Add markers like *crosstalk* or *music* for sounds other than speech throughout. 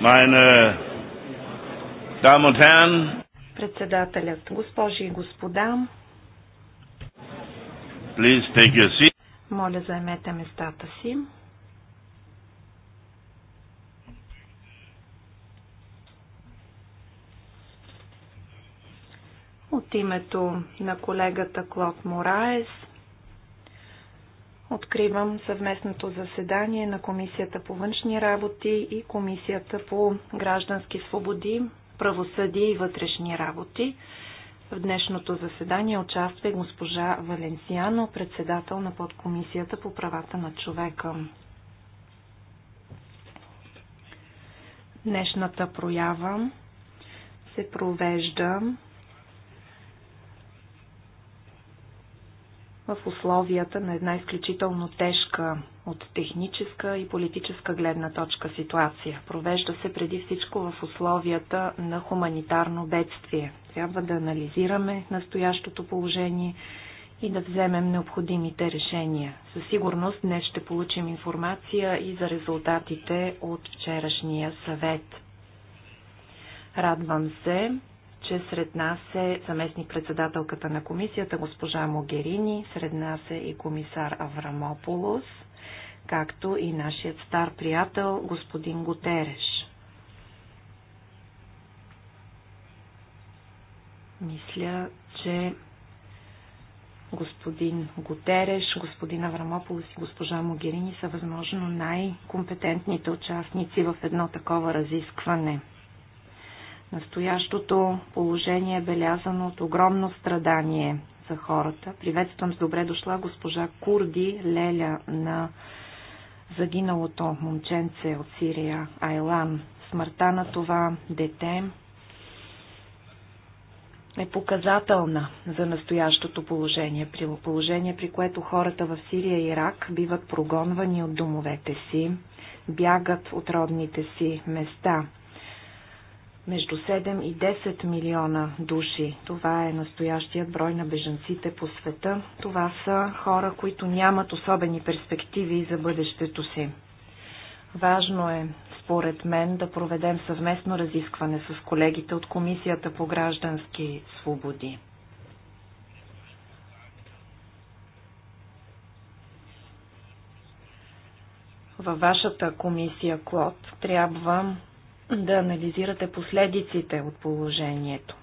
Meine Damen und Herren, председателят, госпожи и господа, please take your seat. моля заемете местата си. От името на колегата Клод Мораес – Откривам съвместното заседание на Комисията по външни работи и Комисията по граждански свободи, правосъдие и вътрешни работи. В днешното заседание участва и госпожа Валенсиано, председател на подкомисията по правата на човека. Днешната проява се провежда в условията на една изключително тежка от техническа и политическа гледна точка ситуация. Провежда се преди всичко в условията на хуманитарно бедствие. Трябва да анализираме настоящото положение и да вземем необходимите решения. Със сигурност днес ще получим информация и за резултатите от вчерашния съвет. Радвам се, че сред нас е заместник председателката на комисията госпожа Могерини, сред нас е и комисар Аврамополос, както и нашият стар приятел господин Готереш. Мисля, че господин Готереш, господин Аврамополос и госпожа Могерини са възможно най-компетентните участници в едно такова разискване – Настоящото положение е белязано от огромно страдание за хората. Приветствам с добре дошла госпожа Курди Леля на загиналото момченце от Сирия, Айлан. Смъртта на това дете е показателна за настоящото положение, при положение при което хората в Сирия и Ирак биват прогонвани от домовете си, бягат от родните си места между 7 и 10 милиона души. Това е настоящият брой на бежанците по света. Това са хора, които нямат особени перспективи за бъдещето си. Важно е, според мен, да проведем съвместно разискване с колегите от Комисията по граждански свободи. Във вашата комисия, Клод, трябва да анализирате последиците от положението.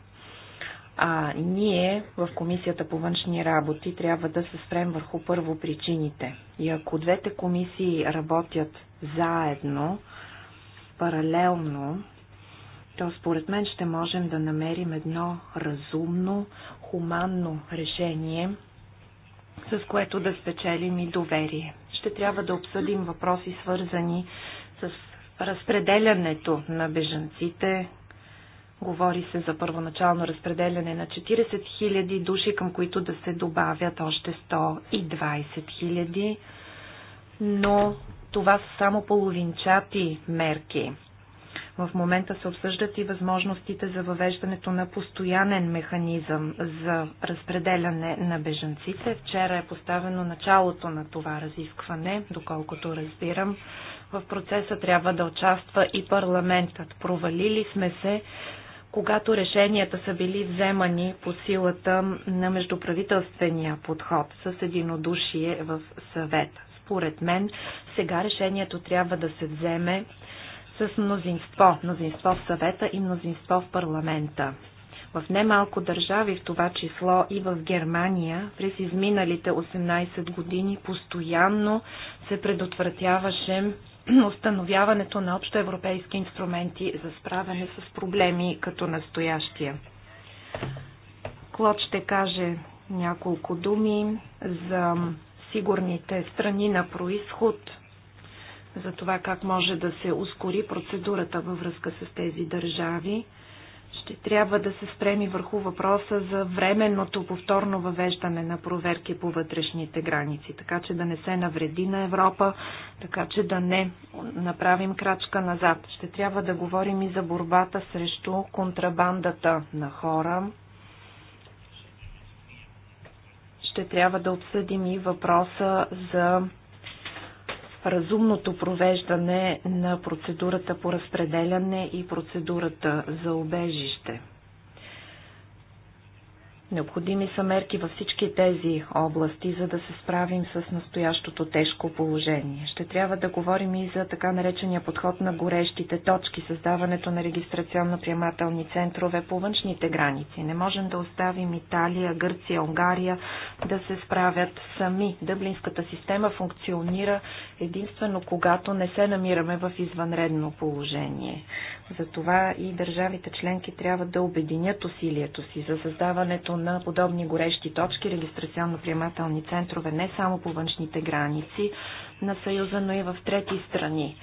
А ние в Комисията по външни работи трябва да се спрем върху първо причините. И ако двете комисии работят заедно, паралелно, то според мен ще можем да намерим едно разумно, хуманно решение, с което да спечелим и доверие. Ще трябва да обсъдим въпроси, свързани разпределянето на бежанците. Говори се за първоначално разпределяне на 40 000 души, към които да се добавят още 120 000, но това са само половинчати мерки. В момента се обсъждат и възможностите за въвеждането на постоянен механизъм за разпределяне на бежанците. Вчера е поставено началото на това разискване, доколкото разбирам. В процеса трябва да участва и парламентът. Провалили сме се, когато решенията са били вземани по силата на междуправителствения подход с единодушие в съвет. Според мен, сега решението трябва да се вземе с мнозинство. Мнозинство в съвета и мнозинство в парламента. В немалко държави, в това число и в Германия, през изминалите 18 години постоянно се предотвратяваше *clears throat* установяването на общоевропейски инструменти за справяне с проблеми като настоящия. Клод ще каже няколко думи за сигурните страни на происход, за това как може да се ускори процедурата във връзка с тези държави. Ще трябва да се спрем и върху въпроса за временното повторно въвеждане на проверки по вътрешните граници, така че да не се навреди на Европа, така че да не направим крачка назад. Ще трябва да говорим и за борбата срещу контрабандата на хора, ще трябва да обсъдим и въпроса за разумното провеждане на процедурата по разпределяне и процедурата за обежище. Необходими са мерки във всички тези области, за да се справим с настоящото тежко положение. Ще трябва да говорим и за така наречения подход на горещите точки, създаването на регистрационно-приемателни центрове по външните граници. Не можем да оставим Италия, Гърция, Унгария да се справят сами. Дъблинската система функционира единствено когато не се намираме в извънредно положение. Затова и държавите членки трябва да обединят усилието си за създаването на подобни горещи точки, регистрационно-приемателни центрове не само по външните граници на Съюза, но и в трети страни.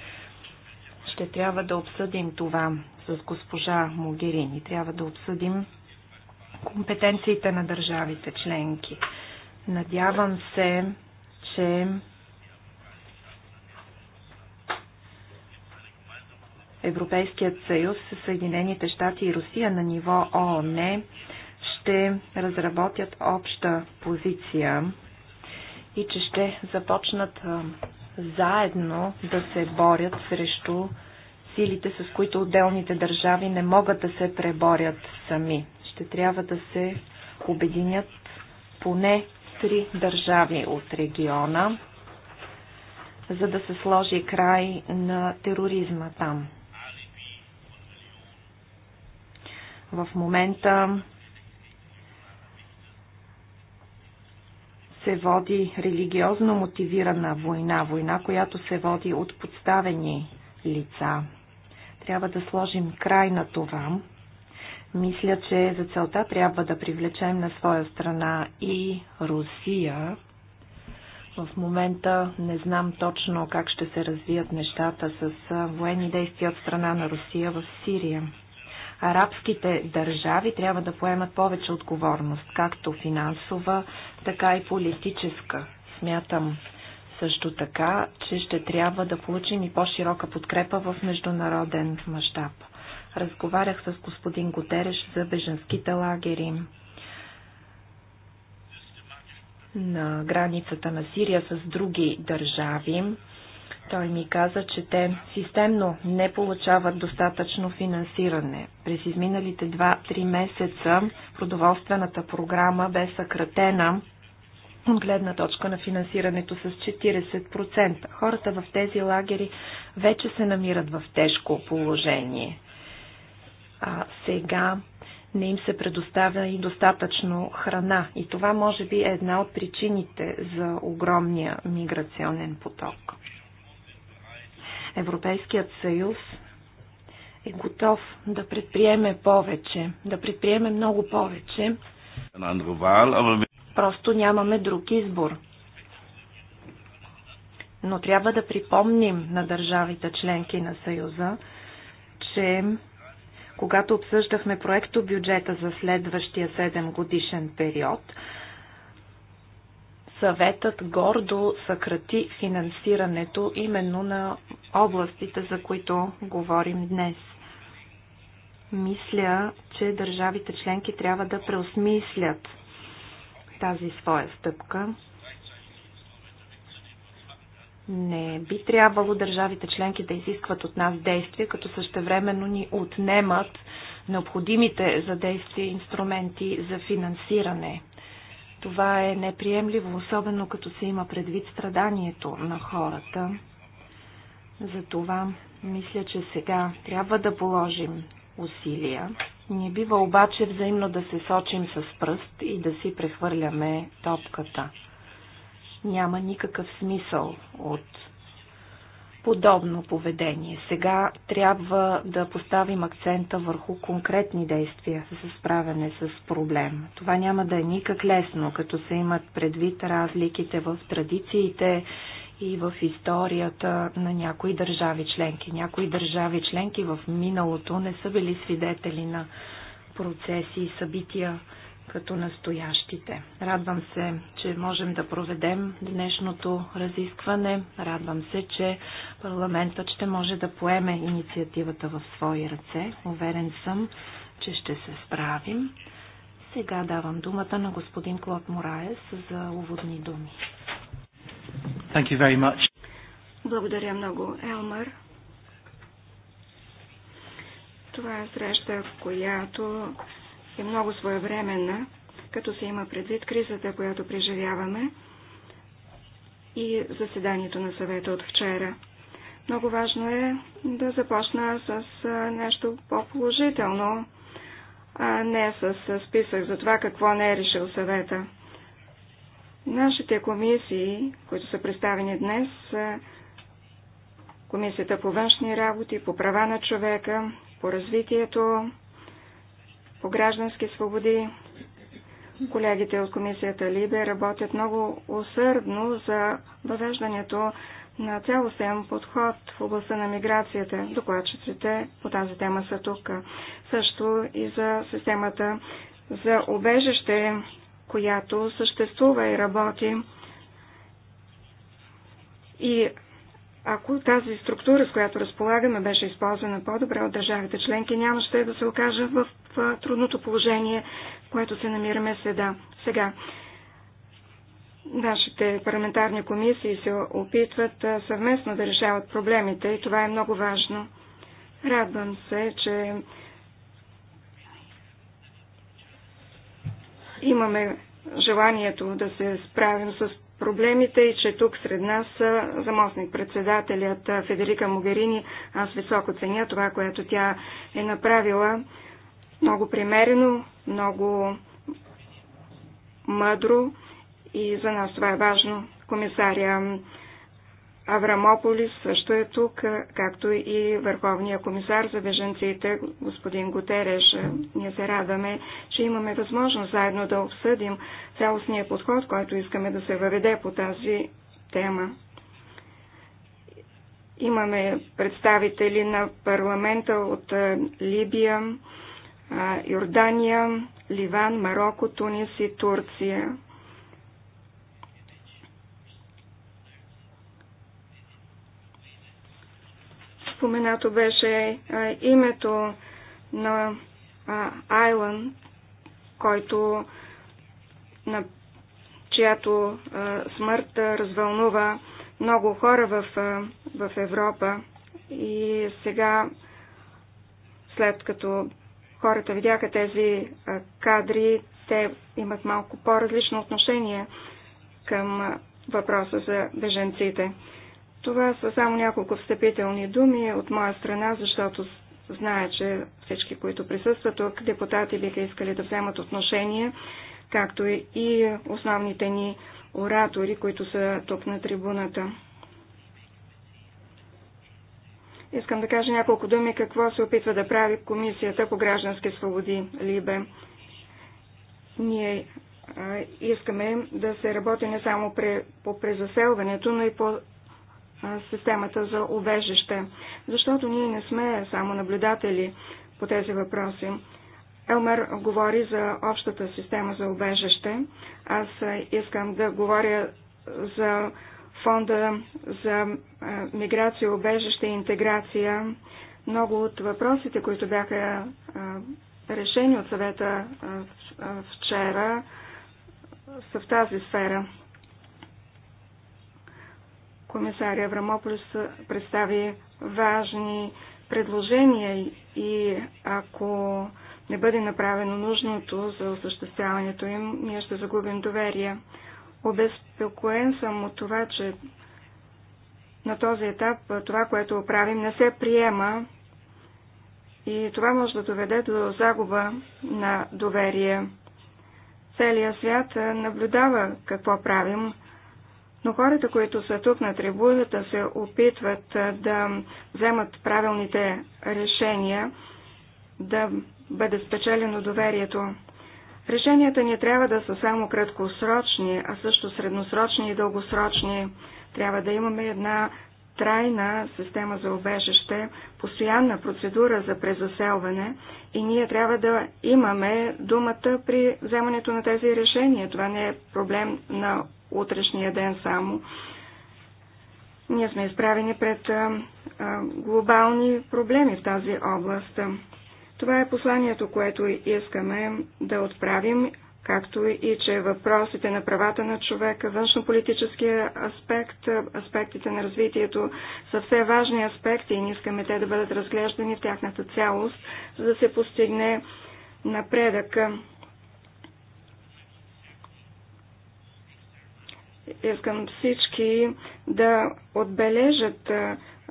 Ще трябва да обсъдим това с госпожа Могерини. Трябва да обсъдим компетенциите на държавите членки. Надявам се, че Европейският съюз, Съединените щати и Русия на ниво ООН ще разработят обща позиция и че ще започнат заедно да се борят срещу силите, с които отделните държави не могат да се преборят сами. Ще трябва да се обединят поне три държави от региона, за да се сложи край на тероризма там. В момента се води религиозно мотивирана война, война, която се води от подставени лица. Трябва да сложим край на това. Мисля, че за целта трябва да привлечем на своя страна и Русия. В момента не знам точно как ще се развият нещата с военни действия от страна на Русия в Сирия арабските държави трябва да поемат повече отговорност, както финансова, така и политическа. Смятам също така, че ще трябва да получим и по-широка подкрепа в международен мащаб. Разговарях с господин Готереш за беженските лагери на границата на Сирия с други държави. Той ми каза, че те системно не получават достатъчно финансиране. През изминалите 2-3 месеца продоволствената програма бе съкратена от гледна точка на финансирането с 40%. Хората в тези лагери вече се намират в тежко положение. А сега не им се предоставя и достатъчно храна. И това може би е една от причините за огромния миграционен поток. Европейският съюз е готов да предприеме повече, да предприеме много повече. Просто нямаме друг избор. Но трябва да припомним на държавите членки на Съюза, че когато обсъждахме проекто бюджета за следващия 7 годишен период, съветът гордо съкрати финансирането именно на областите, за които говорим днес. Мисля, че държавите членки трябва да преосмислят тази своя стъпка. Не би трябвало държавите членки да изискват от нас действия, като същевременно ни отнемат необходимите за действие инструменти за финансиране. Това е неприемливо, особено като се има предвид страданието на хората. Затова мисля, че сега трябва да положим усилия. Не бива обаче взаимно да се сочим с пръст и да си прехвърляме топката. Няма никакъв смисъл от подобно поведение. Сега трябва да поставим акцента върху конкретни действия за справяне с проблем. Това няма да е никак лесно, като се имат предвид разликите в традициите и в историята на някои държави членки. Някои държави членки в миналото не са били свидетели на процеси и събития, като настоящите. Радвам се, че можем да проведем днешното разискване. Радвам се, че парламентът ще може да поеме инициативата в свои ръце. Уверен съм, че ще се справим. Сега давам думата на господин Клод Мораес за уводни думи. Thank you very much. Благодаря много, Елмар. Това е среща, в която е много своевременна, като се има предвид кризата, която преживяваме и заседанието на съвета от вчера. Много важно е да започна с нещо по-положително, а не с списък за това какво не е решил съвета. Нашите комисии, които са представени днес, Комисията по външни работи, по права на човека, по развитието, по граждански свободи. Колегите от комисията Либе работят много усърдно за въвеждането на цялостен подход в областта на миграцията. Докладчиците по тази тема са тук. Също и за системата за обежище, която съществува и работи. И ако тази структура, с която разполагаме, беше използвана по-добре от държавите членки, нямаше да се окажа в трудното положение, в което се намираме седа. сега. Нашите парламентарни комисии се опитват съвместно да решават проблемите и това е много важно. Радвам се, че имаме желанието да се справим с проблемите и че тук сред нас замостник председателят Федерика Могерини. Аз високо ценя това, което тя е направила. Много примерено, много мъдро и за нас това е важно. Комисаря Аврамополис също е тук, както и Върховния комисар за беженците, господин Гутереш. Ние се радваме, че имаме възможност заедно да обсъдим цялостния подход, който искаме да се въведе по тази тема. Имаме представители на парламента от Либия, Йордания, Ливан, Марокко, Тунис и Турция. Споменато беше името на Айлан, който на чиято смърт развълнува много хора в, в Европа. И сега, след като хората видяха тези кадри, те имат малко по-различно отношение към въпроса за беженците. Това са само няколко встъпителни думи от моя страна, защото зная, че всички, които присъстват тук, депутати биха искали да вземат отношение, както и основните ни оратори, които са тук на трибуната. Искам да кажа няколко думи какво се опитва да прави Комисията по граждански свободи Либе. Ние искаме да се работи не само по презаселването, но и по системата за обежище, защото ние не сме само наблюдатели по тези въпроси. Елмер говори за общата система за обежище. Аз искам да говоря за фонда за миграция, обежище и интеграция. Много от въпросите, които бяха решени от съвета вчера, са в тази сфера комисар Аврамополис представи важни предложения и ако не бъде направено нужното за осъществяването им, ние ще загубим доверие. Обезпекоен съм от това, че на този етап това, което правим, не се приема и това може да доведе до загуба на доверие. Целият свят наблюдава какво правим но хората, които са тук на трибуната, се опитват да вземат правилните решения, да бъде спечелено доверието. Решенията ни трябва да са само краткосрочни, а също средносрочни и дългосрочни. Трябва да имаме една трайна система за обежище, постоянна процедура за презаселване и ние трябва да имаме думата при вземането на тези решения. Това не е проблем на утрешния ден само. Ние сме изправени пред глобални проблеми в тази област. Това е посланието, което искаме да отправим, както и че въпросите на правата на човека, външнополитическия аспект, аспектите на развитието са все важни аспекти и не искаме те да бъдат разглеждани в тяхната цялост, за да се постигне напредък. Искам всички да отбележат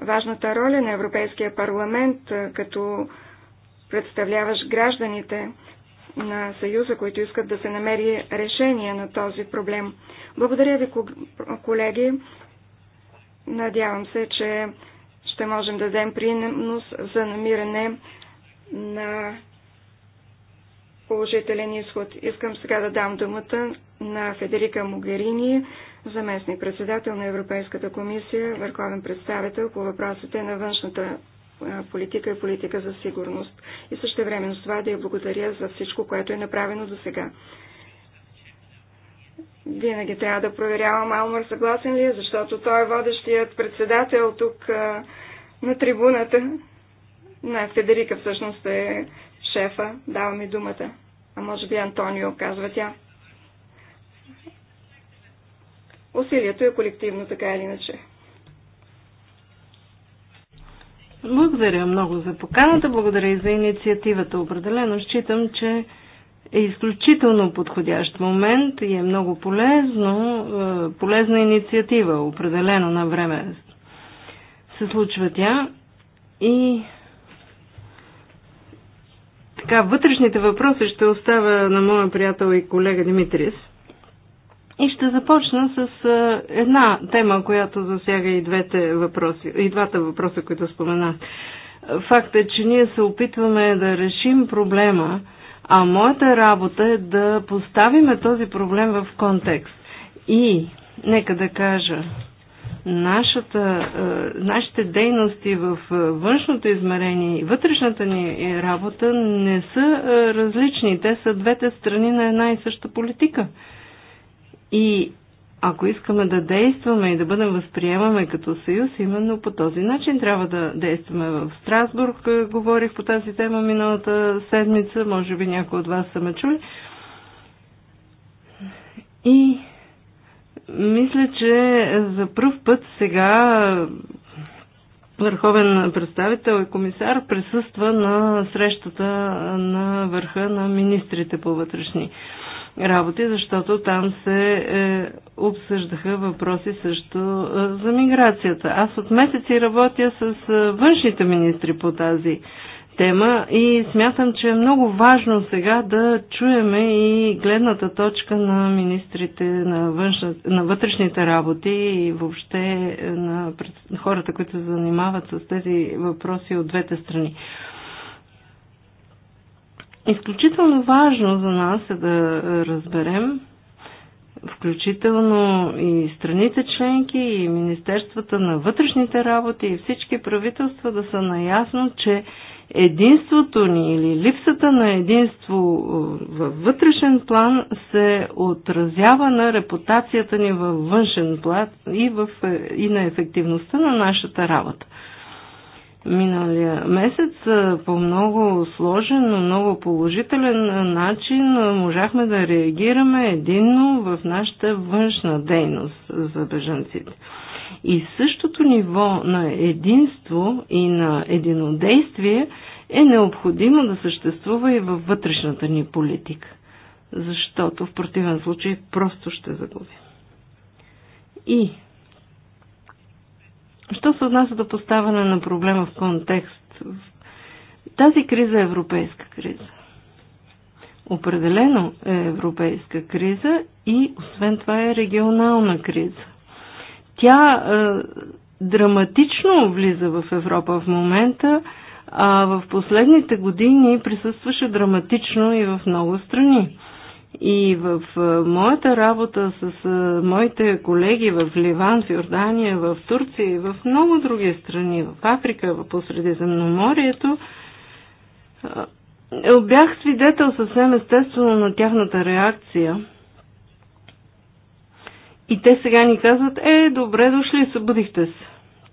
важната роля на Европейския парламент като представляваш гражданите на Съюза, които искат да се намери решение на този проблем. Благодаря ви, колеги. Надявам се, че ще можем да дадем принос за намиране на положителен изход. Искам сега да дам думата на Федерика Могерини, заместник председател на Европейската комисия, върховен представител по въпросите на външната политика и политика за сигурност. И също време с това да я благодаря за всичко, което е направено до сега. Винаги трябва да проверявам Алмар съгласен ли е, защото той е водещият председател тук на трибуната. Не, Федерика всъщност е шефа, дава ми думата. А може би Антонио, казва тя. Усилието е колективно, така или иначе. Благодаря много за поканата, благодаря и за инициативата. Определено считам, че е изключително подходящ момент и е много полезно, е, полезна инициатива, определено на време се случва тя. И така, вътрешните въпроси ще оставя на моя приятел и колега Димитрис. И ще започна с една тема, която засяга и, двете въпроси, и двата въпроса, които споменах. Факт е, че ние се опитваме да решим проблема, а моята работа е да поставиме този проблем в контекст. И, нека да кажа, нашата, нашите дейности в външното измерение и вътрешната ни работа не са различни. Те са двете страни на една и съща политика. И ако искаме да действаме и да бъдем възприемаме като съюз, именно по този начин трябва да действаме в Страсбург. Е, говорих по тази тема миналата седмица, може би някои от вас са ме чули. И мисля, че за първ път сега върховен представител и комисар присъства на срещата на върха на министрите по вътрешни работи, защото там се е, обсъждаха въпроси също е, за миграцията. Аз от месеци работя с е, външните министри по тази тема и смятам, че е много важно сега да чуеме и гледната точка на министрите на, външна, на вътрешните работи и въобще е, на, на хората, които се занимават с тези въпроси от двете страни. Изключително важно за нас е да разберем, включително и страните членки, и Министерствата на вътрешните работи, и всички правителства да са наясно, че единството ни или липсата на единство е, във вътрешен план се отразява на репутацията ни във външен план и, в, е, и на ефективността на нашата работа миналия месец по много сложен, но много положителен начин можахме да реагираме единно в нашата външна дейност за бежанците. И същото ниво на единство и на единодействие е необходимо да съществува и във вътрешната ни политика, защото в противен случай просто ще загубим. И Що се отнася до поставяне на проблема в контекст? Тази криза е европейска криза. Определено е европейска криза и освен това е регионална криза. Тя е, драматично влиза в Европа в момента, а в последните години присъстваше драматично и в много страни. И в моята работа с моите колеги в Ливан, в Йордания, в Турция и в много други страни, в Африка, по Средиземноморието, бях свидетел съвсем естествено на тяхната реакция. И те сега ни казват, е, добре дошли, събудихте се.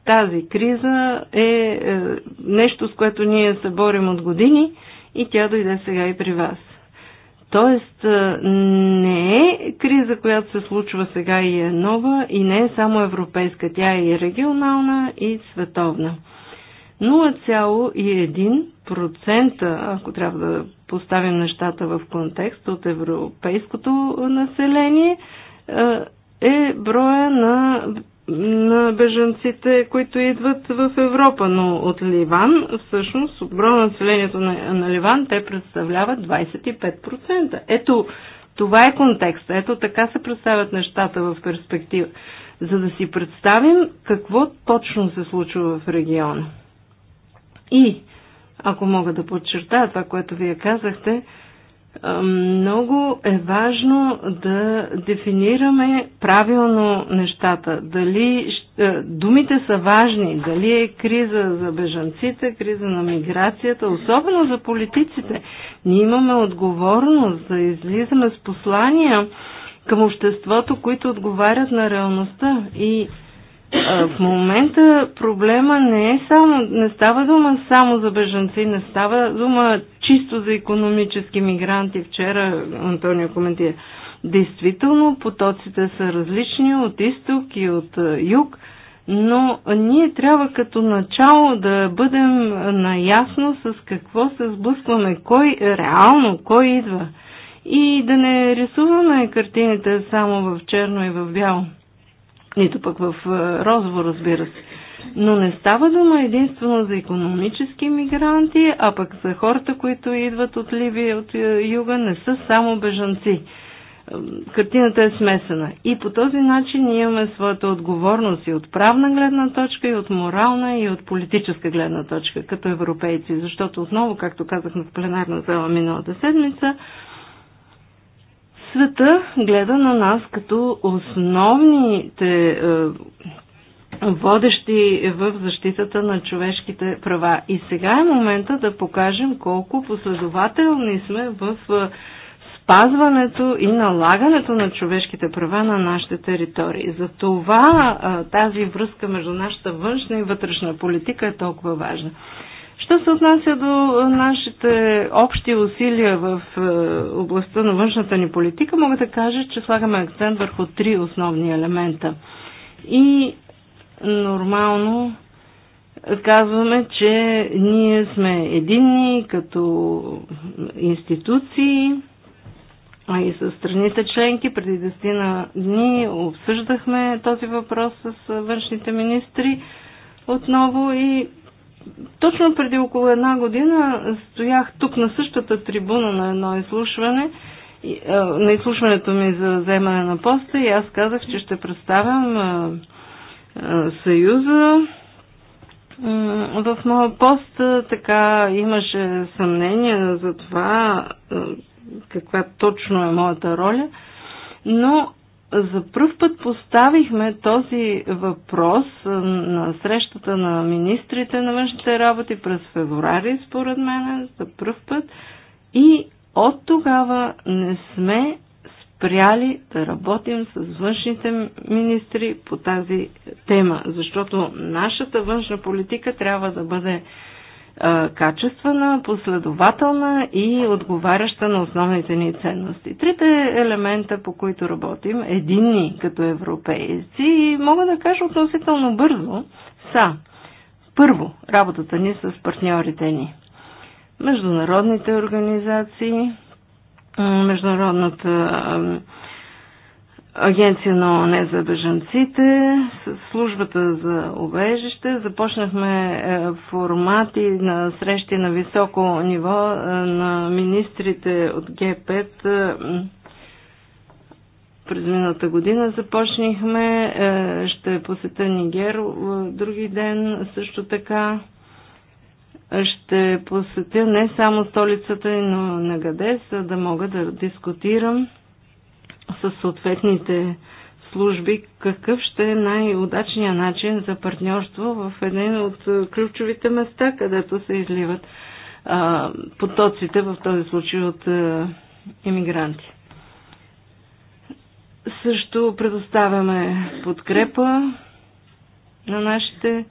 Тази криза е, е нещо, с което ние се борим от години и тя дойде сега и при вас. Тоест, не е криза, която се случва сега и е нова, и не е само европейска, тя е и регионална, и световна. 0,1%, ако трябва да поставим нещата в контекст от европейското население, е броя на на беженците, които идват в Европа, но от Ливан, всъщност, от броя на населението на, на Ливан, те представляват 25%. Ето, това е контекст. Ето така се представят нещата в перспектива. За да си представим какво точно се случва в региона. И, ако мога да подчертая това, което вие казахте, много е важно да дефинираме правилно нещата. Дали думите са важни, дали е криза за бежанците, криза на миграцията, особено за политиците. Ние имаме отговорност да излизаме с послания към обществото, които отговарят на реалността и в момента проблема не е само, не става дума само за бежанци, не става дума чисто за економически мигранти. Вчера Антонио коментира. Действително, потоците са различни от изток и от юг, но ние трябва като начало да бъдем наясно с какво се сблъскваме, кой реално, кой идва. И да не рисуваме картините само в черно и в бяло, нито пък в розово, разбира се. Но не става дума единствено за економически мигранти, а пък за хората, които идват от Ливия, от е, юга, не са само бежанци. Картината е смесена. И по този начин ние имаме своята отговорност и от правна гледна точка, и от морална, и от политическа гледна точка, като европейци. Защото отново, както казахме в пленарна зала миналата седмица, света гледа на нас като основните е, водещи в защитата на човешките права. И сега е момента да покажем колко последователни сме в спазването и налагането на човешките права на нашите територии. За това тази връзка между нашата външна и вътрешна политика е толкова важна. Що се отнася до нашите общи усилия в областта на външната ни политика, мога да кажа, че слагаме акцент върху три основни елемента. И нормално казваме, че ние сме единни като институции, а и с страните членки. Преди десетина дни обсъждахме този въпрос с външните министри отново и точно преди около една година стоях тук на същата трибуна на едно изслушване, е, на изслушването ми за вземане на поста и аз казах, че ще представям е, Съюза. В моя пост така имаше съмнение за това каква точно е моята роля, но за първ път поставихме този въпрос на срещата на министрите на външните работи през феврари, според мен, за първ път. И от тогава не сме спряли да работим с външните министри по тази тема, защото нашата външна политика трябва да бъде е, качествена, последователна и отговаряща на основните ни ценности. Трите елемента, по които работим, единни като европейци и мога да кажа относително бързо, са първо работата ни с партньорите ни. Международните организации, Международната агенция на ООН за бежанците, службата за обежище. Започнахме е, формати на срещи на високо ниво е, на министрите от Г5 е, през миналата година започнахме. Ще посета Нигер други ден също така ще посетя не само столицата, но на Гаде, за да мога да дискутирам с съответните служби какъв ще е най-удачният начин за партньорство в един от ключовите места, където се изливат а, потоците, в този случай от а, иммигранти. Също предоставяме подкрепа на нашите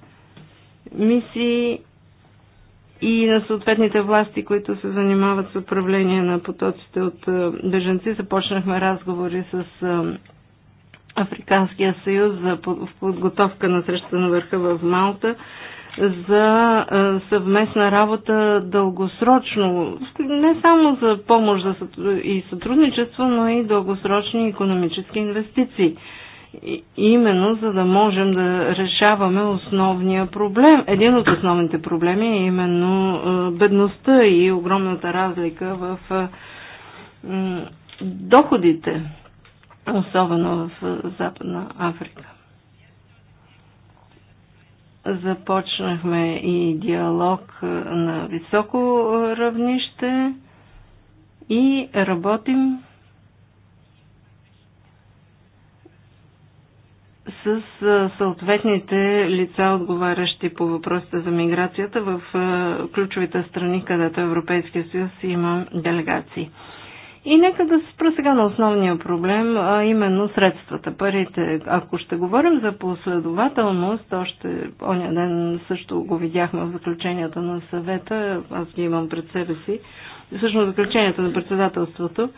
мисии и на съответните власти, които се занимават с управление на потоците от беженци. Започнахме разговори с Африканския съюз за подготовка на среща на върха в Малта за съвместна работа дългосрочно, не само за помощ и сътрудничество, но и дългосрочни економически инвестиции именно за да можем да решаваме основния проблем. Един от основните проблеми е именно бедността и огромната разлика в доходите, особено в Западна Африка. Започнахме и диалог на високо равнище и работим с съответните лица, отговарящи по въпросите за миграцията в ключовите страни, където Европейския съюз има делегации. И нека да се спра сега на основния проблем, а именно средствата, парите. Ако ще говорим за последователност, още оня ден също го видяхме в заключенията на съвета, аз ги имам пред себе си, всъщност заключенията на председателството,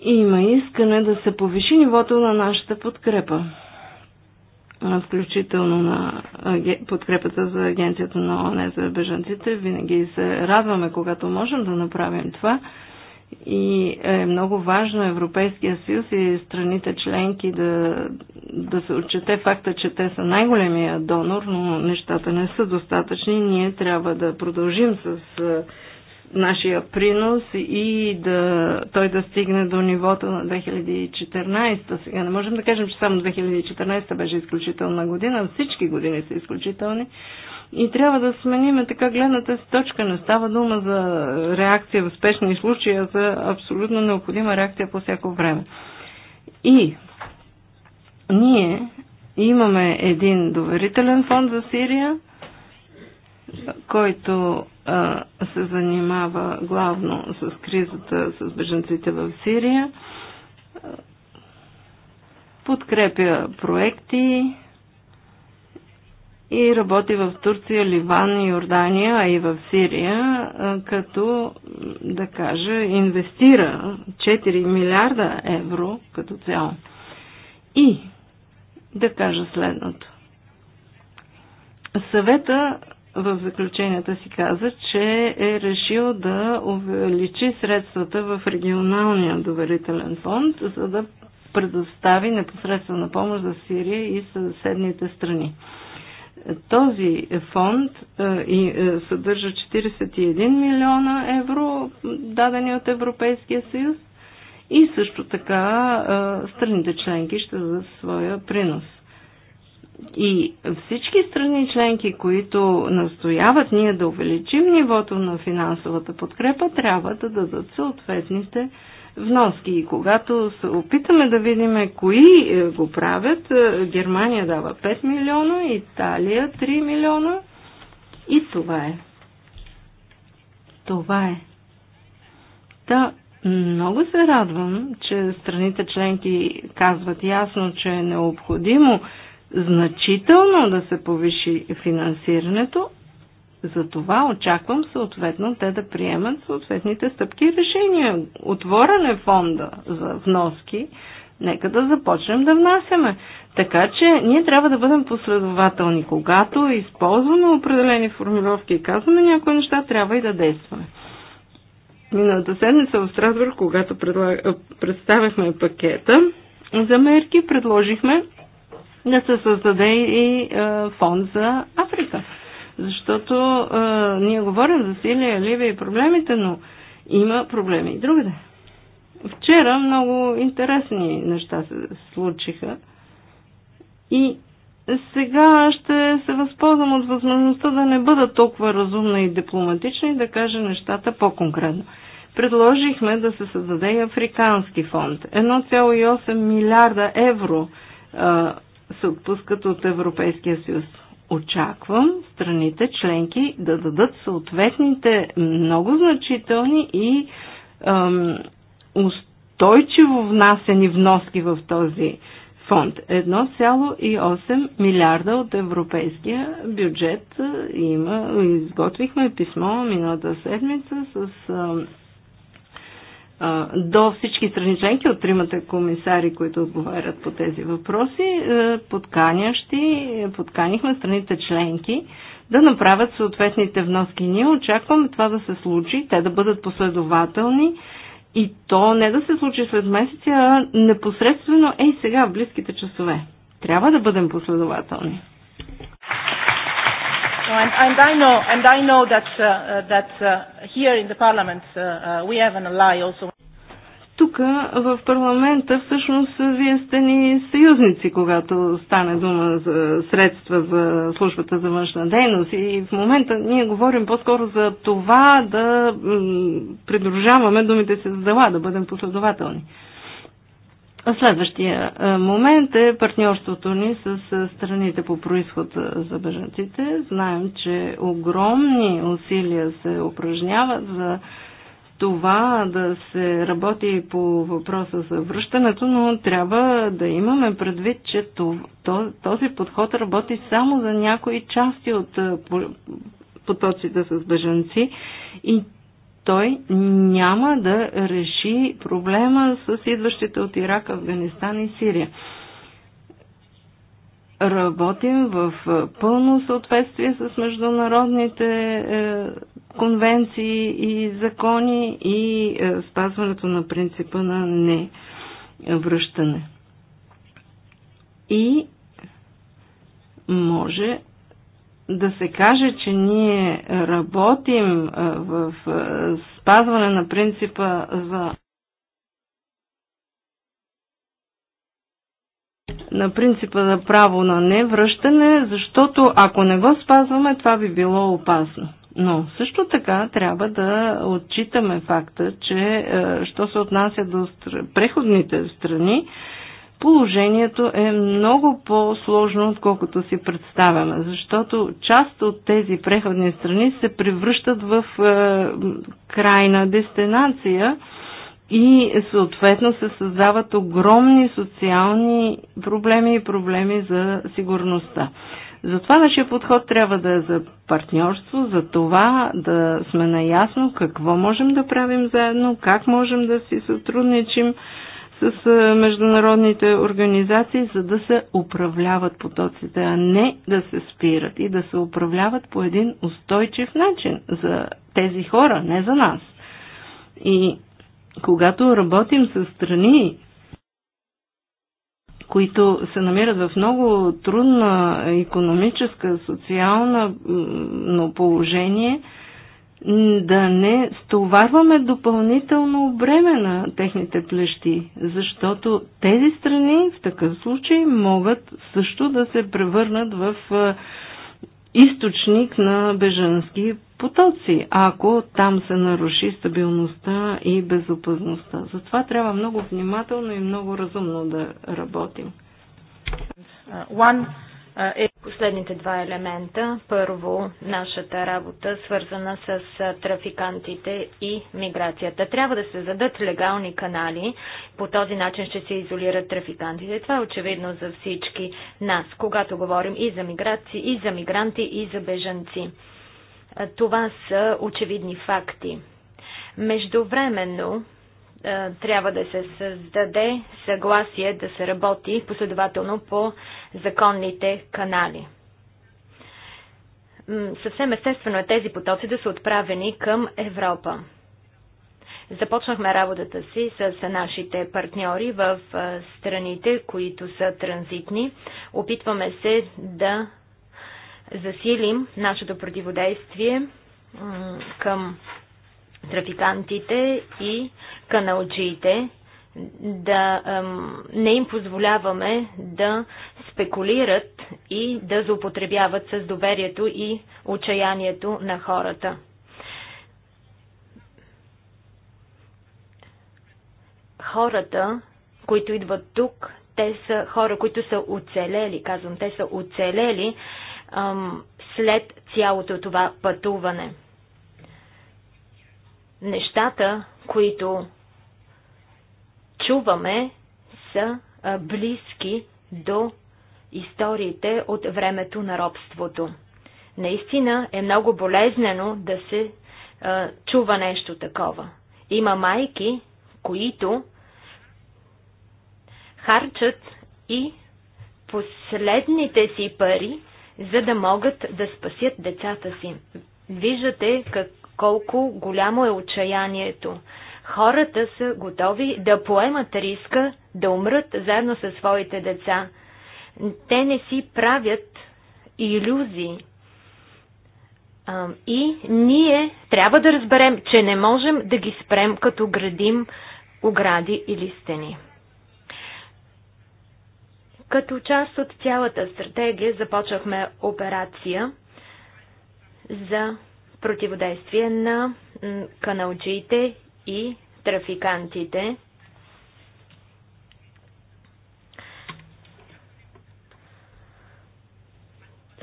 има искане да се повиши нивото на нашата подкрепа, включително на подкрепата за Агенцията на ОНЕ за бежанците. Винаги се радваме, когато можем да направим това. И е много важно Европейския съюз и страните членки да, да се отчете факта, че те са най-големия донор, но нещата не са достатъчни. Ние трябва да продължим с нашия принос и да, той да стигне до нивото на 2014. Сега не можем да кажем, че само 2014 беше изключителна година, всички години са изключителни. И трябва да смениме така гледната си точка. Не става дума за реакция в спешни случаи, а за абсолютно необходима реакция по всяко време. И ние имаме един доверителен фонд за Сирия, който а, се занимава главно с кризата с беженците в Сирия, подкрепя проекти и работи в Турция, Ливан и Йордания, а и в Сирия, като, да кажа, инвестира 4 милиарда евро като цяло. И да кажа следното. Съвета в заключенията си каза, че е решил да увеличи средствата в регионалния доверителен фонд, за да предостави непосредствена помощ за Сирия и съседните страни. Този фонд е, е, съдържа 41 милиона евро, дадени от Европейския съюз, и също така е, страните членки ще дадат своя принос. И всички страни членки, които настояват ние да увеличим нивото на финансовата подкрепа, трябва да дадат съответните вноски. И когато се опитаме да видим кои е, го правят, е, Германия дава 5 милиона, Италия 3 милиона и това е. Това е. Та много се радвам, че страните членки казват ясно, че е необходимо значително да се повиши финансирането, затова очаквам съответно те да приемат съответните стъпки и решения. Отворен е фонда за вноски, нека да започнем да внасяме. Така че ние трябва да бъдем последователни. Когато използваме определени формировки и казваме някои неща, трябва и да действаме. Миналата седмица в Страсбург, когато предлаг... представяхме пакета за мерки, предложихме да се създаде и е, фонд за Африка. Защото е, ние говорим за Силия, Ливия и проблемите, но има проблеми и другаде. Вчера много интересни неща се случиха и сега ще се възползвам от възможността да не бъда толкова разумна и дипломатична и да кажа нещата по-конкретно. Предложихме да се създаде и Африкански фонд. 1,8 милиарда евро а, е, се отпускат от Европейския съюз. Очаквам страните членки да дадат съответните много значителни и ем, устойчиво внасени вноски в този фонд. 1,8 милиарда от европейския бюджет има. Изготвихме писмо миналата седмица с до всички страни членки от тримата комисари, които отговарят по тези въпроси, е, подканящи, подканихме страните членки да направят съответните вноски. Ние очакваме това да се случи, те да бъдат последователни и то не да се случи след месеци, а непосредствено е сега, в близките часове. Трябва да бъдем последователни and, and I know, and I know that, uh, uh, that uh, here in the Parliament uh, uh, we have an ally also. Тук в парламента всъщност вие сте ни съюзници, когато стане дума за средства за службата за външна дейност. И в момента ние говорим по-скоро за това да придружаваме думите си за дела, да бъдем последователни. Следващия е, момент е партньорството ни с е, страните по происход е, за бежанците. Знаем, че огромни усилия се упражняват за това да се работи по въпроса за връщането, но трябва да имаме предвид, че този подход работи само за някои части от потоците с бежанци и той няма да реши проблема с идващите от Ирак, Афганистан и Сирия. Работим в пълно съответствие с международните е, конвенции и закони и е, спазването на принципа на не връщане. И може да се каже, че ние работим в спазване на принципа за на принципа за право на невръщане, защото ако не го спазваме, това би било опасно. Но също така трябва да отчитаме факта, че що се отнася до преходните страни, положението е много по-сложно, отколкото си представяме, защото част от тези преходни страни се превръщат в е, крайна дестинация и съответно се създават огромни социални проблеми и проблеми за сигурността. Затова нашия подход трябва да е за партньорство, за това да сме наясно какво можем да правим заедно, как можем да си сътрудничим, с международните организации, за да се управляват потоците, а не да се спират и да се управляват по един устойчив начин за тези хора, не за нас. И когато работим с страни, които се намират в много трудна економическа, социална положение – да не стоварваме допълнително бреме на техните плещи, защото тези страни в такъв случай могат също да се превърнат в източник на беженски потоци, ако там се наруши стабилността и безопасността. Затова трябва много внимателно и много разумно да работим. One е последните два елемента. Първо, нашата работа, свързана с трафикантите и миграцията. Трябва да се зададат легални канали. По този начин ще се изолират трафикантите. Това е очевидно за всички нас, когато говорим и за миграции, и за мигранти, и за бежанци. Това са очевидни факти. Междувременно, е, трябва да се създаде съгласие да се работи последователно по законните канали. Съвсем естествено е тези потоци да са отправени към Европа. Започнахме работата си с нашите партньори в е, страните, които са транзитни. Опитваме се да засилим нашето противодействие към трафикантите и каналджиите, да не им позволяваме да спекулират и да злоупотребяват с доверието и отчаянието на хората. Хората, които идват тук, те са хора, които са оцелели, казвам, те са оцелели ам, след цялото това пътуване нещата, които чуваме, са близки до историите от времето на робството. Наистина е много болезнено да се а, чува нещо такова. Има майки, които харчат и последните си пари, за да могат да спасят децата си. Виждате как, колко голямо е отчаянието. Хората са готови да поемат риска да умрат заедно със своите деца. Те не си правят иллюзии. И ние трябва да разберем, че не можем да ги спрем, като градим огради или стени. Като част от цялата стратегия започнахме операция за противодействие на каналджиите и трафикантите.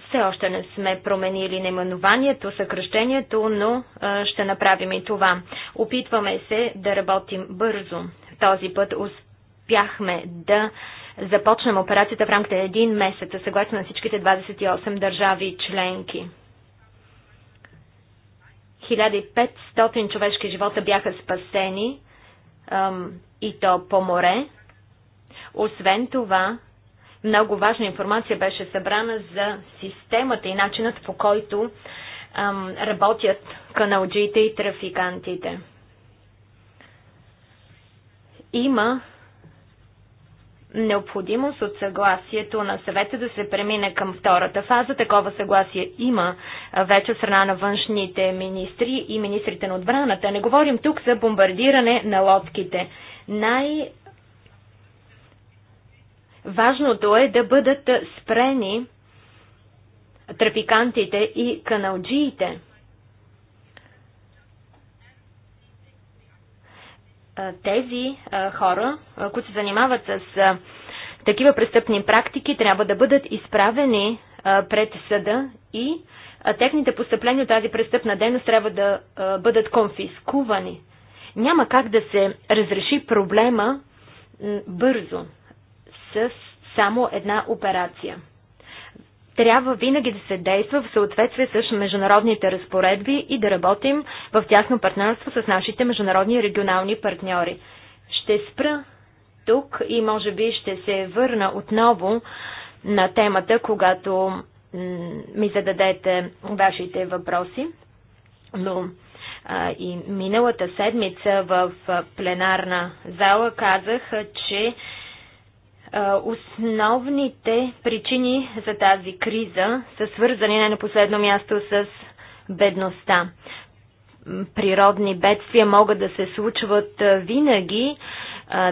Все още не сме променили наименованието, съкръщението, но ще направим и това. Опитваме се да работим бързо. Този път успяхме да започнем операцията в рамките на един месец, съгласно на всичките 28 държави членки. 1500 човешки живота бяха спасени и то по море. Освен това, много важна информация беше събрана за системата и начинът по който ам, работят каналджиите и трафикантите. Има необходимост от съгласието на съвета да се премине към втората фаза. Такова съгласие има вече от страна на външните министри и министрите на отбраната. Не говорим тук за бомбардиране на лодките. Най- Важното е да бъдат спрени трафикантите и каналджиите. тези хора, които се занимават с такива престъпни практики, трябва да бъдат изправени пред съда и техните постъпления от тази престъпна дейност трябва да бъдат конфискувани. Няма как да се разреши проблема бързо с само една операция трябва винаги да се действа в съответствие с международните разпоредби и да работим в тясно партньорство с нашите международни и регионални партньори. Ще спра тук и може би ще се върна отново на темата, когато ми зададете вашите въпроси. Но а, и миналата седмица в пленарна зала казах, че Основните причини за тази криза са свързани не на последно място с бедността. Природни бедствия могат да се случват винаги,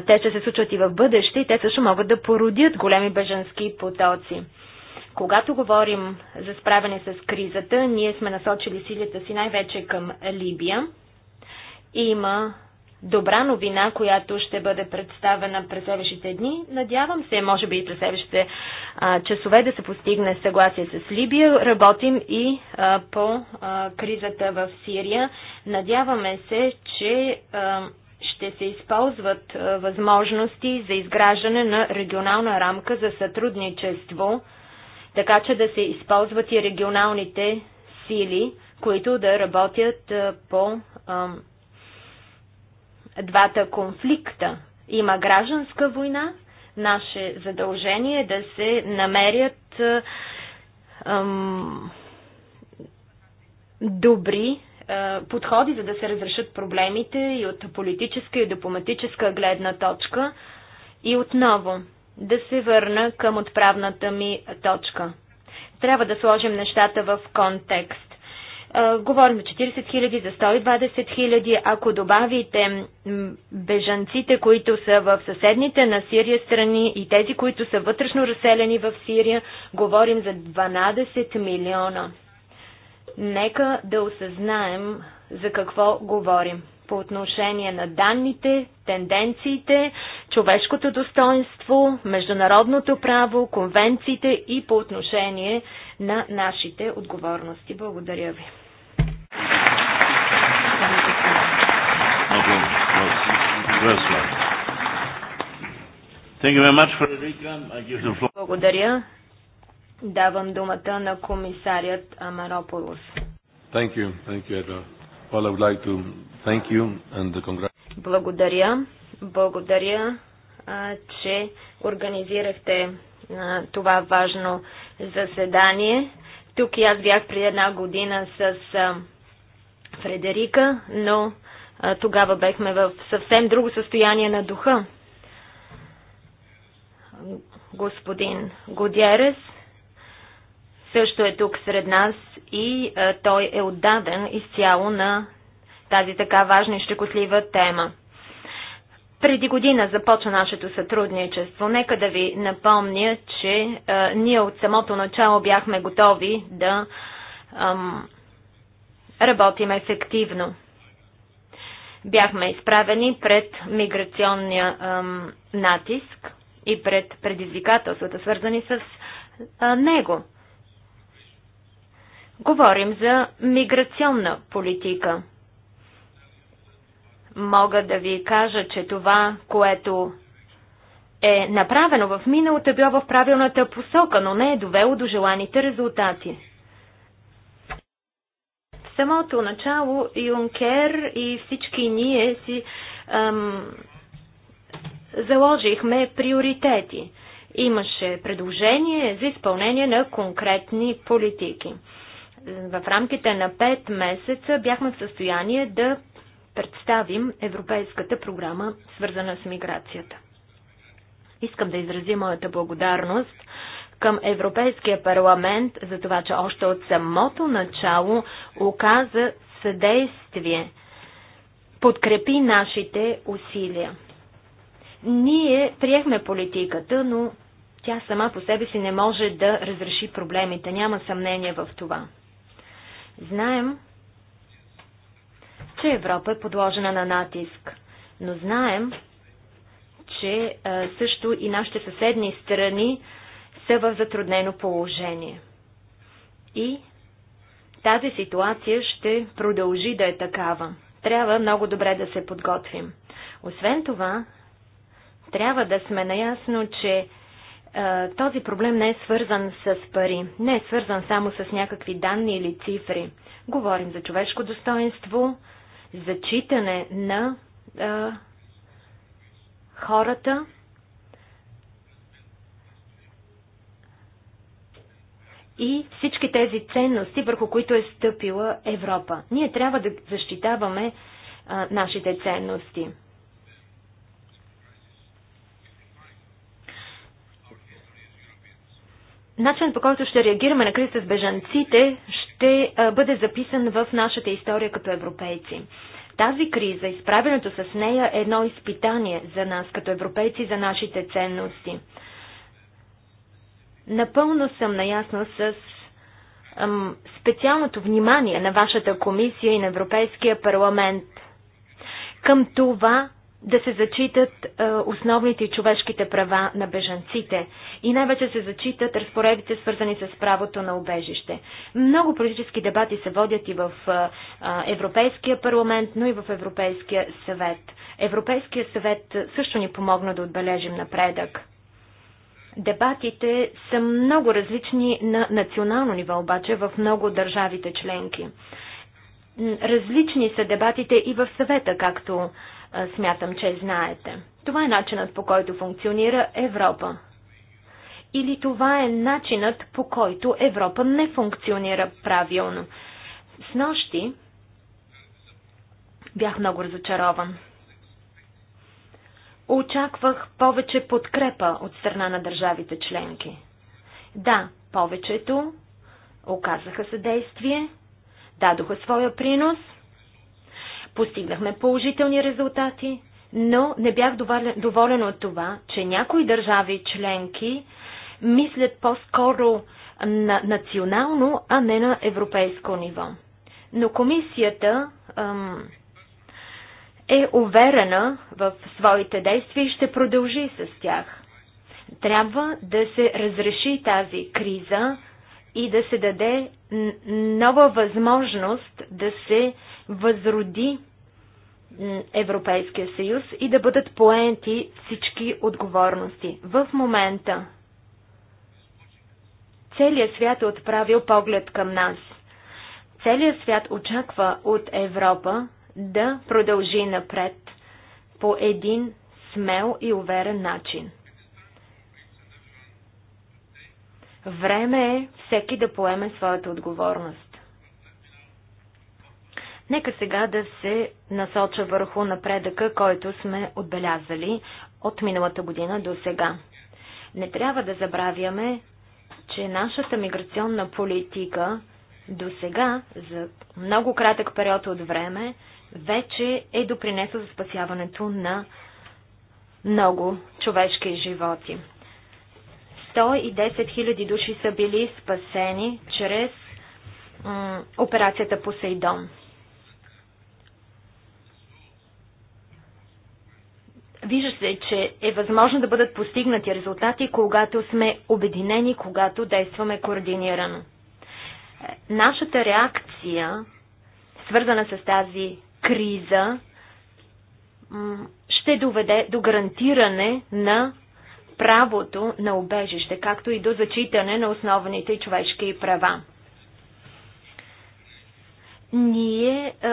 те ще се случват и в бъдеще и те също могат да породят големи бежански потоци. Когато говорим за справяне с кризата, ние сме насочили силите си най-вече към Либия. Има добра новина, която ще бъде представена през следващите дни. Надявам се, може би и през следващите а, часове да се постигне съгласие с Либия. Работим и а, по а, кризата в Сирия. Надяваме се, че а, ще се използват а, възможности за изграждане на регионална рамка за сътрудничество, така че да се използват и регионалните сили, които да работят а, по а, двата конфликта. Има гражданска война. Наше задължение е да се намерят ам, добри а, подходи, за да се разрешат проблемите и от политическа и дипломатическа гледна точка. И отново да се върна към отправната ми точка. Трябва да сложим нещата в контекст. Говорим 40 хиляди за 120 хиляди. Ако добавите бежанците, които са в съседните на Сирия страни и тези, които са вътрешно разселени в Сирия, говорим за 12 милиона. Нека да осъзнаем за какво говорим по отношение на данните, тенденциите, човешкото достоинство, международното право, конвенциите и по отношение на нашите отговорности. Благодаря ви. Благодаря. Давам думата на комисарият Амарополус. Thank you. Thank you, Well, I would like to thank you and the Благодаря. Благодаря, че организирахте това важно заседание. Тук и аз бях преди една година с Фредерика, но тогава бехме в съвсем друго състояние на духа. Господин Годерес също е тук сред нас и той е отдаден изцяло на тази така важна и щекотлива тема. Преди година започна нашето сътрудничество. Нека да ви напомня, че а, е, ние от самото начало бяхме готови да ам, работим ефективно. Бяхме изправени пред миграционния ем, натиск и пред предизвикателствата, свързани с а, него. Говорим за миграционна политика. Мога да ви кажа, че това, което е направено в миналото, е било в правилната посока, но не е довело до желаните резултати самото начало Юнкер и всички ние си ам, заложихме приоритети. Имаше предложение за изпълнение на конкретни политики. В рамките на 5 месеца бяхме в състояние да представим Европейската програма, свързана с миграцията. Искам да изразя моята благодарност към Европейския парламент за това, че още от самото начало оказа съдействие, подкрепи нашите усилия. Ние приехме политиката, но тя сама по себе си не може да разреши проблемите. Няма съмнение в това. Знаем, че Европа е подложена на натиск, но знаем, че също и нашите съседни страни са в затруднено положение. И тази ситуация ще продължи да е такава. Трябва много добре да се подготвим. Освен това, трябва да сме наясно, че е, този проблем не е свързан с пари, не е свързан само с някакви данни или цифри. Говорим за човешко достоинство, за читане на е, хората, и всички тези ценности, върху които е стъпила Европа. Ние трябва да защитаваме а, нашите ценности. Начинът по който ще реагираме на кризата с бежанците ще а, бъде записан в нашата история като европейци. Тази криза, изправенето с нея е едно изпитание за нас като европейци, за нашите ценности. Напълно съм наясно с ам, специалното внимание на вашата комисия и на Европейския парламент към това да се зачитат а, е, основните човешките права на бежанците и най-вече се зачитат разпоредите, свързани с правото на убежище. Много политически дебати се водят и в а, е, е, Европейския парламент, но и в Европейския съвет. Европейския съвет също ни помогна да отбележим напредък. Дебатите са много различни на национално ниво, обаче в много държавите членки. Различни са дебатите и в съвета, както смятам, че знаете. Това е начинът по който функционира Европа. Или това е начинът по който Европа не функционира правилно. С нощи бях много разочарован очаквах повече подкрепа от страна на държавите членки. Да, повечето оказаха съдействие, дадоха своя принос, постигнахме положителни резултати, но не бях доволен от това, че някои държави членки мислят по-скоро на национално, а не на европейско ниво. Но комисията ам, е уверена в своите действия и ще продължи с тях. Трябва да се разреши тази криза и да се даде нова възможност да се възроди Европейския съюз и да бъдат поенти всички отговорности. В момента целият свят е отправил поглед към нас. Целият свят очаква от Европа да продължи напред по един смел и уверен начин. Време е всеки да поеме своята отговорност. Нека сега да се насоча върху напредъка, който сме отбелязали от миналата година до сега. Не трябва да забравяме, че нашата миграционна политика – до сега, за много кратък период от време, вече е допринесъл за спасяването на много човешки животи. 110 000 души са били спасени чрез операцията Посейдон. Вижда се, че е възможно да бъдат постигнати резултати, когато сме обединени, когато действаме координирано. Нашата реакция, свързана с тази криза, ще доведе до гарантиране на правото на убежище, както и до зачитане на основните човешки права. Ние е,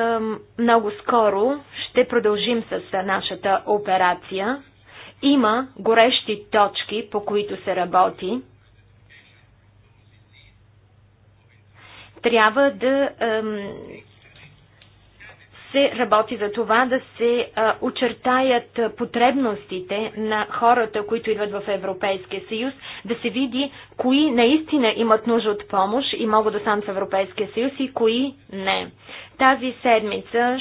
много скоро ще продължим с нашата операция. Има горещи точки, по които се работи. трябва да се работи за това да се очертаят потребностите на хората, които идват в Европейския съюз, да се види кои наистина имат нужда от помощ и могат да станат в Европейския съюз и кои не. Тази седмица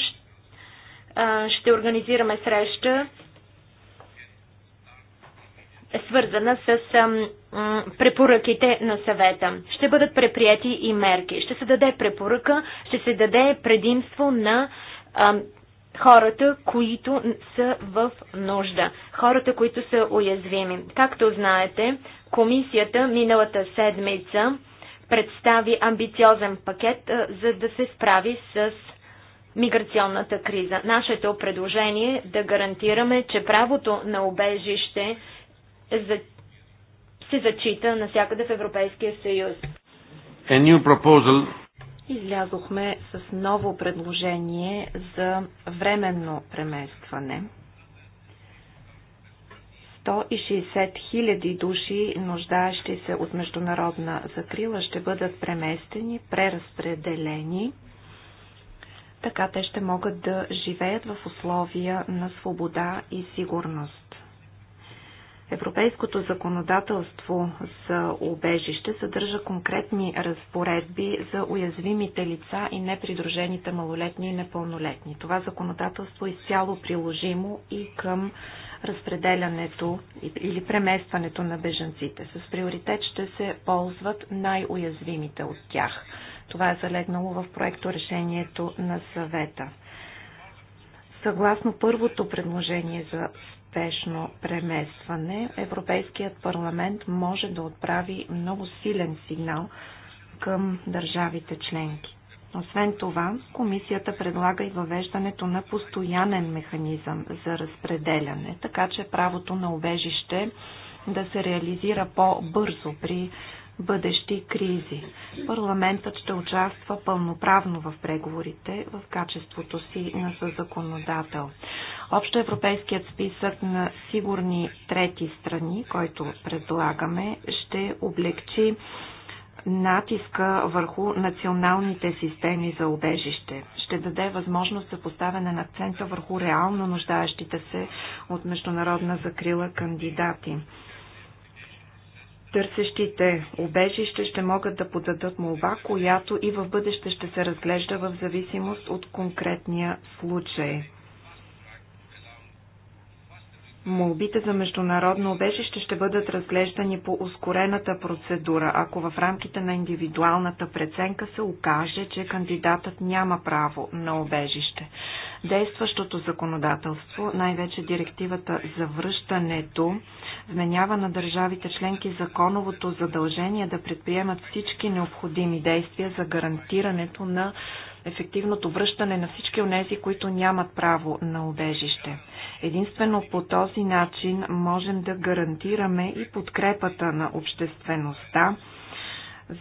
ще организираме среща свързана с препоръките на съвета. Ще бъдат преприяти и мерки. Ще се даде препоръка, ще се даде предимство на хората, които са в нужда, хората, които са уязвими. Както знаете, комисията миналата седмица представи амбициозен пакет, за да се справи с миграционната криза. Нашето предложение е да гарантираме, че правото на обежище за, се зачита навсякъде в Европейския съюз. A new proposal. Излязохме с ново предложение за временно преместване. 160 хиляди души, нуждаещи се от международна закрила, ще бъдат преместени, преразпределени. Така те ще могат да живеят в условия на свобода и сигурност. Европейското законодателство за убежище съдържа конкретни разпоредби за уязвимите лица и непридружените малолетни и непълнолетни. Това законодателство е изцяло приложимо и към разпределянето или преместването на бежанците. С приоритет ще се ползват най-уязвимите от тях. Това е залегнало в проекто решението на съвета. Съгласно първото предложение за спешно преместване, Европейският парламент може да отправи много силен сигнал към държавите членки. Освен това, комисията предлага и въвеждането на постоянен механизъм за разпределяне, така че правото на убежище да се реализира по-бързо при бъдещи кризи. Парламентът ще участва пълноправно в преговорите в качеството си на съзаконодател. Общо европейският списък на сигурни трети страни, който предлагаме, ще облегчи натиска върху националните системи за убежище. Ще даде възможност за поставяне на акцента върху реално нуждаещите се от международна закрила кандидати. Търсещите убежище ще могат да подадат молба, която и в бъдеще ще се разглежда в зависимост от конкретния случай. Молбите за международно обежище ще бъдат разглеждани по ускорената процедура, ако в рамките на индивидуалната преценка се окаже, че кандидатът няма право на обежище. Действащото законодателство, най-вече директивата за връщането, вменява на държавите членки законовото задължение да предприемат всички необходими действия за гарантирането на ефективното връщане на всички от тези, които нямат право на убежище. Единствено по този начин можем да гарантираме и подкрепата на обществеността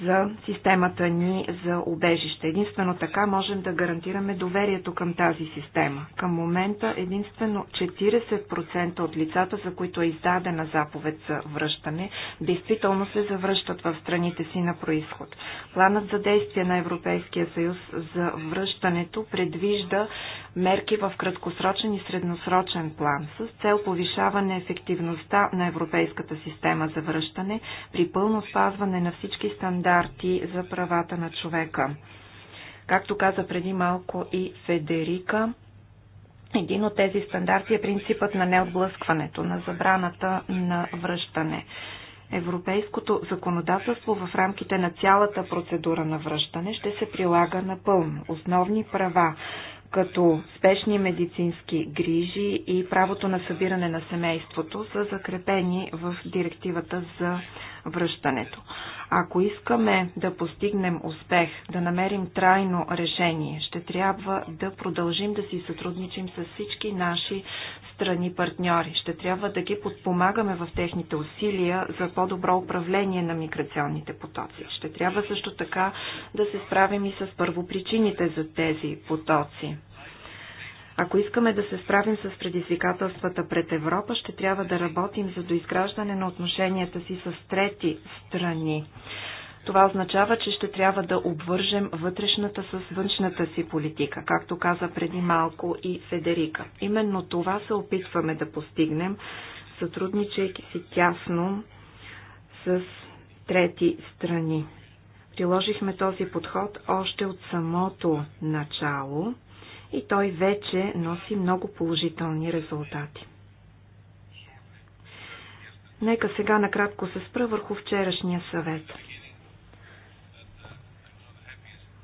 за системата ни за убежище. Единствено така можем да гарантираме доверието към тази система. Към момента единствено 40% от лицата, за които е издадена заповед за връщане, действително се завръщат в страните си на происход. Планът за действие на Европейския съюз за връщането предвижда мерки в краткосрочен и средносрочен план с цел повишаване ефективността на европейската система за връщане при пълно спазване на всички стандарти за правата на човека. Както каза преди малко и Федерика, един от тези стандарти е принципът на неотблъскването, на забраната на връщане. Европейското законодателство в рамките на цялата процедура на връщане ще се прилага напълно. Основни права, като спешни медицински грижи и правото на събиране на семейството са закрепени в директивата за връщането. Ако искаме да постигнем успех, да намерим трайно решение, ще трябва да продължим да си сътрудничим с всички наши страни партньори. Ще трябва да ги подпомагаме в техните усилия за по-добро управление на миграционните потоци. Ще трябва също така да се справим и с първопричините за тези потоци. Ако искаме да се справим с предизвикателствата пред Европа, ще трябва да работим за доизграждане на отношенията си с трети страни. Това означава, че ще трябва да обвържем вътрешната с външната си политика, както каза преди малко и Федерика. Именно това се опитваме да постигнем, сътрудничайки си тясно с трети страни. Приложихме този подход още от самото начало и той вече носи много положителни резултати. Нека сега накратко се спра върху вчерашния съвет –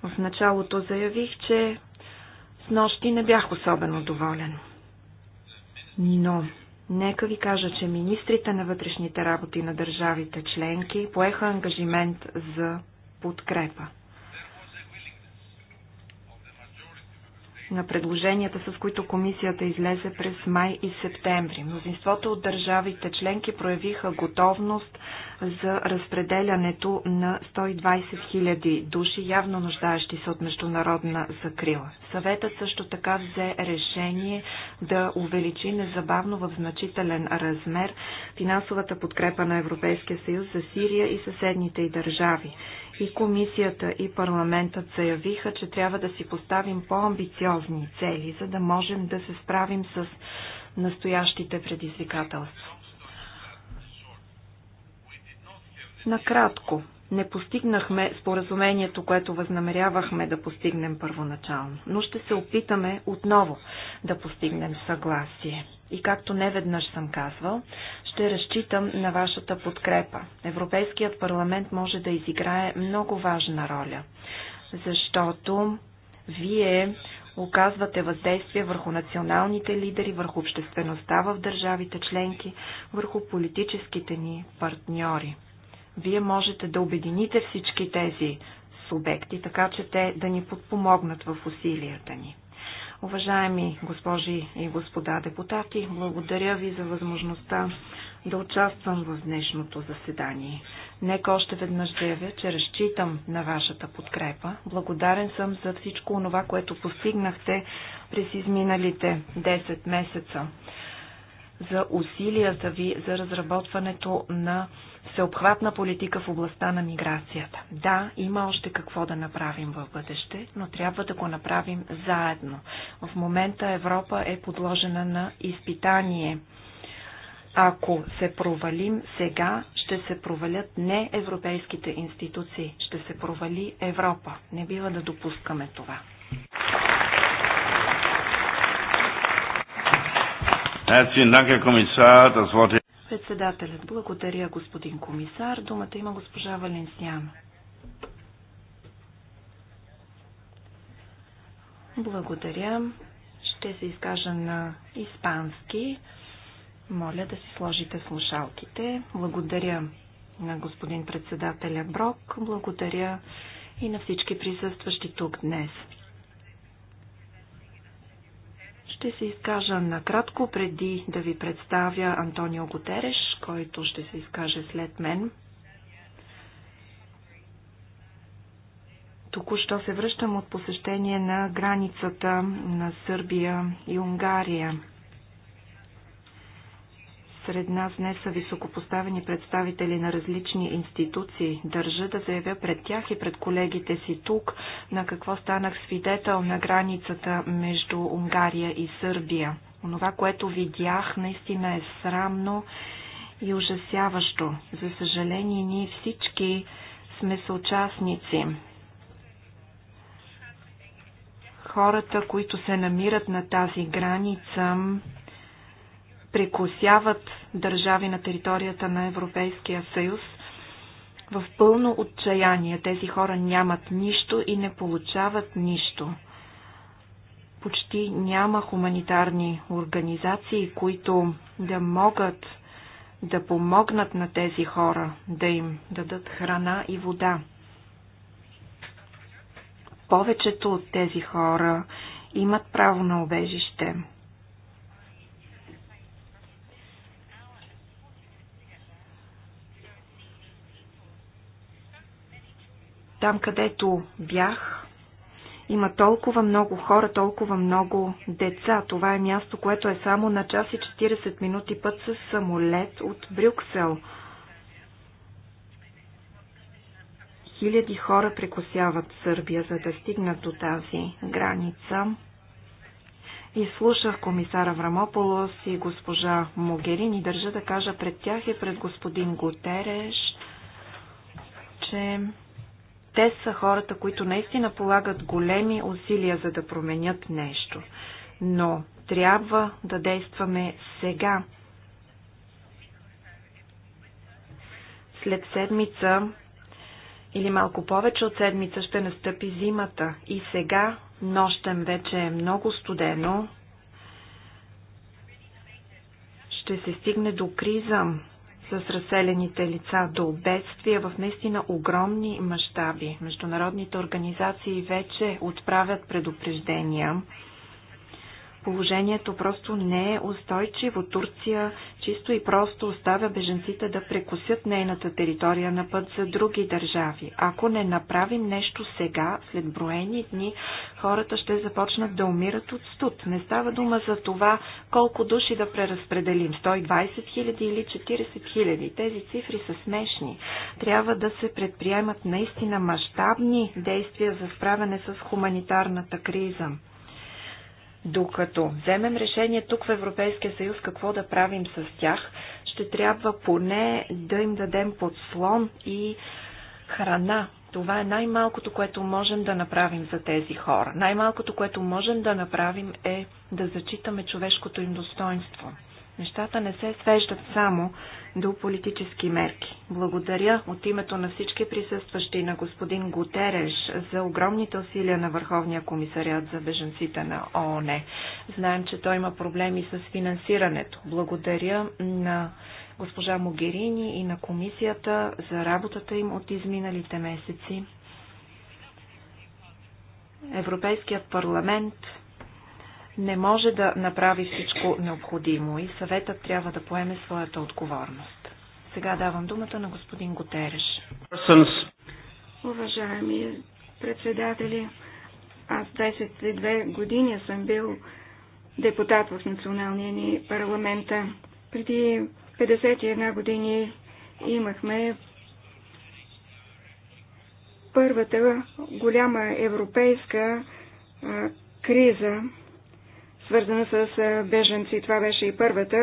в началото заявих, че с нощи не бях особено доволен. Но Нека ви кажа, че министрите на вътрешните работи на държавите членки поеха ангажимент за подкрепа. на предложенията, с които комисията излезе през май и септември. Мнозинството от държавите членки проявиха готовност за разпределянето на 120 000 души, явно нуждаещи се от международна закрила. Съветът също така взе решение да увеличи незабавно в значителен размер финансовата подкрепа на Европейския съюз за Сирия и съседните й държави. И комисията и парламентът заявиха, че трябва да си поставим по-амбициозни цели, за да можем да се справим с настоящите предизвикателства. Накратко, не постигнахме споразумението, което възнамерявахме да постигнем първоначално, но ще се опитаме отново да постигнем съгласие и както не веднъж съм казвал, ще разчитам на вашата подкрепа. Европейският парламент може да изиграе много важна роля, защото вие оказвате въздействие върху националните лидери, върху обществеността в държавите членки, върху политическите ни партньори. Вие можете да обедините всички тези субекти, така че те да ни подпомогнат в усилията ни. Уважаеми госпожи и господа депутати, благодаря ви за възможността да участвам в днешното заседание. Нека още веднъж заявя, че разчитам на вашата подкрепа. Благодарен съм за всичко това, което постигнахте през изминалите 10 месеца за усилията ви за разработването на всеобхватна политика в областта на миграцията. Да, има още какво да направим в бъдеще, но трябва да го направим заедно. В момента Европа е подложена на изпитание. Ако се провалим сега, ще се провалят не европейските институции, ще се провали Европа. Не бива да допускаме това. Председателят, благодаря господин комисар. Думата има госпожа Валенсиана. Благодаря. Ще се изкажа на испански. Моля да си сложите слушалките. Благодаря на господин председателя Брок. Благодаря и на всички присъстващи тук днес. Ще се изкажа накратко преди да ви представя Антонио Готереш, който ще се изкаже след мен. Току-що се връщам от посещение на границата на Сърбия и Унгария. Сред нас днес са високопоставени представители на различни институции. Държа да заявя пред тях и пред колегите си тук, на какво станах свидетел на границата между Унгария и Сърбия. Онова, което видях, наистина е срамно и ужасяващо. За съжаление, ние всички сме съучастници. Хората, които се намират на тази граница, прекусяват държави на територията на Европейския съюз в пълно отчаяние. Тези хора нямат нищо и не получават нищо. Почти няма хуманитарни организации, които да могат да помогнат на тези хора, да им дадат храна и вода. Повечето от тези хора имат право на обежище. Там, където бях, има толкова много хора, толкова много деца. Това е място, което е само на час и 40 минути път с самолет от Брюксел. Хиляди хора прекосяват Сърбия, за да стигнат до тази граница. И слушах комисара Врамополос и госпожа Могерин и Държа да кажа пред тях и пред господин Готереш, че те са хората, които наистина полагат големи усилия за да променят нещо. Но трябва да действаме сега. След седмица или малко повече от седмица ще настъпи зимата. И сега нощем вече е много студено. Ще се стигне до криза с разселените лица до бедствия в наистина огромни мащаби. Международните организации вече отправят предупреждения Положението просто не е устойчиво. Турция чисто и просто оставя беженците да прекусят нейната територия на път за други държави. Ако не направим нещо сега, след броени дни, хората ще започнат да умират от студ. Не става дума за това колко души да преразпределим. 120 хиляди или 40 хиляди. Тези цифри са смешни. Трябва да се предприемат наистина мащабни действия за справяне с хуманитарната криза. Докато вземем решение тук в Европейския съюз какво да правим с тях, ще трябва поне да им дадем подслон и храна. Това е най-малкото, което можем да направим за тези хора. Най-малкото, което можем да направим е да зачитаме човешкото им достоинство. Нещата не се свеждат само до политически мерки. Благодаря от името на всички присъстващи на господин Гутереш за огромните усилия на Върховния комисариат за беженците на ООН. Знаем, че той има проблеми с финансирането. Благодаря на госпожа Могерини и на комисията за работата им от изминалите месеци. Европейският парламент не може да направи всичко необходимо и съветът трябва да поеме своята отговорност. Сега давам думата на господин Готереш. Уважаеми председатели, аз 22 години съм бил депутат в националния ни парламент. Преди 51 години имахме първата голяма европейска криза свързана с беженци. Това беше и първата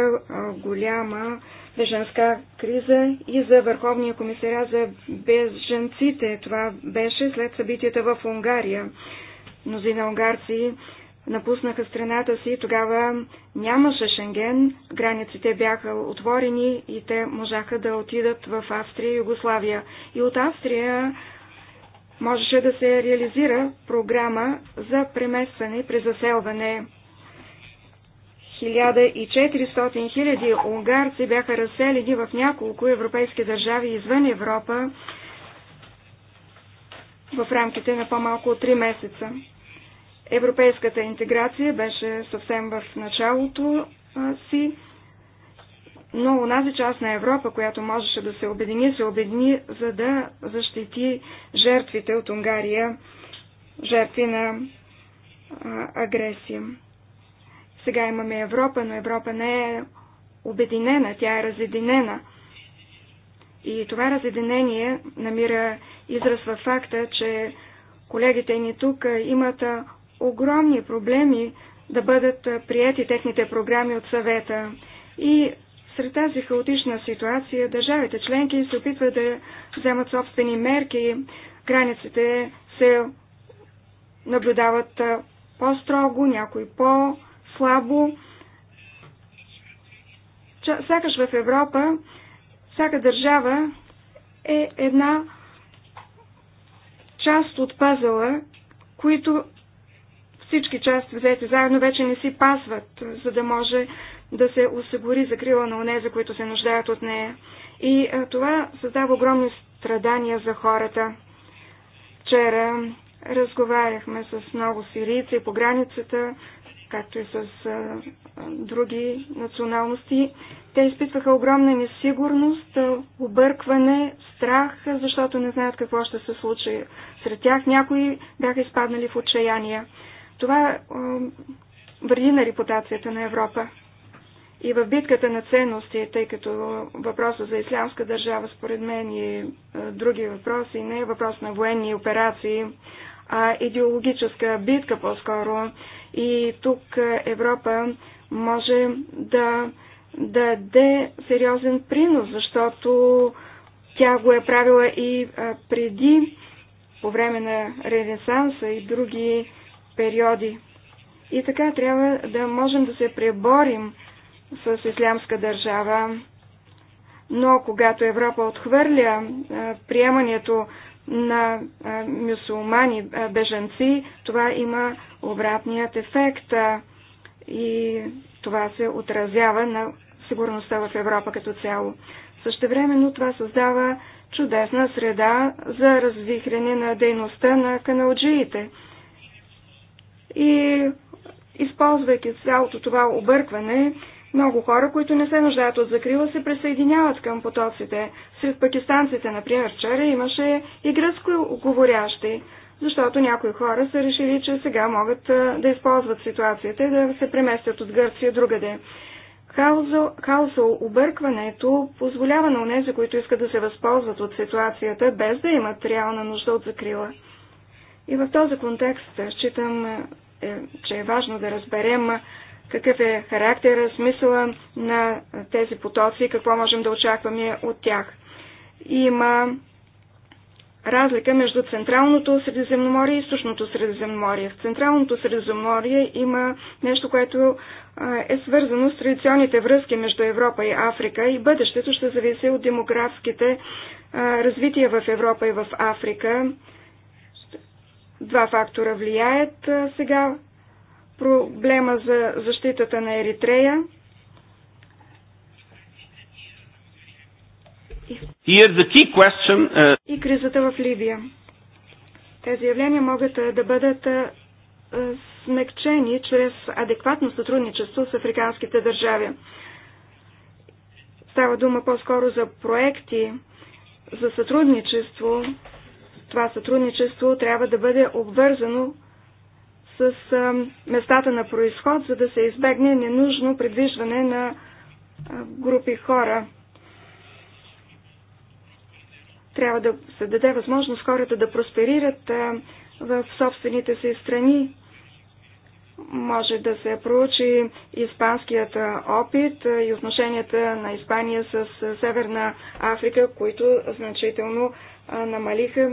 голяма беженска криза и за Върховния комисаря за беженците. Това беше след събитията в Унгария. Мнозина унгарци напуснаха страната си, тогава нямаше Шенген, границите бяха отворени и те можаха да отидат в Австрия и Югославия. И от Австрия можеше да се реализира програма за преместване презаселване 1400 хиляди унгарци бяха разселени в няколко европейски държави извън Европа в рамките на по-малко от 3 месеца. Европейската интеграция беше съвсем в началото си, но унази част на Европа, която можеше да се обедини, се обедини, за да защити жертвите от Унгария, жертви на агресия. Сега имаме Европа, но Европа не е обединена, тя е разединена. И това разединение намира израз във факта, че колегите ни тук имат огромни проблеми да бъдат прияти техните програми от съвета. И сред тази хаотична ситуация държавите членки се опитват да вземат собствени мерки, границите се наблюдават по-строго, някои по-строго слабо. Сякаш в Европа всяка държава е една част от пазала, които всички части взети заедно вече не си пазват, за да може да се осигури закрила на онези, които се нуждаят от нея. И а, това създава огромни страдания за хората. Вчера разговаряхме с много сирийци по границата, както и с а, други националности. Те изпитваха огромна несигурност, объркване, страх, защото не знаят какво ще се случи. Сред тях някои бяха изпаднали в отчаяние. Това а, вреди на репутацията на Европа. И в битката на ценности, тъй като въпроса за ислямска държава, според мен и а, други въпроси, не е въпрос на военни операции, а идеологическа битка по-скоро. И тук Европа може да даде сериозен принос, защото тя го е правила и преди, по време на Ренесанса и други периоди. И така трябва да можем да се преборим с ислямска държава. Но когато Европа отхвърля приемането на мюсулмани бежанци, това има обратният ефект и това се отразява на сигурността в Европа като цяло. Същевременно това създава чудесна среда за развихрене на дейността на каналджиите. И използвайки цялото това объркване, много хора, които не се нуждаят от закрила, се присъединяват към потоците. Сред пакистанците, например, вчера имаше и гръцко говорящи, защото някои хора са решили, че сега могат да използват ситуацията и да се преместят от Гърция другаде. Хаоса объркването позволява на унези, които искат да се възползват от ситуацията, без да имат реална нужда от закрила. И в този контекст считам, е, че е важно да разберем какъв е характера, смисъла на тези потоци и какво можем да очакваме от тях. Има разлика между Централното Средиземноморие и Източното Средиземноморие. В Централното Средиземноморие има нещо, което е свързано с традиционните връзки между Европа и Африка и бъдещето ще зависи от демографските развития в Европа и в Африка. Два фактора влияят сега проблема за защитата на Еритрея. Uh, И кризата в Ливия. Тези явления могат да бъдат смекчени чрез адекватно сътрудничество с африканските държави. Става дума по-скоро за проекти, за сътрудничество. Това сътрудничество трябва да бъде обвързано с местата на происход, за да се избегне ненужно предвижване на групи хора. Трябва да се даде възможност хората да просперират в собствените си страни, може да се проучи испанският опит и отношенията на Испания с Северна Африка, които значително намалиха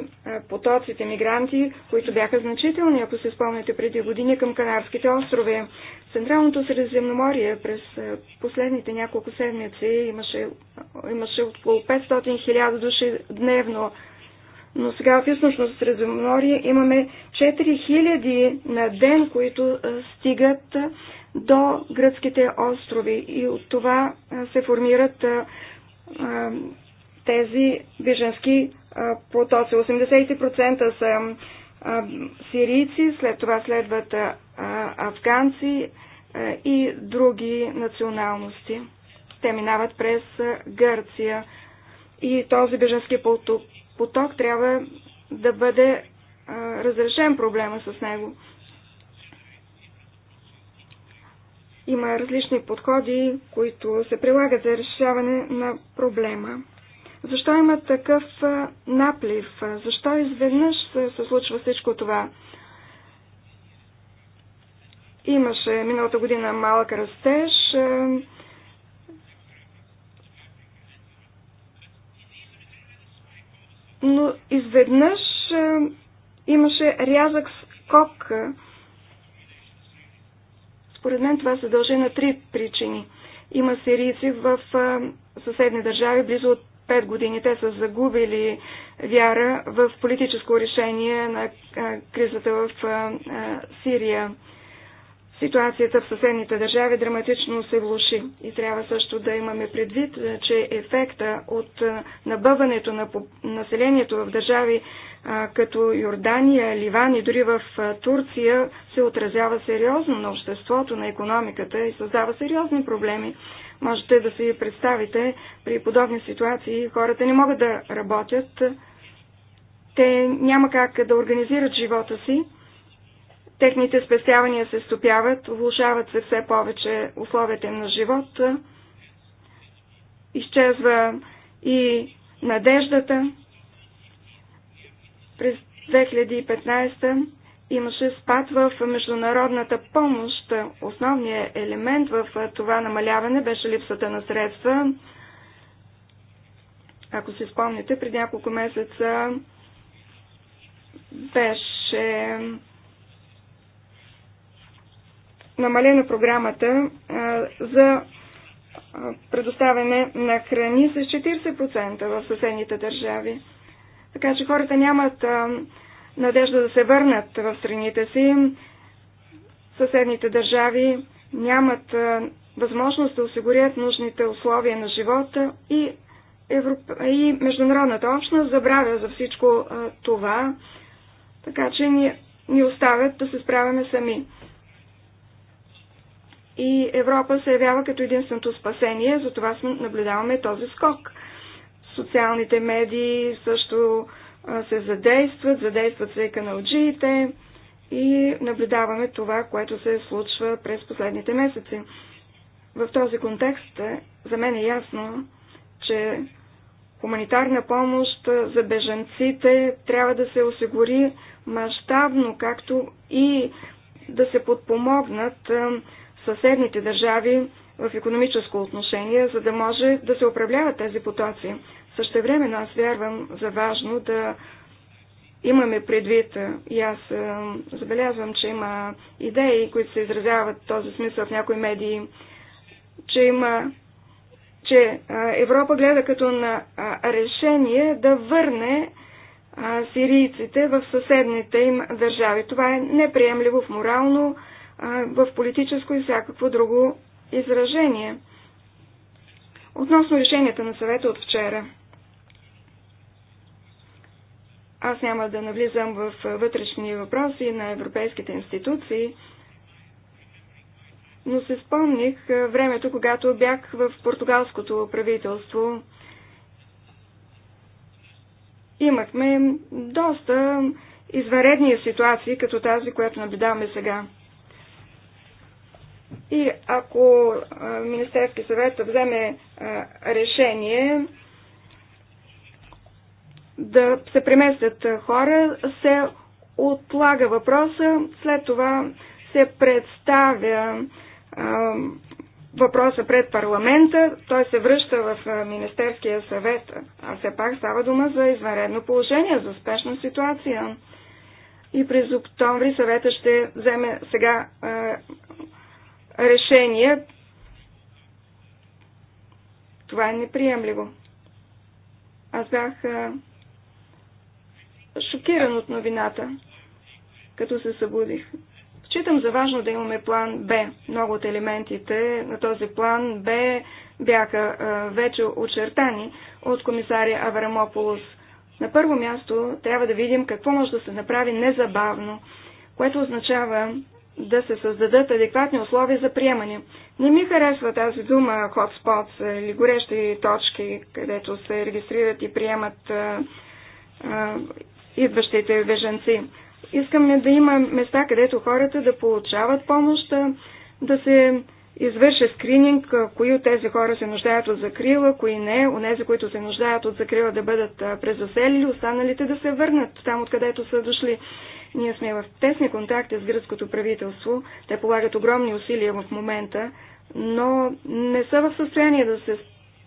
потоците мигранти, които бяха значителни, ако се спомняте преди години, към Канарските острови. Централното Средиземноморие през последните няколко седмици имаше, имаше около 500 000 души дневно но сега в източно Средиземноморие имаме 4000 на ден, които стигат до гръцките острови и от това се формират тези беженски потоци. 80% са сирийци, след това следват афганци и други националности. Те минават през Гърция. И този беженски поток поток трябва да бъде а, разрешен проблема с него. Има различни подходи, които се прилагат за решаване на проблема. Защо има такъв наплив? Защо изведнъж се случва всичко това? Имаше миналата година малък растеж, но изведнъж е, имаше рязък скок. Според мен това се дължи на три причини. Има сирийци в е, съседни държави, близо от 5 години. Те са загубили вяра в политическо решение на е, кризата в Сирия. Ситуацията в съседните държави драматично се влуши и трябва също да имаме предвид, е, че ефекта от е, набъването на населението в държави е, като Йордания, Ливан и дори в Турция се отразява сериозно на обществото, на економиката и създава сериозни проблеми. Можете да си представите, при подобни ситуации хората не могат да работят, те няма как да организират живота си Техните спестявания се стопяват, влушават се все повече условията на живот, изчезва и надеждата. През 2015 имаше спад в международната помощ. Основният елемент в това намаляване беше липсата на средства. Ако си спомните, преди няколко месеца беше намалена програмата за предоставяне на храни с 40% в съседните държави. Така че хората нямат надежда да се върнат в страните си. Съседните държави нямат възможност да осигурят нужните условия на живота и, Европ... и международната общност забравя за всичко това, така че ни, ни оставят да се справяме сами и Европа се явява като единственото спасение, затова наблюдаваме този скок. Социалните медии също се задействат, задействат се и каналджиите и наблюдаваме това, което се случва през последните месеци. В този контекст е, за мен е ясно, че хуманитарна помощ за бежанците трябва да се осигури мащабно, както и да се подпомогнат съседните държави в економическо отношение, за да може да се управляват тези потоци. също но аз вярвам за важно да имаме предвид, и аз забелязвам, че има идеи, които се изразяват в този смисъл в някои медии, че има че Европа гледа като на решение да върне сирийците в съседните им държави. Това е неприемливо в морално, в политическо и всякакво друго изражение. Относно решенията на съвета от вчера. Аз няма да навлизам в вътрешни въпроси на европейските институции, но се спомних времето, когато бях в португалското правителство. Имахме доста изваредни ситуации, като тази, която наблюдаваме сега. И ако Министерски съвет вземе решение да се преместят хора, се отлага въпроса, след това се представя въпроса пред парламента, той се връща в Министерския съвет, а все пак става дума за извънредно положение, за спешна ситуация. И през октомври съвета ще вземе сега Решение Това е неприемливо. Аз бях а, шокиран от новината, като се събудих. Считам за важно да имаме план Б. Много от елементите на този план Б бяха а, вече очертани от комисария Аврамополос. На първо място трябва да видим какво може да се направи незабавно, което означава да се създадат адекватни условия за приемане. Не ми харесва тази дума hotspots или горещи точки, където се регистрират и приемат а, а, идващите беженци. Искаме да има места, където хората да получават помощ, да се извърши скрининг, кои от тези хора се нуждаят от закрила, кои не, онези, които се нуждаят от закрила да бъдат презаселили, останалите да се върнат там, откъдето са дошли. Ние сме в тесни контакти с гръцкото правителство. Те полагат огромни усилия в момента, но не са в състояние да се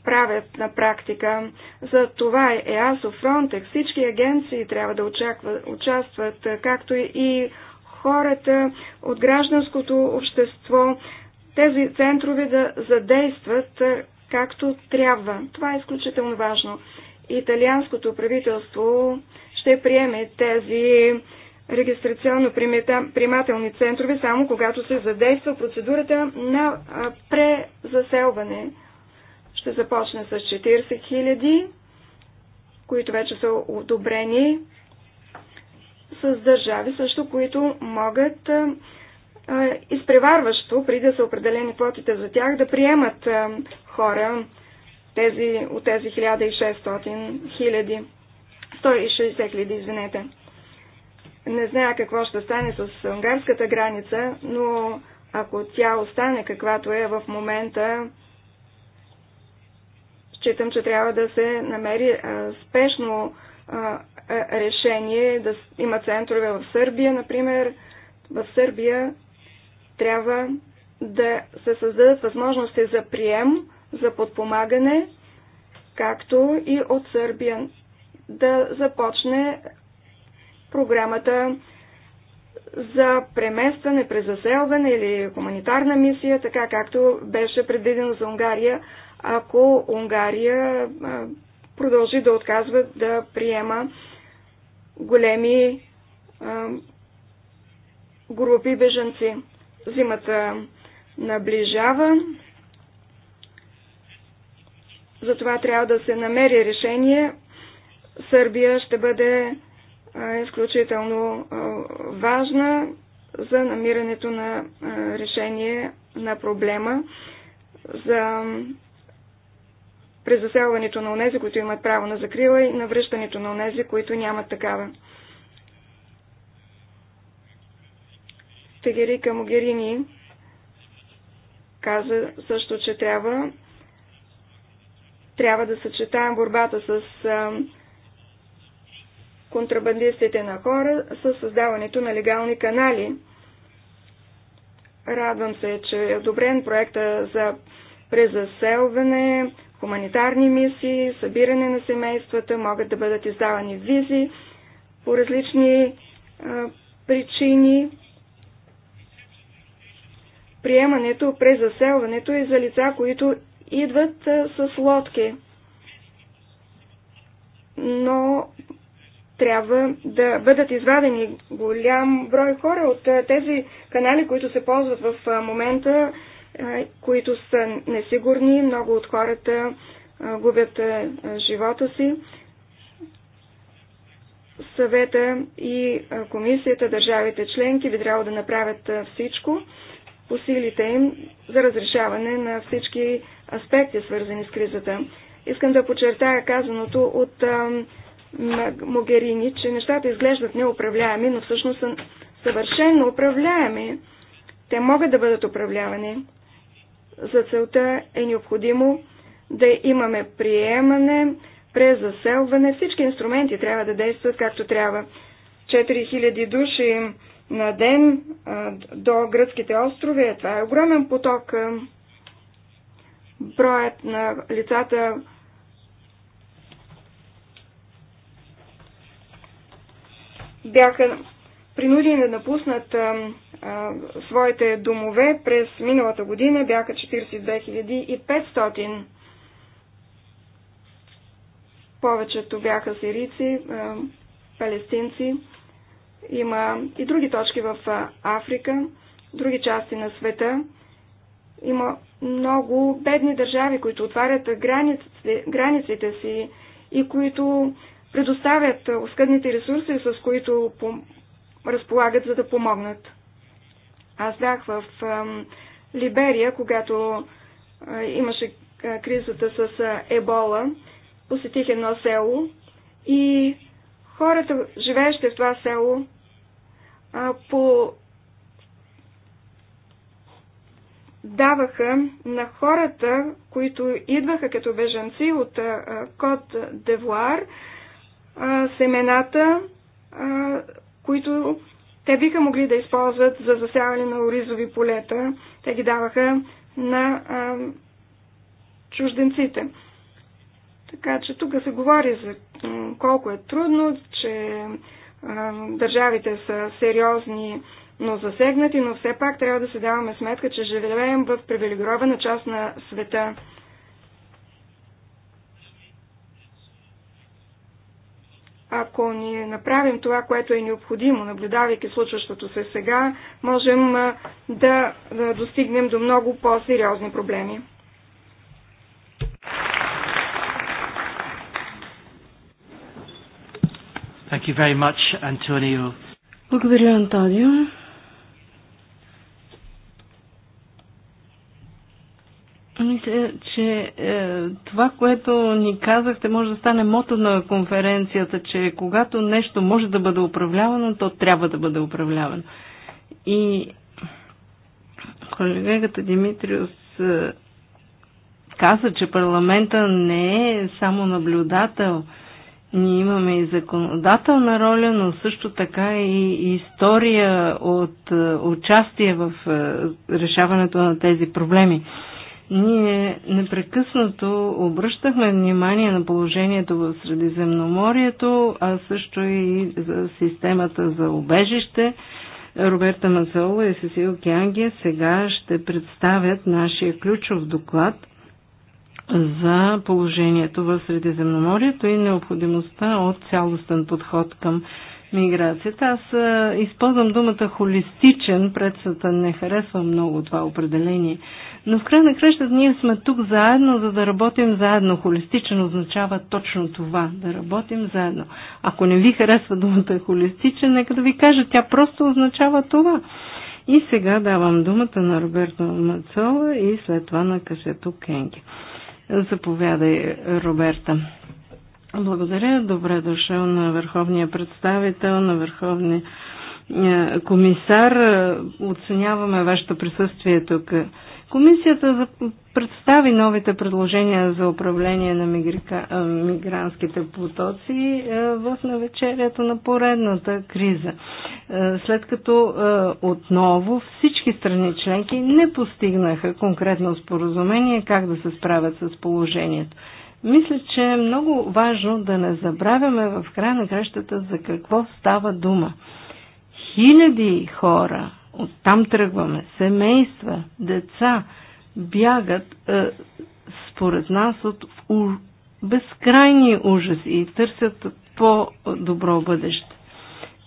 правят на практика. За това ЕАСО, Фронтекс, всички агенции трябва да очаква, участват, както и хората от гражданското общество, тези центрове да задействат е, както трябва. Това е изключително важно. Италианското правителство ще приеме тези регистрационно-примателни центрове, само когато се задейства процедурата на презаселване. Ще започне с 40 000, които вече са одобрени с държави, също които могат изпреварващо, преди да са определени плотите за тях, да приемат хора тези, от тези 1600 хиляди, 160 хиляди, извинете. Не зная какво ще стане с унгарската граница, но ако тя остане каквато е в момента, считам, че трябва да се намери а, спешно а, решение, да има центрове в Сърбия, например. В Сърбия трябва да се създадат възможности за прием, за подпомагане, както и от Сърбия да започне програмата за преместване, презаселване или хуманитарна мисия, така както беше предвидено за Унгария, ако Унгария продължи да отказва да приема големи групи бежанци. Зимата наближава, затова трябва да се намери решение. Сърбия ще бъде е изключително важна за намирането на решение на проблема за презаселването на онези, които имат право на закрила и на връщането на онези, които нямат такава. Тегерика Могерини каза също, че трябва, трябва да съчетаем борбата с контрабандистите на хора с създаването на легални канали. Радвам се, че е одобрен проекта за презаселване, хуманитарни мисии, събиране на семействата, могат да бъдат издавани визи по различни а, причини. Приемането, презаселването и е за лица, които идват а, с лодки. Но трябва да бъдат извадени голям брой хора от тези канали, които се ползват в момента, които са несигурни, много от хората губят живота си. Съвета и комисията, държавите членки би трябвало да направят всичко по силите им за разрешаване на всички аспекти, свързани с кризата. Искам да подчертая казаното от Могерини, че нещата изглеждат неуправляеми, но всъщност са съвършенно управляеми. Те могат да бъдат управлявани. За целта е необходимо да имаме приемане, презаселване. Всички инструменти трябва да действат както трябва. 4000 души на ден до гръцките острови. Това е огромен поток. Броят на лицата, бяха принудени да напуснат а, а, своите домове през миналата година бяха 42 500. Повечето бяха сирийци, а, палестинци. Има и други точки в Африка, други части на света. Има много бедни държави, които отварят границите, границите си и които предоставят оскъдните ресурси, с които разполагат, за да помогнат. Аз бях в Либерия, когато имаше кризата с ебола, посетих едно село и хората, живеещи в това село, по даваха на хората, които идваха като беженци от Кот Девуар, а, семената, а, които те биха могли да използват за засяване на оризови полета. Те ги даваха на а, чужденците. Така че тук се говори за колко е трудно, че а, държавите са сериозни, но засегнати, но все пак трябва да се даваме сметка, че живеем в привилегирована част на света. Ако ние направим това, което е необходимо, наблюдавайки случващото се сега, можем да достигнем до много по-сериозни проблеми. Thank you very much, Antonio. Благодаря, Антонио. че е, това, което ни казахте, може да стане мото на конференцията, че когато нещо може да бъде управлявано, то трябва да бъде управлявано. И колегата Димитриус е, каза, че парламента не е само наблюдател. Ние имаме и законодателна роля, но също така и история от е, участие в е, решаването на тези проблеми. Ние непрекъснато обръщахме внимание на положението в Средиземноморието, а също и за системата за обежище. Роберта Мазола и Сесил Кянге сега ще представят нашия ключов доклад за положението в Средиземноморието и необходимостта от цялостен подход към миграцията. Аз използвам думата холистичен, предсата не харесва много това определение. Но в край на кръщата ние сме тук заедно, за да работим заедно. Холистичен означава точно това, да работим заедно. Ако не ви харесва думата холистичен, нека да ви кажа, тя просто означава това. И сега давам думата на Роберто Мацова и след това на Касето Кенги. Заповядай, Роберта. Благодаря. Добре дошъл на върховния представител, на върховния е, комисар. Оценяваме вашето присъствие тук. Комисията представи новите предложения за управление на мигрантските потоци е, в навечерието на поредната криза, е, след като е, отново всички страни членки не постигнаха конкретно споразумение как да се справят с положението. Мисля, че е много важно да не забравяме в края на кращата за какво става дума. Хиляди хора Оттам тръгваме. Семейства, деца бягат е, според нас от у... безкрайни ужаси и търсят по-добро бъдеще.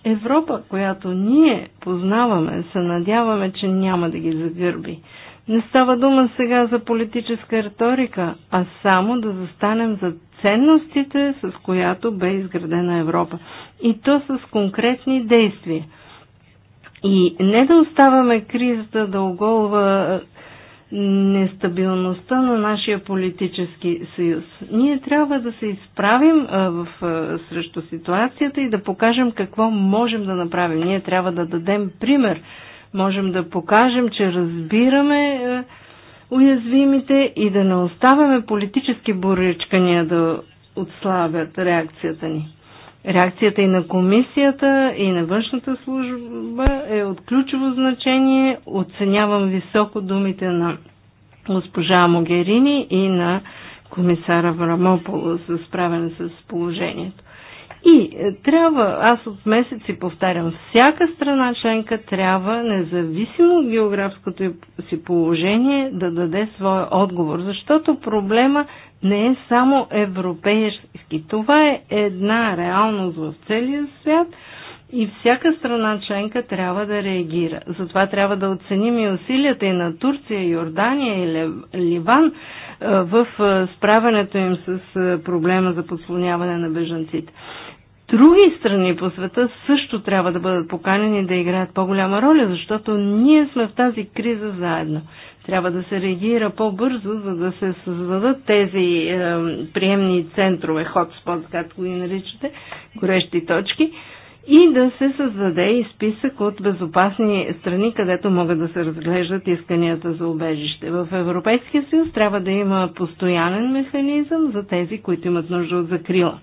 Европа, която ние познаваме, се надяваме, че няма да ги загърби. Не става дума сега за политическа риторика, а само да застанем за ценностите, с която бе изградена Европа. И то с конкретни действия – и не да оставаме кризата да оголва е, нестабилността на нашия политически съюз. Ние трябва да се изправим а, е, в, а, е, срещу ситуацията и да покажем какво можем да направим. Ние трябва да дадем пример. Можем да покажем, че разбираме а, уязвимите и да не оставяме политически боричкания да отслабят реакцията ни. Реакцията и на комисията, и на външната служба е от ключово значение. Оценявам високо думите на госпожа Могерини и на комисара Врамополо за справяне с положението. И е, трябва, аз от месеци повтарям, всяка страна членка трябва, независимо от географското си положение, да даде своя отговор, защото проблема не е само европейски. Това е една реалност в целия свят и всяка страна членка трябва да реагира. Затова трябва да оценим и усилията и на Турция, Йордания и Ливан е, в е, справянето им с е, проблема за подслоняване на бежанците. Други страни по света също трябва да бъдат поканени да играят по-голяма роля, защото ние сме в тази криза заедно. Трябва да се реагира по-бързо, за да се създадат тези е, приемни центрове, хотспот, както ги наричате, горещи точки, и да се създаде и списък от безопасни страни, където могат да се разглеждат исканията за убежище. В Европейския съюз трябва да има постоянен механизъм за тези, които имат нужда от закрила.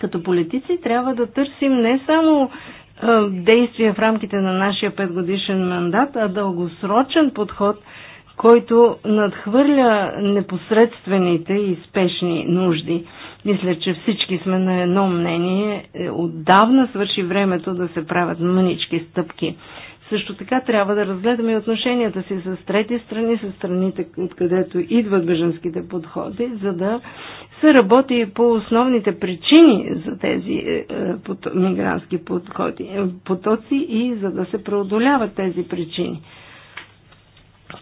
Като политици трябва да търсим не само е, действия в рамките на нашия петгодишен мандат, а дългосрочен подход който надхвърля непосредствените и спешни нужди. Мисля, че всички сме на едно мнение. Е, отдавна свърши времето да се правят мънички стъпки. Също така трябва да разгледаме и отношенията си с трети страни, с страните, откъдето идват беженските подходи, за да се работи по основните причини за тези е, е, мигрантски подходи, потоци и за да се преодоляват тези причини.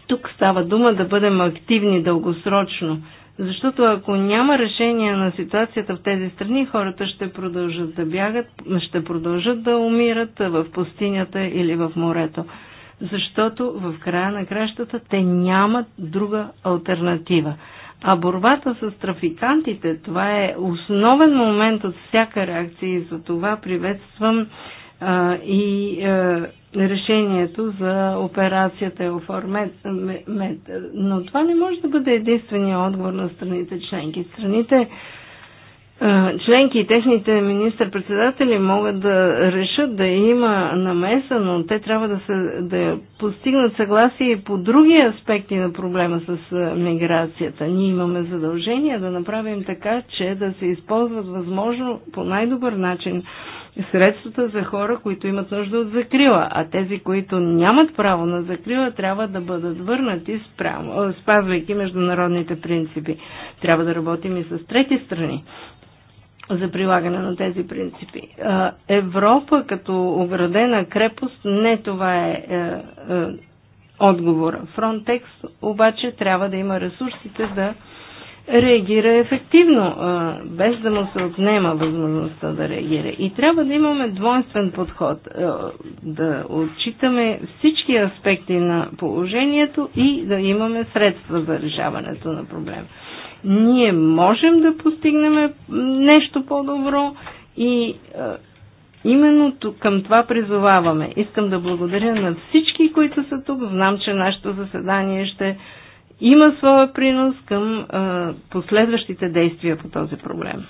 Тук става дума да бъдем активни дългосрочно, защото ако няма решение на ситуацията в тези страни, хората ще продължат да бягат, ще продължат да умират в пустинята или в морето, защото в края на кращата те нямат друга альтернатива. А борбата с трафикантите, това е основен момент от всяка реакция и за това приветствам и е, решението за операцията е оформет. Но това не може да бъде единствения отговор на страните членки. Страните е, членки и техните министр-председатели могат да решат да има намеса, но те трябва да, се, да постигнат съгласие и по други аспекти на проблема с е, миграцията. Ние имаме задължение да направим така, че да се използват възможно по най-добър начин средствата за хора, които имат нужда от закрила, а тези, които нямат право на закрила, трябва да бъдат върнати спрямо, спазвайки международните принципи. Трябва да работим и с трети страни за прилагане на тези принципи. Европа като оградена крепост, не това е, е, е отговора. Фронтекс обаче трябва да има ресурсите да реагира ефективно, без да му се отнема възможността да реагира. И трябва да имаме двойствен подход, да отчитаме всички аспекти на положението и да имаме средства за решаването на проблем. Ние можем да постигнем нещо по-добро и Именно към това призоваваме. Искам да благодаря на всички, които са тук. Знам, че нашето заседание ще има своя принос към а, последващите действия по този проблем.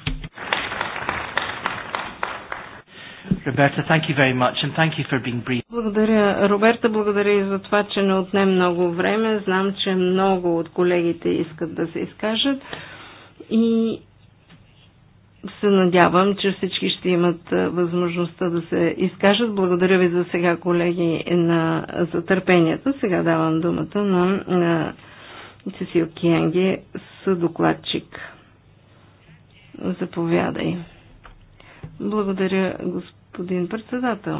Роберта, thank you very much and thank you for being brief. Благодаря, Роберта, благодаря и за това, че не отне много време. Знам, че много от колегите искат да се изкажат и се надявам, че всички ще имат възможността да се изкажат. Благодаря ви за сега, колеги, на, за търпението. Сега давам думата на, на Цесил с докладчик. Заповядай. Благодаря, господин председател.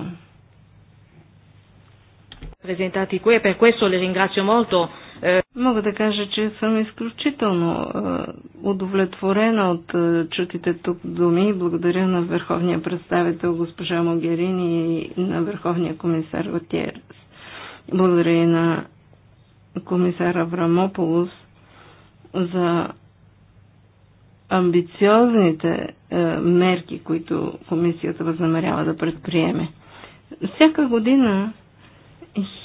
Презентати кое, per questo le ringrazio molto. Мога да кажа, че съм изключително е, удовлетворена от е, чутите тук думи. Благодаря на върховния представител госпожа Могерини и на върховния комисар Отиерс. Благодаря и на комисар Аврамополос за амбициозните е, мерки, които комисията възнамерява да предприеме. Всяка година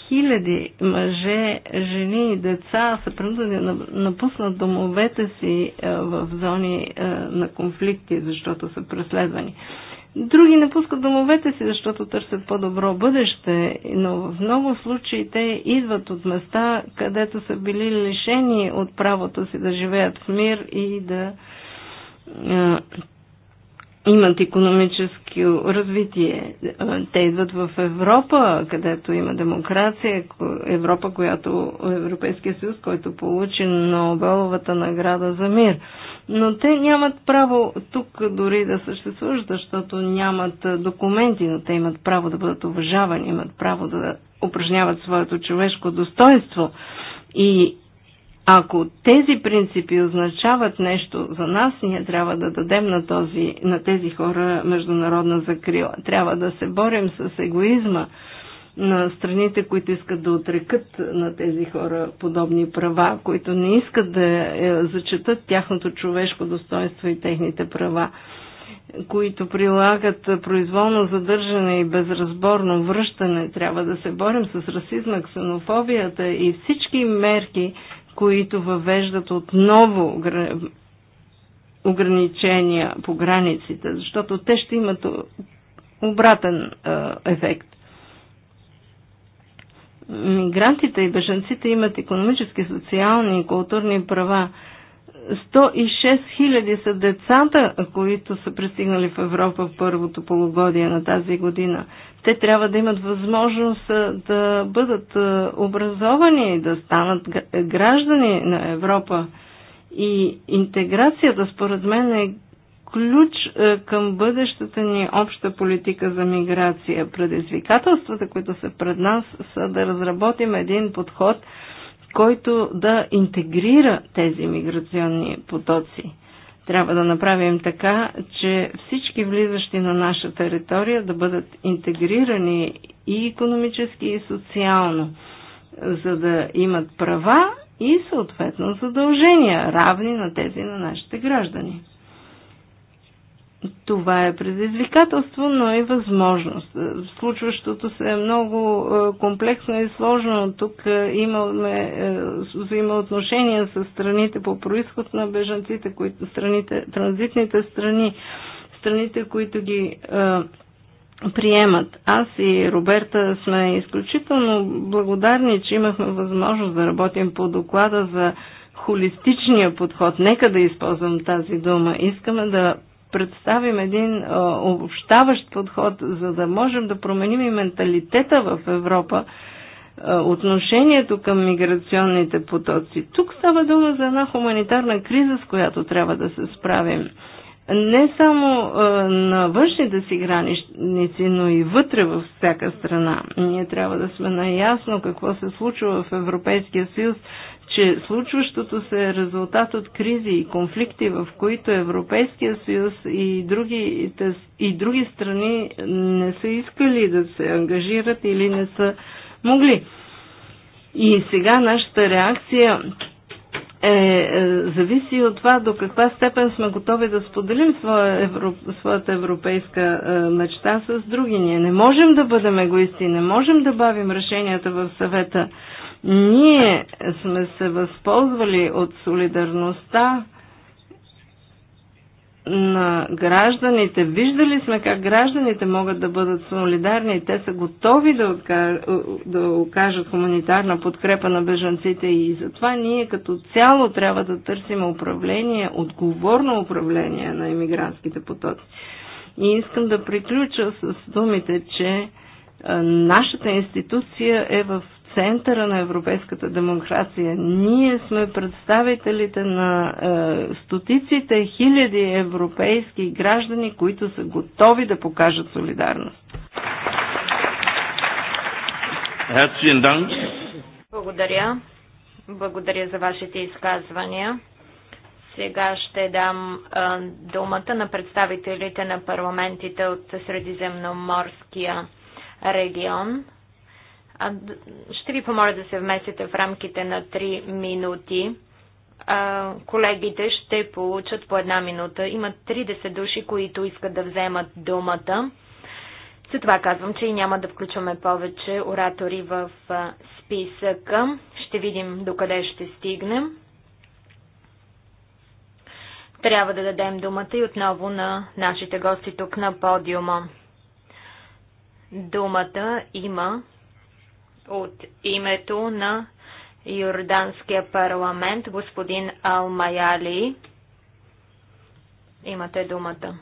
хиляди мъже, жени и деца са принудени да напуснат домовете си е, в зони е, на конфликти, защото са преследвани. Други напускат домовете си, защото търсят по-добро бъдеще, но в много случаи те идват от места, където са били лишени от правото си да живеят в мир и да имат економически развитие. Те идват в Европа, където има демокрация, Европа, която Европейския съюз, който получи Нобеловата награда за мир. Но те нямат право тук дори да съществуват, защото нямат документи, но те имат право да бъдат уважавани, имат право да упражняват своето човешко достоинство. И ако тези принципи означават нещо за нас, ние трябва да дадем на, този, на тези хора международна закрила. Трябва да се борим с егоизма на страните, които искат да отрекат на тези хора подобни права, които не искат да е, зачетат тяхното човешко достоинство и техните права които прилагат произволно задържане и безразборно връщане. Трябва да се борим с расизма, ксенофобията и всички мерки, които въвеждат отново ограничения по границите, защото те ще имат обратен ефект. Мигрантите и бежанците имат економически, социални и културни права. 106 хиляди са децата, които са пристигнали в Европа в първото полугодие на тази година. Те трябва да имат възможност да бъдат образовани, да станат е, граждани на Европа. И интеграцията, според мен, е ключ към бъдещата ни обща политика за миграция. Предизвикателствата, които са пред нас, са да разработим един подход – който да интегрира тези миграционни потоци. Трябва да направим така, че всички влизащи на наша територия да бъдат интегрирани и економически, и социално, за да имат права и съответно задължения, равни на тези на нашите граждани. Това е предизвикателство, но и възможност. Случващото се е много е, комплексно и сложно. Тук е, имаме е, взаимоотношения с страните по происход на бежанците, които страните, транзитните страни, страните, които ги приемат. Аз и Роберта сме изключително благодарни, че имахме възможност да работим по доклада за холистичния подход. Нека да използвам тази дума. Искаме да представим един общаващ подход, за да можем да променим и менталитета в Европа, отношението към миграционните потоци. Тук става дума за една хуманитарна криза, с която трябва да се справим. Не само на външните си граници, но и вътре във всяка страна. Ние трябва да сме наясно какво се случва в Европейския съюз, че случващото се е резултат от кризи и конфликти, в които Европейския съюз и други, и други страни не са искали да се ангажират или не са могли. И сега нашата реакция е, е, зависи от това до каква степен сме готови да споделим своя евро, своята европейска е, мечта с други. Ние не можем да бъдем егоисти, не можем да бавим решенията в съвета ние сме се възползвали от солидарността на гражданите. Виждали сме как гражданите могат да бъдат солидарни и те са готови да, да окажат хуманитарна подкрепа на бежанците и затова ние като цяло трябва да търсим управление, отговорно управление на иммигрантските потоци. И искам да приключа с думите, че нашата институция е в центъра на европейската демокрация. Ние сме представителите на е, стотиците хиляди европейски граждани, които са готови да покажат солидарност. Благодаря. Благодаря за вашите изказвания. Сега ще дам е, думата на представителите на парламентите от Средиземноморския регион ще ви помоля да се вместите в рамките на 3 минути. колегите ще получат по една минута. Има 30 души, които искат да вземат думата. Затова казвам, че и няма да включваме повече оратори в списъка. Ще видим докъде ще стигнем. Трябва да дадем думата и отново на нашите гости тук на подиума. Думата има от името на Йорданския парламент господин Алмаяли. Имате думата.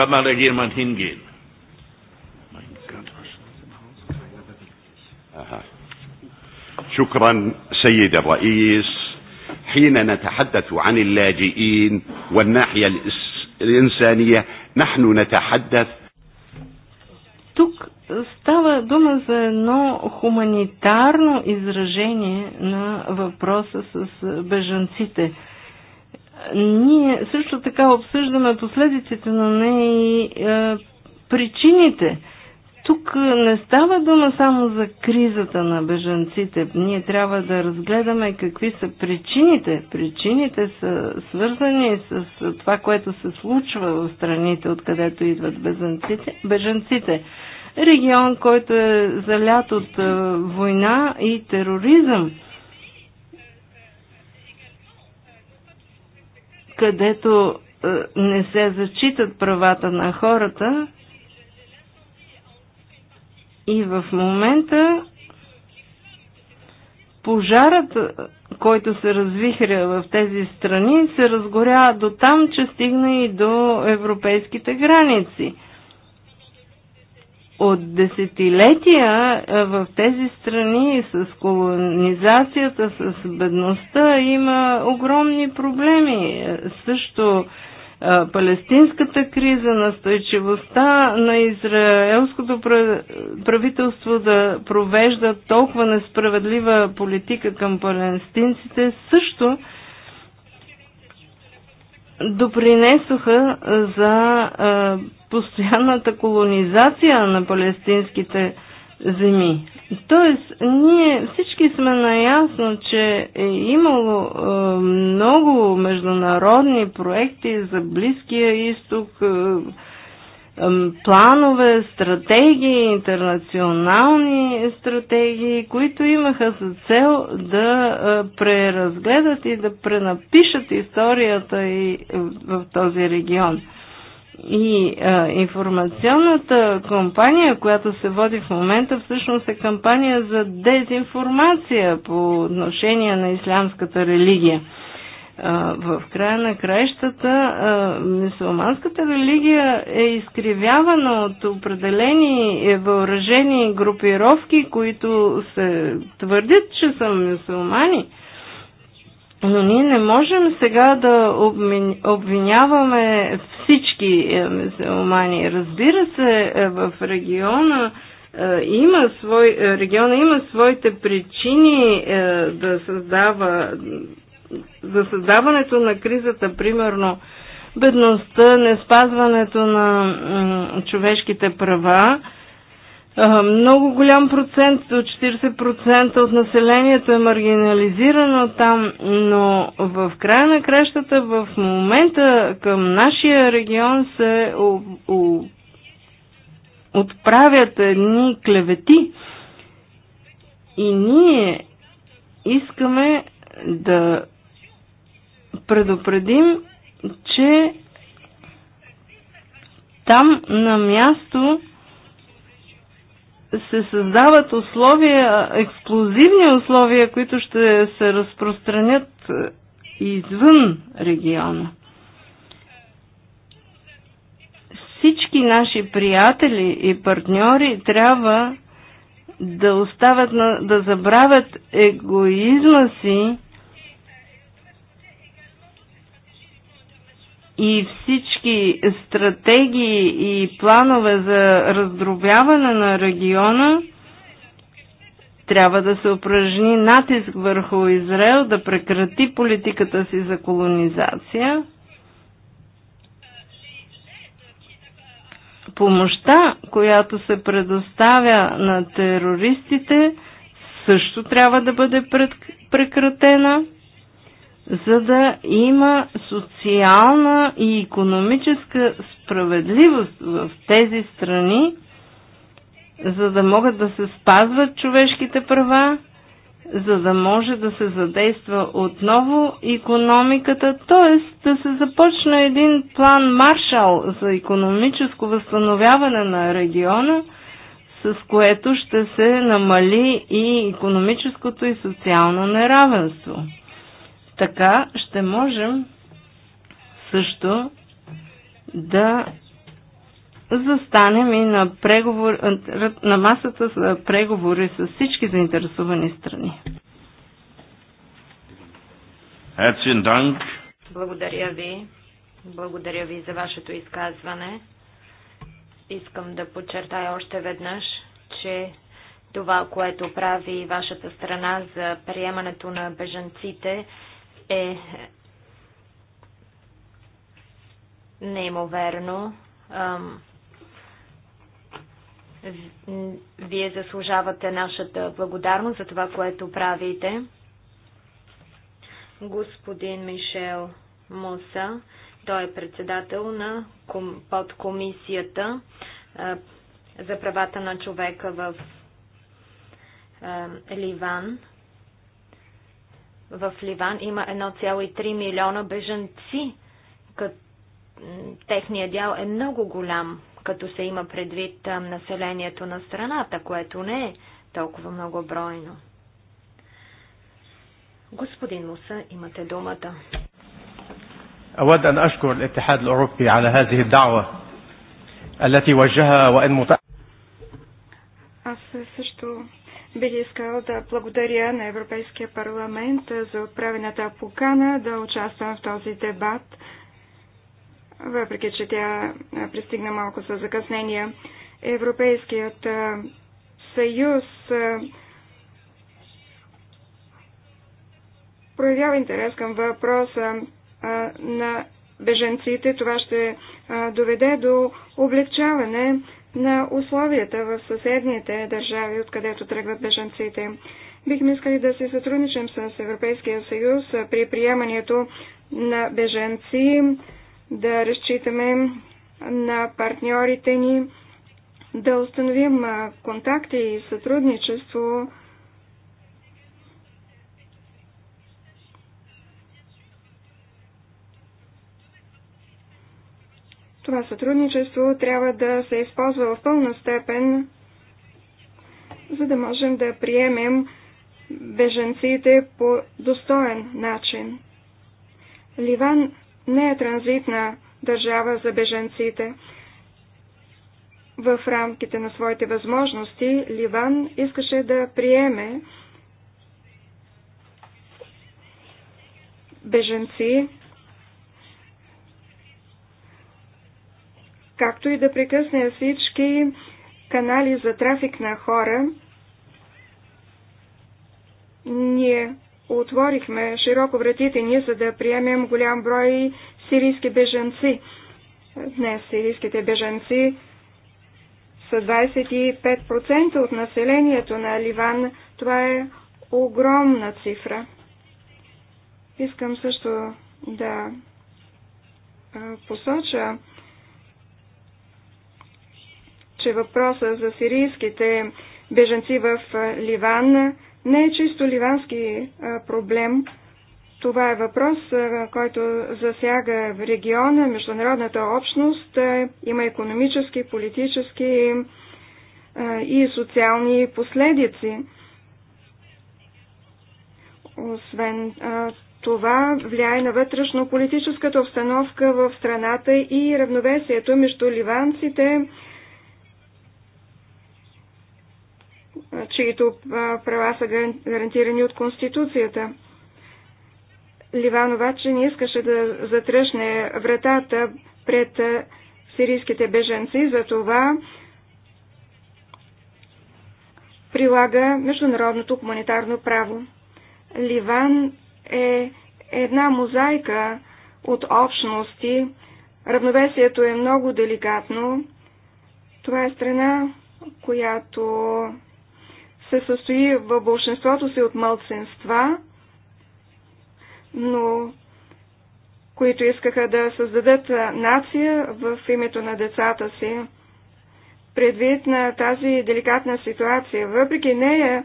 Kann mal da jemand hingehen? Mein Gott. Aha. شكرا سيد الرئيس حين نتحدث عن اللاجئين والناحية الإنسانية نحن نتحدث тук става дума за едно хуманитарно изражение на въпроса с бежанците – ние също така обсъждаме последиците на нея и е, причините. Тук не става дума само за кризата на бежанците. Ние трябва да разгледаме какви са причините. Причините са свързани с това, което се случва в страните, откъдето идват бежанците. бежанците. Регион, който е залят от е, война и тероризъм. където е, не се зачитат правата на хората. И в момента пожарът, който се развихря в тези страни, се разгоря до там, че стигна и до европейските граници – от десетилетия в тези страни с колонизацията, с бедността има огромни проблеми. Също палестинската криза, настойчивостта на израелското правителство да провежда толкова несправедлива политика към палестинците също допринесоха за постоянната колонизация на палестинските земи. Тоест, ние всички сме наясно, че е имало е, много международни проекти за Близкия изток, е, е, планове, стратегии, интернационални стратегии, които имаха за цел да е, преразгледат и да пренапишат историята и в, в този регион. Е, и а, информационната кампания, която се води в момента, всъщност е кампания за дезинформация по отношение на ислямската религия. в края на краищата мусулманската религия е изкривявана от определени въоръжени групировки, които се твърдят, че са мусулмани – но ние не можем сега да обвиняваме всички е, мусулмани. Разбира се, е, в региона е, има свой, региона има своите причини да създава за създаването на кризата, примерно бедността, неспазването на човешките права много голям процент, 40% от населението е маргинализирано там, но в края на кращата в момента към нашия регион се отправят едни клевети. И ние искаме да предупредим, че там на място се създават условия, експлозивни условия, които ще се разпространят е, извън региона. Всички наши приятели и партньори трябва да остават, на, да забравят егоизма си и всички стратегии и планове за раздробяване на региона, трябва да се упражни натиск върху Израел да прекрати политиката си за колонизация. Помощта, която се предоставя на терористите, също трябва да бъде прекратена за да има социална и економическа справедливост в тези страни, за да могат да се спазват човешките права, за да може да се задейства отново економиката, т.е. да се започне един план Маршал за економическо възстановяване на региона, с което ще се намали и економическото и социално неравенство. Така ще можем също да застанем и на, преговор, на масата за преговори с всички заинтересовани страни. Благодаря ви. Благодаря ви за вашето изказване. Искам да подчертая още веднъж, че това, което прави вашата страна за приемането на бежанците, е неимоверно. Е вие заслужавате нашата благодарност за това, което правите. Господин Мишел Муса, той е председател на подкомисията за правата на човека в Ливан. В Ливан има 1,3 милиона бежанци, като техния дял е много голям, като се има предвид населението на страната, което не е толкова многобройно. Господин Муса, имате думата. أود أن أشكر الاتحاد الأوروبي على هذه الدعوة التي وجهها وإن Аз също Бих искал да благодаря на Европейския парламент за отправената покана да участвам в този дебат, въпреки че тя пристигна малко с закъснение. Европейският съюз проявява интерес към въпроса на беженците. Това ще доведе до облегчаване на условията в съседните държави, откъдето тръгват бежанците. Бихме искали да се сътрудничим с Европейския съюз при приемането на бежанци, да разчитаме на партньорите ни, да установим контакти и сътрудничество Това сътрудничество трябва да се използва в пълна степен, за да можем да приемем беженците по достоен начин. Ливан не е транзитна държава за беженците. В рамките на своите възможности Ливан искаше да приеме беженци както и да прекъсне всички канали за трафик на хора. Ние отворихме широко вратите ни, за да приемем голям брой сирийски беженци. Днес сирийските беженци са 25% от населението на Ливан. Това е огромна цифра. Искам също да посоча че въпроса за сирийските беженци в Ливан не е чисто ливански проблем. Това е въпрос, който засяга региона, международната общност. Има економически, политически и социални последици. Освен това влияе на вътрешно-политическата обстановка в страната и равновесието между ливанците, чието права са гарантирани от Конституцията. Ливан обаче не искаше да затръшне вратата пред сирийските беженци, затова прилага международното хуманитарно право. Ливан е една мозайка от общности. Равновесието е много деликатно. Това е страна, която се състои в большинството си от мълценства, но които искаха да създадат нация в името на децата си. Предвид на тази деликатна ситуация, въпреки нея,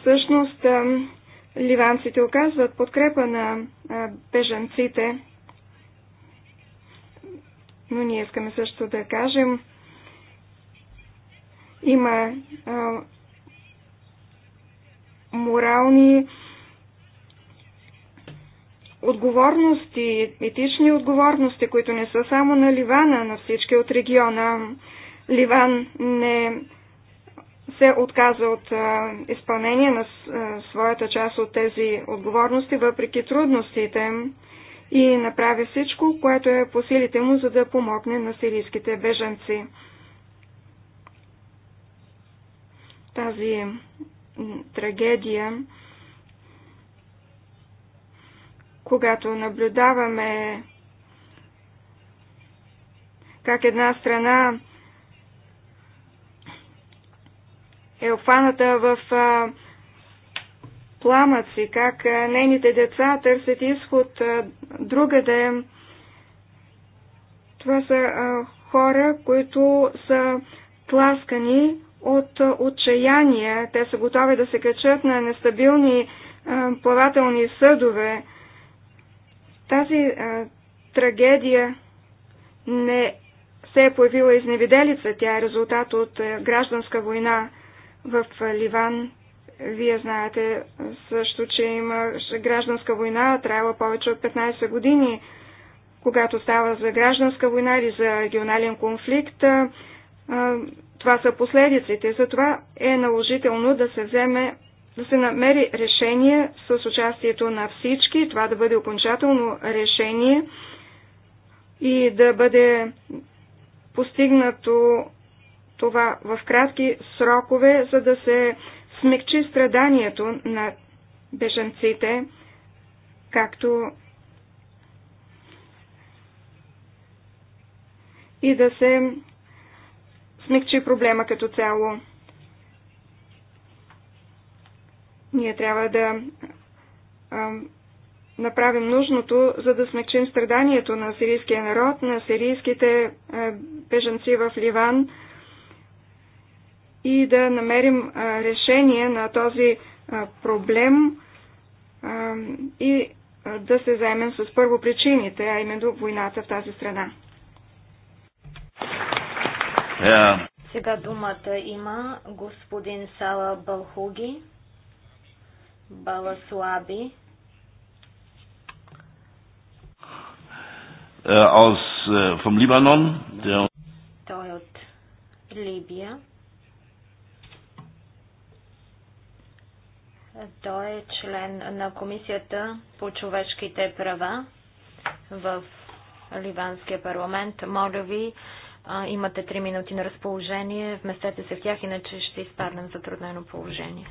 всъщност ливанците оказват подкрепа на бежанците. Но ние искаме също да кажем, има морални отговорности, етични отговорности, които не са само на Ливана, на всички от региона. Ливан не се отказа от а, изпълнение на а, своята част от тези отговорности, въпреки трудностите и направи всичко, което е по силите му, за да помогне на сирийските беженци. Тази трагедия, когато наблюдаваме как една страна е обхваната в а, пламъци, как а, нейните деца търсят изход а, другаде. Това са а, хора, които са тласкани от отчаяние. Те са готови да се качат на нестабилни плавателни съдове. Тази трагедия не се е появила изневиделица. Тя е резултат от гражданска война в Ливан. Вие знаете също, че има гражданска война, трябва повече от 15 години. Когато става за гражданска война или за регионален конфликт, това са последиците. Затова е наложително да се вземе да се намери решение с участието на всички, това да бъде окончателно решение и да бъде постигнато това в кратки срокове, за да се смекчи страданието на бежанците, както и да се смекчи е проблема като цяло. Ние трябва да а, направим нужното, за да смекчим страданието на сирийския народ, на сирийските а, беженци в Ливан и да намерим а, решение на този а, проблем а, и да се заемем с първопричините, а именно войната в тази страна. Сега думата има господин Сала Балхуги, Баласлаби. Uh, uh, Той е от Либия. Той е член на Комисията по човешките права в Ливанския парламент. Моля ви, а, имате 3 минути на разположение. Вместете се в тях, иначе ще изпаднем в затруднено положение.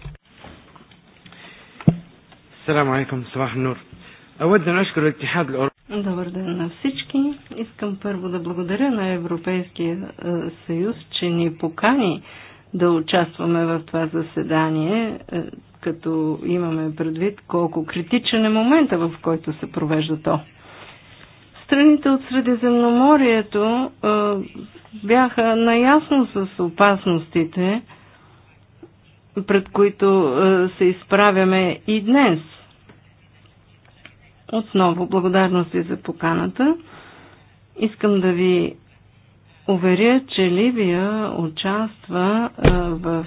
Салам алейкум, Сабах Нур. Добър ден на всички. Искам първо да благодаря на Европейския е, съюз, че ни покани да участваме в това заседание, е, като имаме предвид колко критичен е момента, в който се провежда то страните от Средиземноморието бяха наясно с опасностите, пред които се изправяме и днес. Отново благодарности за поканата. Искам да ви уверя, че Ливия участва в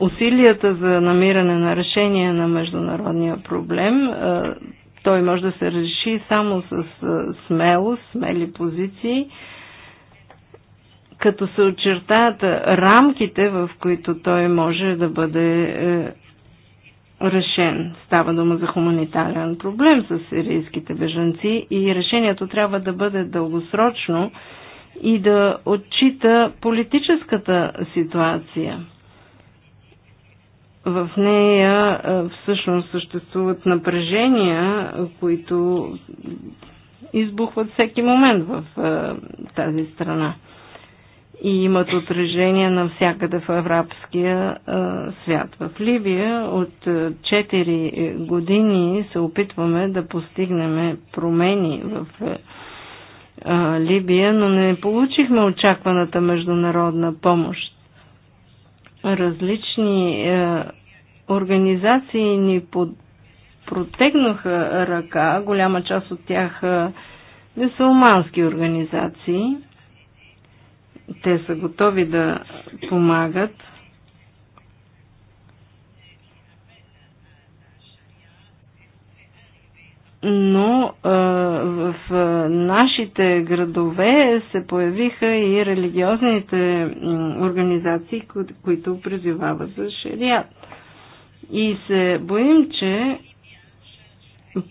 усилията за намиране на решение на международния проблем. Той може да се реши само с смелост, смели позиции, като се очертаят рамките, в които той може да бъде е, решен. Става дума за хуманитарен проблем с сирийските бежанци и решението трябва да бъде дългосрочно и да отчита политическата ситуация в нея всъщност съществуват напрежения, които избухват всеки момент в тази страна и имат отражение навсякъде в арабския свят. В Ливия от 4 е, години се опитваме да постигнем промени в е, Либия, но не получихме очакваната международна помощ. Различни е, организации ни под, протегнаха ръка, голяма част от тях е, мусулмански организации. Те са готови да помагат. но а, в нашите градове се появиха и религиозните организации, които призивават за шериат. И се боим, че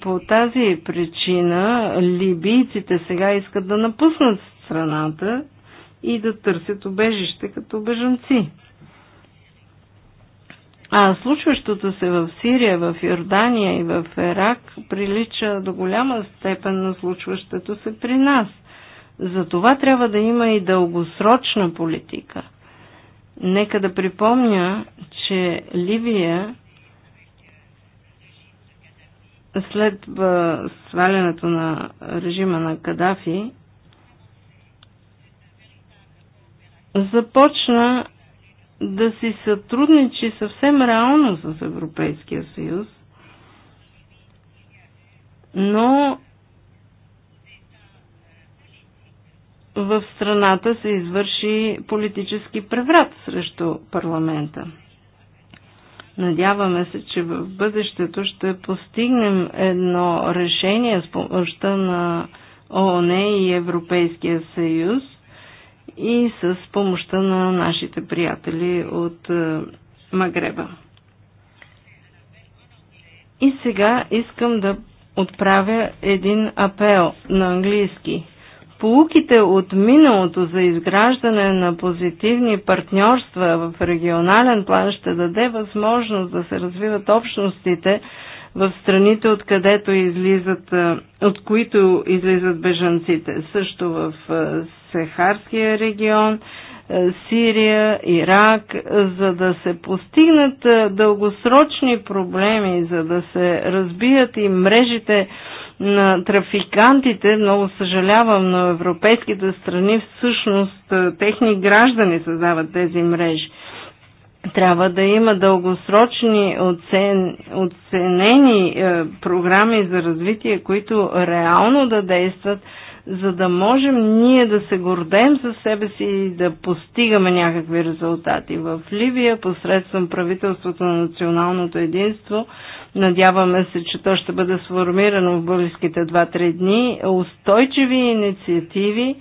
по тази причина либийците сега искат да напуснат страната и да търсят убежище като бежанци. А случващото се в Сирия, в Йордания и в Ирак прилича до голяма степен на случващото се при нас. За това трябва да има и дългосрочна политика. Нека да припомня, че Ливия след свалянето на режима на Кадафи започна да си сътрудничи съвсем реално с Европейския съюз, но в страната се извърши политически преврат срещу парламента. Надяваме се, че в бъдещето ще постигнем едно решение с помощта на ООН и Европейския съюз, и с помощта на нашите приятели от е, Магреба. И сега искам да отправя един апел на английски. Полуките от миналото за изграждане на позитивни партньорства в регионален план ще даде възможност да се развиват общностите в страните, откъдето излизат, е, от които излизат бежанците. Също в е, Сахарския регион, е, Сирия, Ирак, за да се постигнат е, дългосрочни проблеми, за да се разбият и мрежите на трафикантите, много съжалявам, но европейските страни всъщност е, техни граждани създават тези мрежи. Трябва да има дългосрочни оцен, оценени е, програми за развитие, които реално да действат – за да можем ние да се гордеем за себе си и да постигаме някакви резултати. В Ливия, посредством правителството на националното единство, надяваме се, че то ще бъде сформирано в близките 2-3 дни, устойчиви инициативи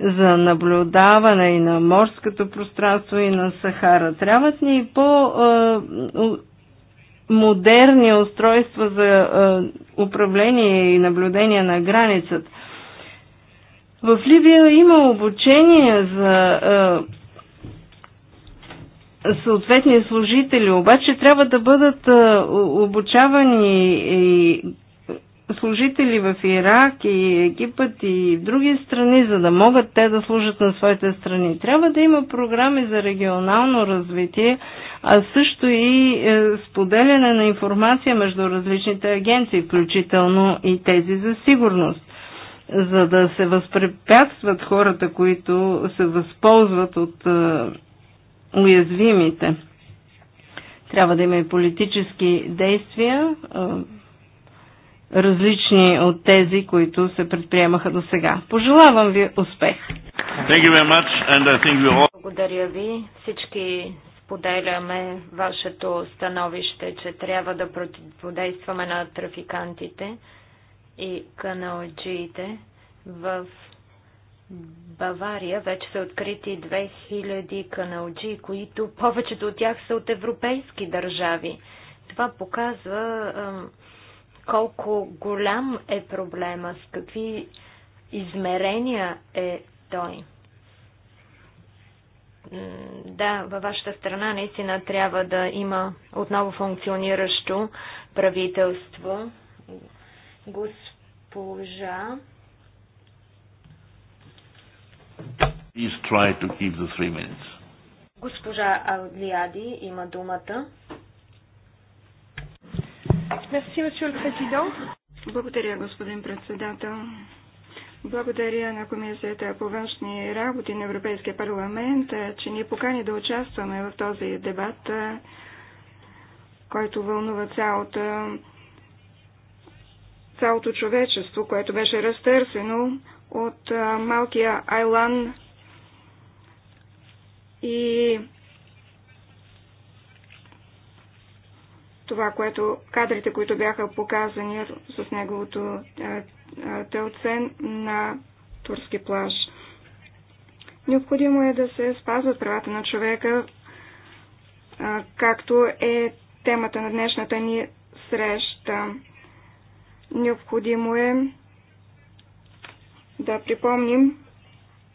за наблюдаване и на морското пространство и на Сахара. Трябват ни и по е, модерни устройства за е, управление и наблюдение на границата. В Ливия има обучение за съответни служители, обаче трябва да бъдат обучавани и служители в Ирак и Египет и други страни, за да могат те да служат на своите страни. Трябва да има програми за регионално развитие, а също и е, споделяне на информация между различните агенции, включително и тези за сигурност за да се възпрепятстват хората, които се възползват от уязвимите. Трябва да има и политически действия, различни от тези, които се предприемаха до сега. Пожелавам ви успех! All... Благодаря ви. Всички споделяме вашето становище, че трябва да противодействаме на трафикантите и каналджиите в Бавария вече са открити 2000 каналджи, които повечето от тях са от европейски държави. Това показва колко голям е проблема, с какви измерения е той. Да, във вашата страна наистина трябва да има отново функциониращо правителство, Госпожа. Please try to keep the three minutes. Госпожа Алиади има думата. monsieur le président. Благодаря, господин председател. Благодаря на Комисията по външни работи на Европейския парламент, е, че ни покани да участваме в този дебат, е, който вълнува цялата цялото човечество, което беше разтърсено от малкия Айлан и това, което кадрите, които бяха показани с неговото телцен на турски плаж. Необходимо е да се спазват правата на човека, както е темата на днешната ни среща. Необходимо е да припомним,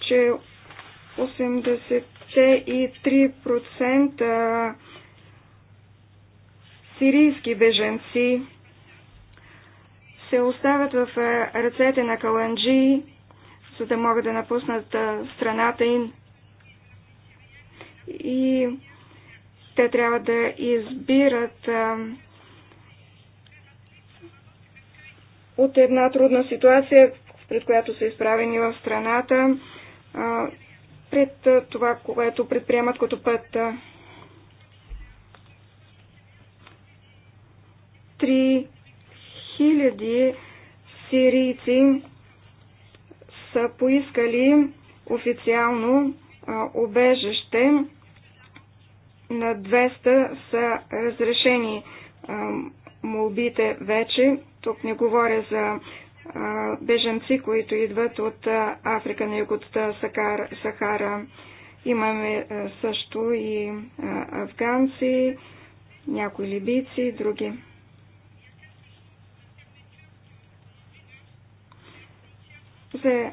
че 83% сирийски беженци се оставят в ръцете на каланджи, за да могат да напуснат страната им. И те трябва да избират от една трудна ситуация, пред която са изправени в страната, пред това, което предприемат като път. Три хиляди сирийци са поискали официално обежище. На 200 са разрешени молбите вече. Тук не говоря за а, беженци, които идват от а, Африка на юг от Сахара. Имаме а, също и а, афганци, някои либийци и други. За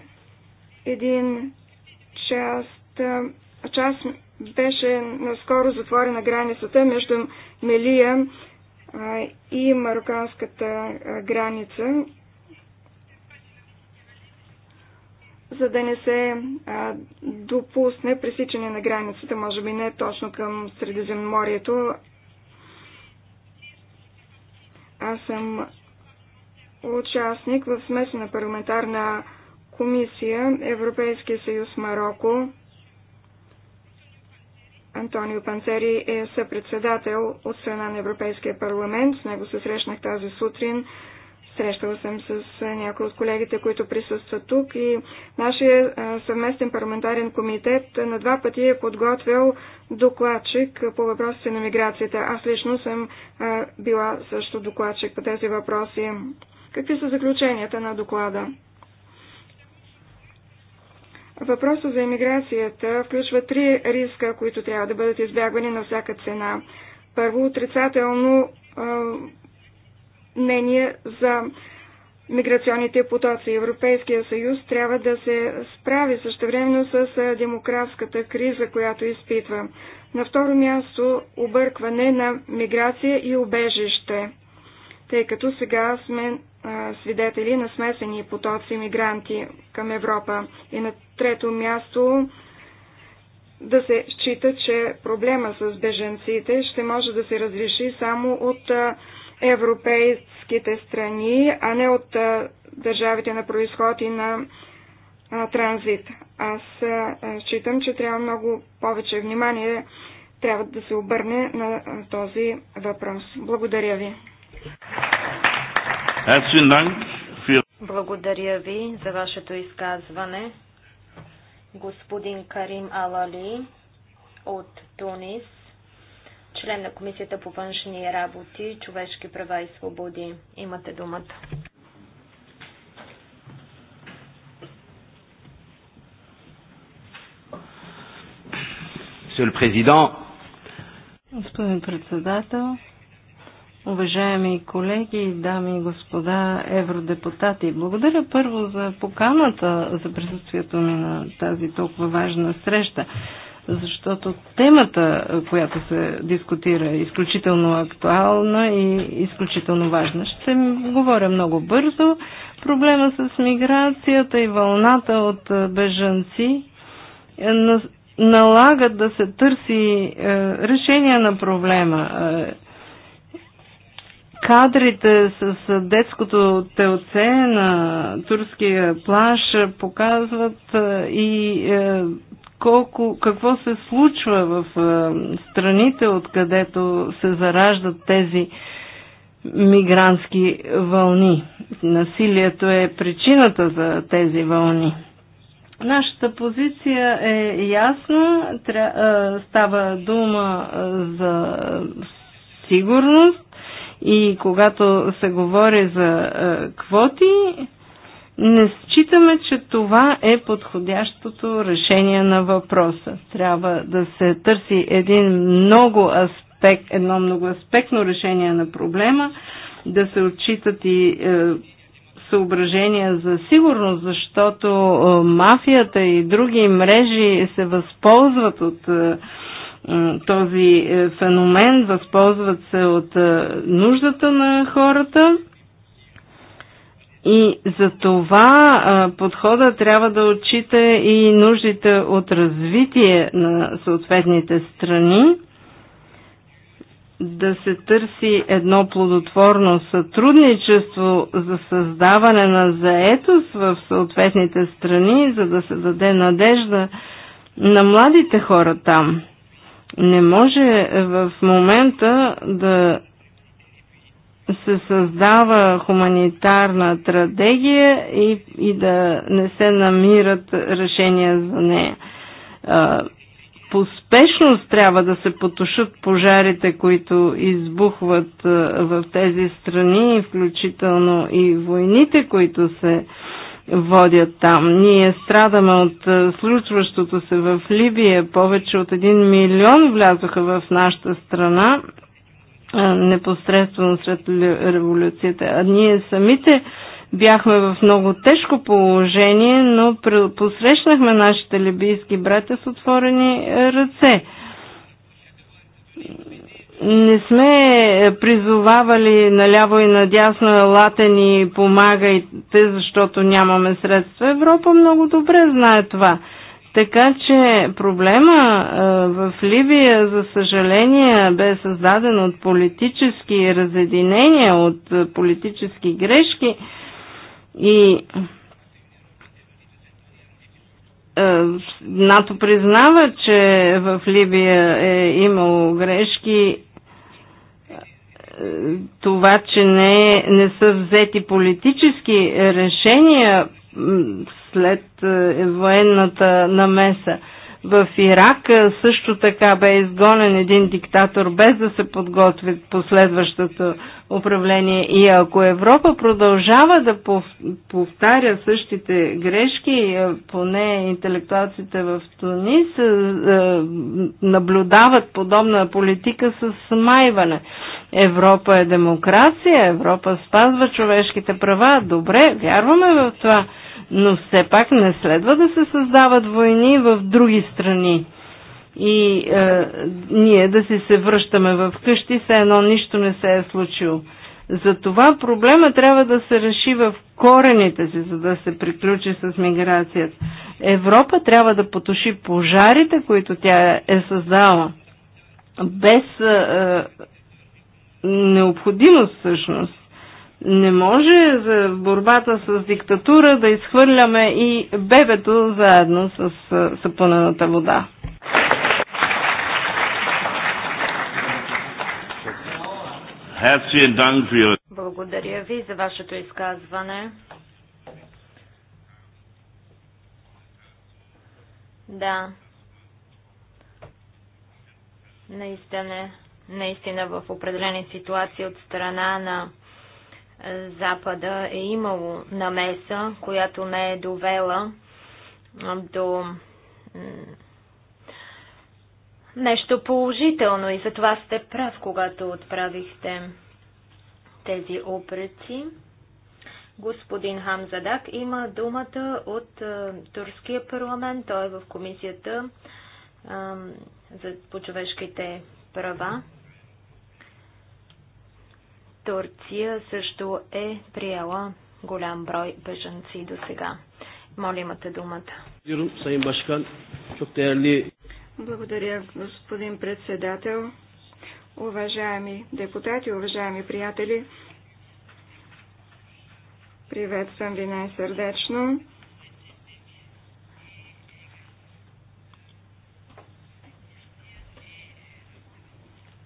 един част, част беше наскоро затворена границата между Мелия и мароканската граница, за да не се допусне пресичане на границата, може би не точно към Средиземноморието. Аз съм участник в смесена парламентарна комисия Европейския съюз Марокко. Антонио Панцери е съпредседател от страна на Европейския парламент. С него се срещнах тази сутрин. Срещала съм с някои от колегите, които присъстват тук и нашия съвместен парламентарен комитет на два пъти е подготвил докладчик по въпросите на миграцията. Аз лично съм била също докладчик по тези въпроси. Какви са заключенията на доклада? Въпросът за иммиграцията включва три риска, които трябва да бъдат избягвани на всяка цена. Първо, отрицателно е, мнение за миграционните потоци. Европейския съюз трябва да се справи същевременно с демографската криза, която изпитва. На второ място объркване на миграция и обежище, тъй като сега сме свидетели на смесени потоци мигранти към Европа. И на трето място да се счита, че проблема с беженците ще може да се разреши само от европейските страни, а не от държавите на происход и на транзит. Аз считам, че трябва много повече внимание трябва да се обърне на този въпрос. Благодаря ви. Благодаря ви за вашето изказване, господин Карим Алали от Тунис, член на Комисията по външни работи, човешки права и свободи. Имате думата. Господин председател, Уважаеми колеги, дами и господа евродепутати, благодаря първо за поканата за присъствието ми на тази толкова важна среща, защото темата, която се дискутира, е изключително актуална и изключително важна. Ще говоря много бързо. Проблема с миграцията и вълната от бежанци налагат да се търси е, решение на проблема е, кадрите с детското телце на турския плаш показват е, и е, колко, какво се случва в е, страните, откъдето се зараждат тези мигрантски вълни. Насилието е причината за тези вълни. Нашата позиция е ясна. Тря... Става дума за сигурност и когато се говори за е, квоти, не считаме, че това е подходящото решение на въпроса. Трябва да се търси един много аспект, едно многоаспектно решение на проблема, да се отчитат и е, съображения за сигурност, защото е, мафията и други мрежи се възползват от е, е, този е, феномен, възползват се от е, нуждата на хората. И за това подхода трябва да отчита и нуждите от развитие на съответните страни, да се търси едно плодотворно сътрудничество за създаване на заетост в съответните страни, за да се даде надежда на младите хора там – не може в момента да се създава хуманитарна стратегия и, и да не се намират решения за нея. По спешност трябва да се потушат пожарите, които избухват в тези страни, включително и войните, които се водят там. Ние страдаме от е, случващото се в Либия. Повече от 1 милион влязоха в нашата страна е, непосредствено след революцията. А ние самите бяхме в много тежко положение, но посрещнахме нашите либийски братя с отворени е, ръце не сме призовавали наляво и надясно елате ни помагайте, защото нямаме средства. Европа много добре знае това. Така че проблема е, в Ливия, за съжаление, бе създаден от политически разединения, от политически грешки и е, НАТО признава, че в Либия е имало грешки това, че не, не са взети политически решения след е, военната намеса. В Ирак е, също така бе изгонен един диктатор без да се подготви последващото управление. И ако Европа продължава да повтаря същите грешки, е, поне интелектуалците в Тунис наблюдават подобна политика с смайване. Европа е демокрация, Европа спазва човешките права. Добре, вярваме в това, но все пак не следва да се създават войни в други страни. И е, ние да си се връщаме в къщи, все едно нищо не се е случило. Затова проблема трябва да се реши в корените си, за да се приключи с миграцията. Европа трябва да потуши пожарите, които тя е създала, без е, е необходимост всъщност. Не може за борбата с диктатура да изхвърляме и бебето заедно с съпънената вода. Благодаря ви за вашето изказване. Да. Наистина Наистина в определени ситуации от страна на е, Запада е имало намеса, която не е довела до нещо положително и затова сте прав, когато отправихте тези опреци. Господин Хамзадак има думата от е, Турския парламент. Той е в комисията за, по човешките права. Турция също е приела голям брой бежанци до сега. Моля, имате думата. Благодаря, господин председател. Уважаеми депутати, уважаеми приятели, приветствам ви най-сърдечно.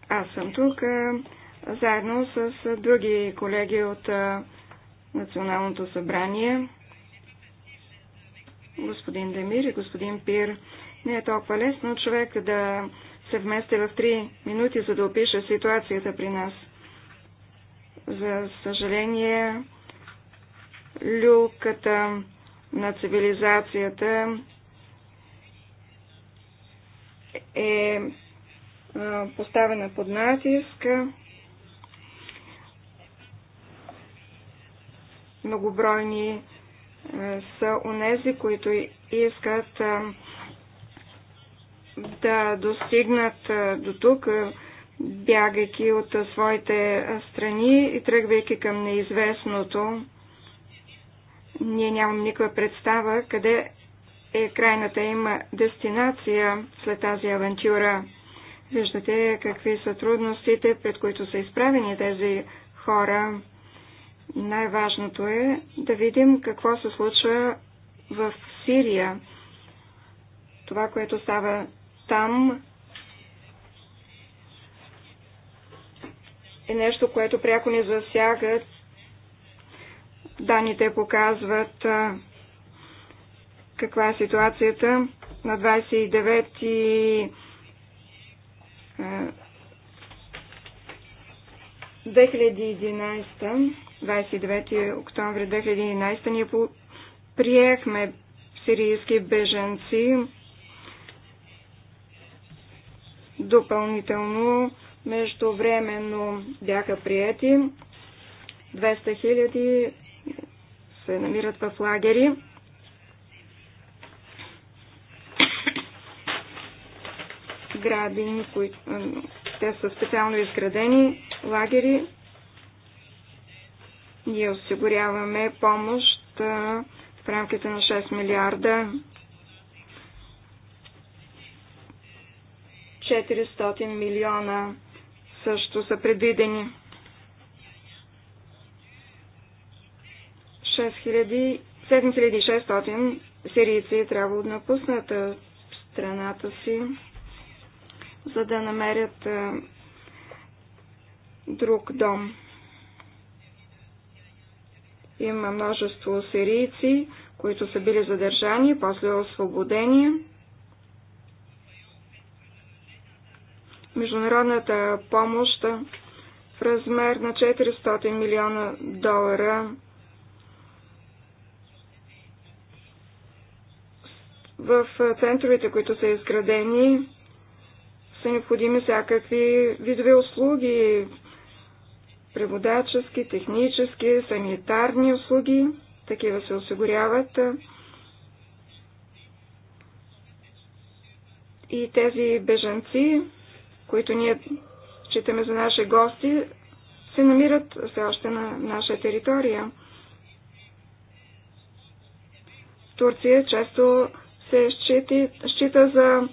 Аз съм тук заедно с други колеги от Националното събрание, господин Демир и господин Пир. Не е толкова лесно човек да се вмести в три минути, за да опише ситуацията при нас. За съжаление, люката на цивилизацията е поставена под натиска. многобройни е, са онези, които искат е, да достигнат е, до тук, бягайки от своите страни и тръгвайки към неизвестното. Ние нямам никаква представа къде е крайната им дестинация след тази авантюра. Виждате какви са трудностите, пред които са изправени тези хора. Най-важното е да видим какво се случва в Сирия. Това, което става там, е нещо, което пряко ни засяга. Даните показват каква е ситуацията на 29 2011, 29 октомври 2011, ние приехме сирийски беженци. Допълнително, междувременно бяха прияти. 200 хиляди се намират в лагери. Градини, които те са специално изградени лагери. Ние осигуряваме помощ в рамките на 6 милиарда 400 милиона също са предвидени. 7600 сирийци трябва да напуснат страната си, за да намерят друг дом. Има множество сирийци, които са били задържани, после освободени. Международната помощ в размер на 400 милиона долара в центровете, които са изградени, са необходими всякакви видове услуги, преводачески, технически, санитарни услуги. Такива се осигуряват. И тези бежанци, които ние считаме за наши гости, се намират все още на наша територия. Турция често се счита, счита за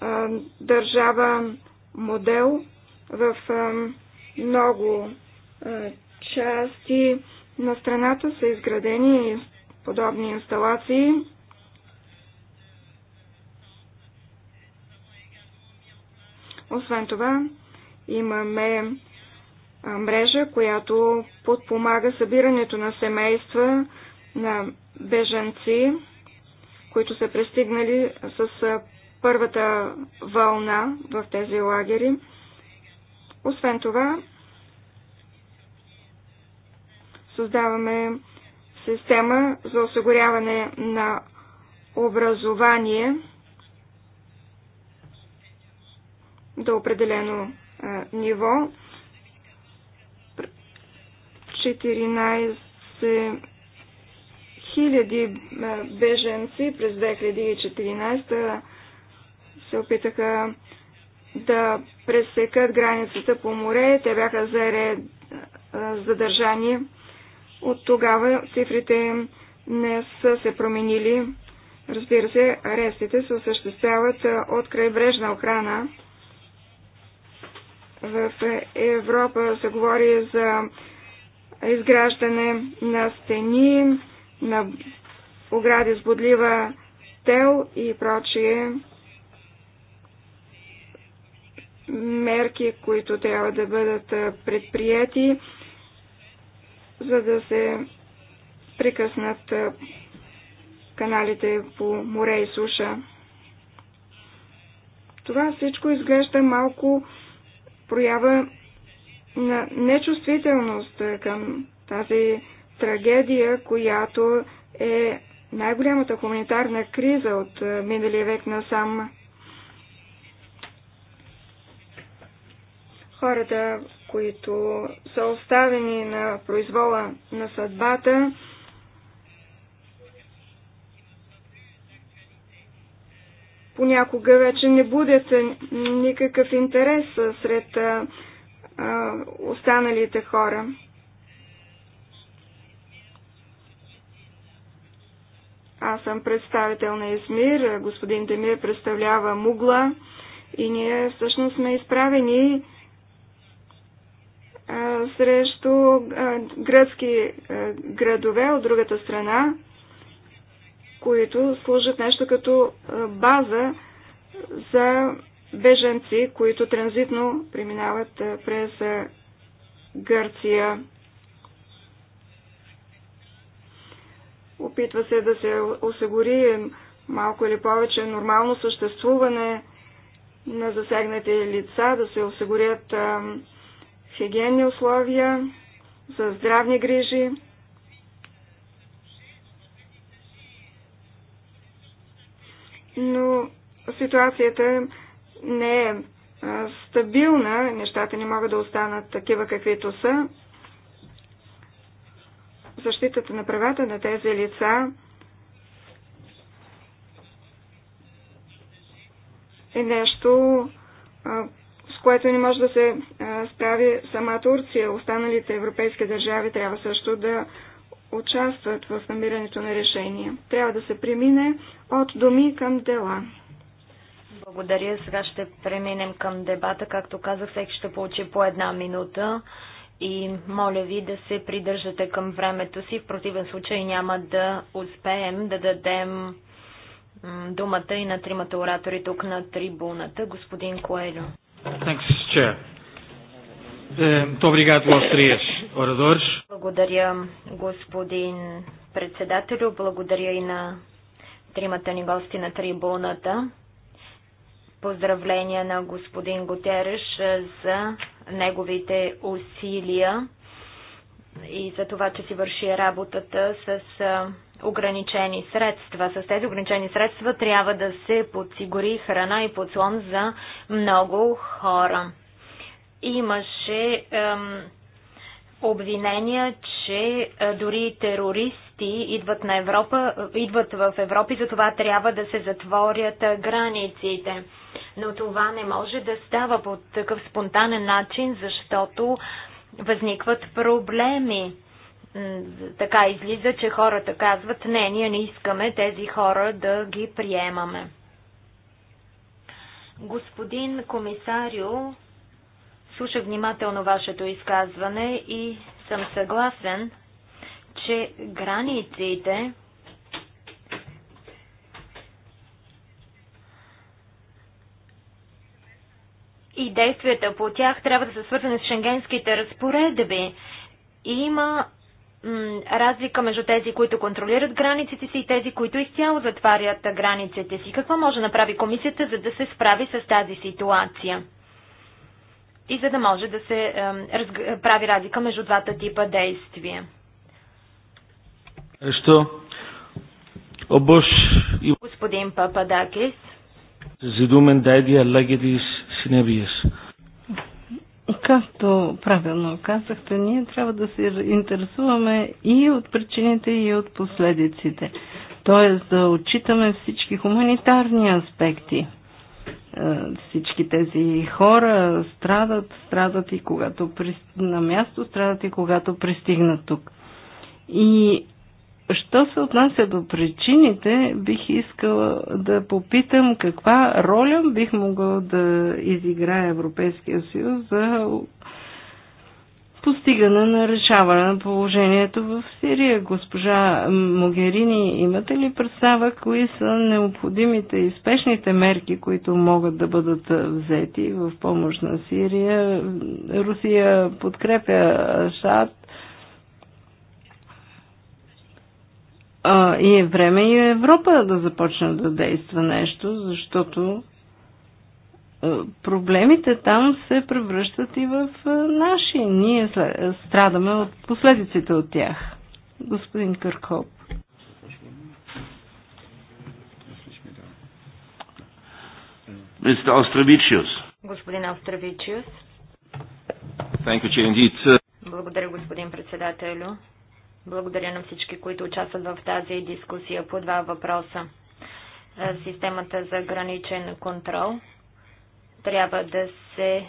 а, държава модел в а, много е, части на страната са изградени подобни инсталации. Освен това, имаме мрежа, която подпомага събирането на семейства на беженци, които са пристигнали с първата вълна в тези лагери. Освен това, създаваме система за осигуряване на образование до определено а, ниво. 14 000 беженци през 2014 се опитаха да пресекат границата по море. Те бяха задържани. От тогава цифрите не са се променили. Разбира се, арестите се осъществяват от крайбрежна охрана. В Европа се говори за изграждане на стени, на огради с бодлива тел и прочие мерки, които трябва да бъдат предприяти, за да се прекъснат каналите по море и суша. Това всичко изглежда малко проява на нечувствителност към тази трагедия, която е най-голямата хуманитарна криза от миналия век насам. хората, които са оставени на произвола на съдбата, понякога вече не будят никакъв интерес сред останалите хора. Аз съм представител на Измир, господин Демир представлява Мугла и ние всъщност сме изправени срещу гръцки градове от другата страна, които служат нещо като база за беженци, които транзитно преминават през Гърция. Опитва се да се осигури малко или повече нормално съществуване на засегнати лица, да се осигурят хигиенни условия, за здравни грижи. Но ситуацията не е стабилна, нещата не могат да останат такива каквито са. Защитата на правата на тези лица е нещо, което не може да се справи сама Турция. Останалите европейски държави трябва също да участват в намирането на решения. Трябва да се премине от думи към дела. Благодаря. Сега ще преминем към дебата. Както казах, всеки ще получи по една минута и моля ви да се придържате към времето си. В противен случай няма да успеем да дадем думата и на тримата оратори тук на трибуната. Господин Коелю. Thanks, Chair. Muito obrigado aos três oradores. Благодаря, господин председателю. Благодаря и на тримата ни гости на трибуната. Поздравления на господин Готереш е, за неговите усилия и за това, че си върши работата с е, ограничени средства. С тези ограничени средства трябва да се подсигури храна и подслон за много хора. Имаше ем, обвинения, че е, дори терористи идват, на Европа, е, идват в Европа и затова трябва да се затворят е, границите. Но това не може да става по такъв спонтанен начин, защото възникват проблеми така излиза, че хората казват, не, ние не искаме тези хора да ги приемаме. Господин комисарио, слушах внимателно вашето изказване и съм съгласен, че границите и действията по тях трябва да са свързани с шенгенските разпоредби. Има разлика между тези, които контролират границите си и тези, които изцяло затварят границите си. Какво може да направи комисията, за да се справи с тази ситуация? И за да може да се е, разг... прави разлика между двата типа действия. Е, що? Обош... Господин Пападакис. Зидумен дайди аллагедис синебиес. Както правилно казахте, ние трябва да се интересуваме и от причините, и от последиците. Тоест да отчитаме всички хуманитарни аспекти. Е, всички тези хора страдат, страдат и когато на място, страдат и когато пристигнат тук. И Що се отнася до причините, бих искала да попитам каква роля бих могъл да изиграе Европейския съюз за постигане на решаване на положението в Сирия. Госпожа Могерини, имате ли представа кои са необходимите и спешните мерки, които могат да бъдат взети в помощ на Сирия? Русия подкрепя САД. а, и е време и Европа да започне да действа нещо, защото проблемите там се превръщат и в наши. Ние страдаме от последиците от тях. Господин Къркоп. Господин Австравичиус. Благодаря, господин председателю. Благодаря на всички, които участват в тази дискусия по два въпроса. Е, системата за граничен контрол трябва да се е,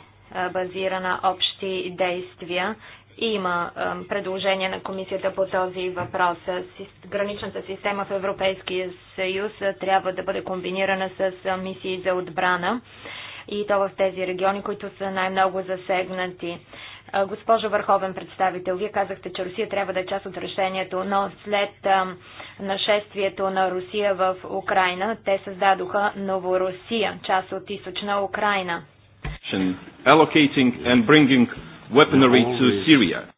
базира на общи действия. Има е, предложение на комисията по този въпрос. Граничната система в Европейския съюз трябва да бъде комбинирана с мисии за отбрана и то в тези региони, които са най-много засегнати. Госпожо Върховен представител, вие казахте, че Русия трябва да е част от решението, но след нашествието на Русия в Украина, те създадоха Новорусия, част от източна Украина.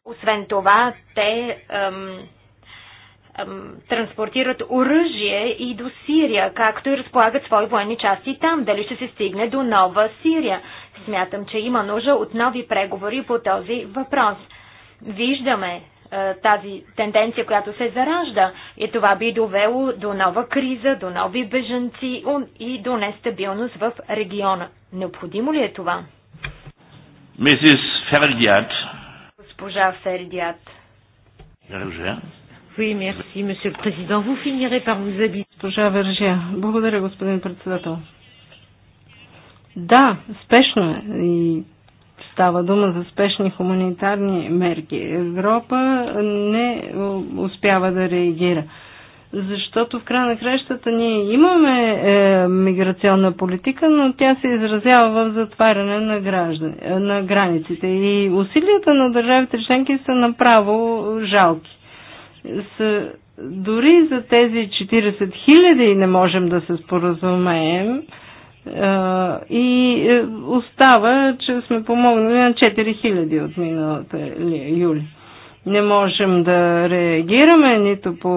Освен това, те транспортират оръжие и до Сирия, както и разполагат свои военни части там. Дали ще се стигне до нова Сирия? Смятам, че има нужда от нови преговори по този въпрос. Виждаме е, тази тенденция, която се заражда и това би довело до нова криза, до нови беженци и до нестабилност в региона. Необходимо ли е това? Мисис Фердиат. Госпожа Фердиат. Oui, merci, Monsieur le Président. Vous finirez par vous habituer. Благодаря, господин председател. Да, спешно е. И става дума за спешни хуманитарни мерки. Европа не успява да реагира. Защото в края на кращата ние имаме е, миграционна политика, но тя се изразява в затваряне на, граждан, на границите. И усилията на държавите членки са направо жалки са, дори за тези 40 хиляди не можем да се споразумеем и е, остава, че сме помогнали на 4 хиляди от миналата юли. Не можем да реагираме нито по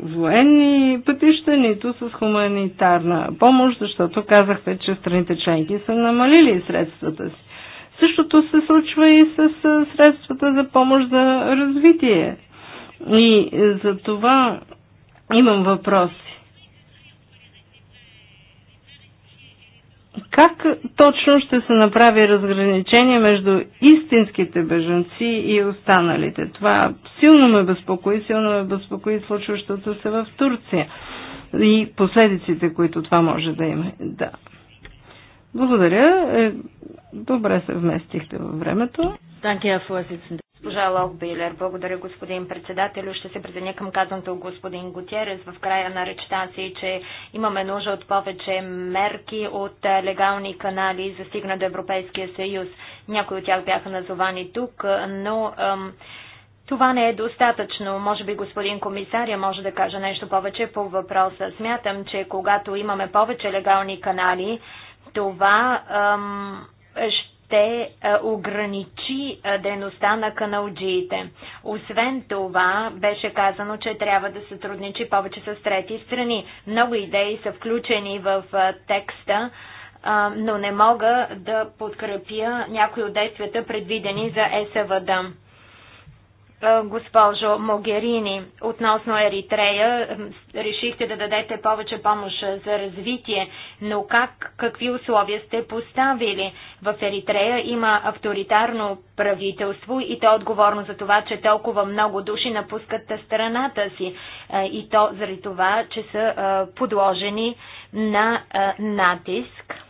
военни пътища, нито с хуманитарна помощ, защото казахте, че страните членки са намалили средствата си. Същото се случва и с средствата за помощ за развитие. И е, за това имам въпроси. Как точно ще се направи разграничение между истинските бежанци и останалите? Това силно ме безпокои, силно ме безпокои случващото се в Турция и последиците, които това може да има. Да. Благодаря. Е, добре се вместихте във времето. Госпожа Билер, благодаря господин председател, Ще се присъединя към казаното господин Гутерес в края на речта си, че имаме нужда от повече мерки от легални канали за стигна до Европейския съюз. Някои от тях бяха назовани тук, но ам, това не е достатъчно. Може би господин комисаря може да каже нещо повече по въпроса. Смятам, че когато имаме повече легални канали, това ще ограничи дейността на каналджиите. Освен това, беше казано, че трябва да сътрудничи повече с трети страни. Много идеи са включени в текста, но не мога да подкрепя някои от действията, предвидени за ЕСВД госпожо Могерини, относно Еритрея, решихте да дадете повече помощ за развитие, но как, какви условия сте поставили? В Еритрея има авторитарно правителство и то е отговорно за това, че толкова много души напускат страната си и то заради това, че са подложени на натиск.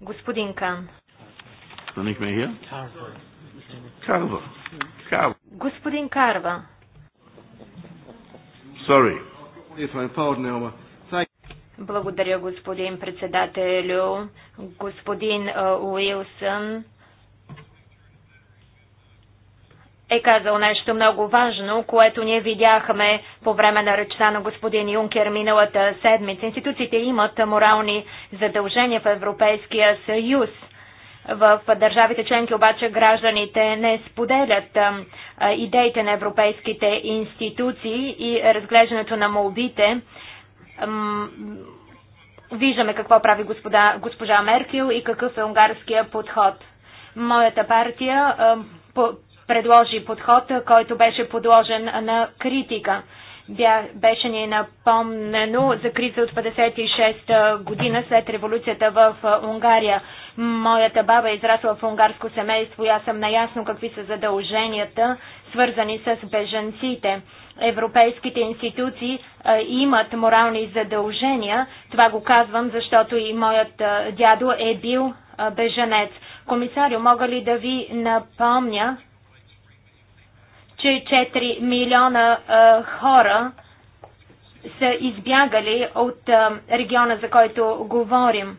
Господин Кан. Станихме nicht Карва. Карва. Господин Карва. Sorry. If I'm pardon, благодаря, господин председателю. Господин Уилсън е казал нещо много важно, което ние видяхме по време на речта на господин Юнкер миналата седмица. Институциите имат морални задължения в Европейския съюз – в държавите членки обаче гражданите не споделят идеите на европейските институции и разглеждането на молбите. Виждаме какво прави господа, госпожа Меркел и какъв е унгарския подход. Моята партия предложи подход, който беше подложен на критика беше ни напомнено за криза от 56 година след революцията в Унгария. Моята баба е израсла в унгарско семейство и аз съм наясно какви са задълженията, свързани с бежанците. Европейските институции имат морални задължения. Това го казвам, защото и моят дядо е бил бежанец. Комисарио, мога ли да ви напомня че 4 милиона а, хора са избягали от а, региона, за който говорим.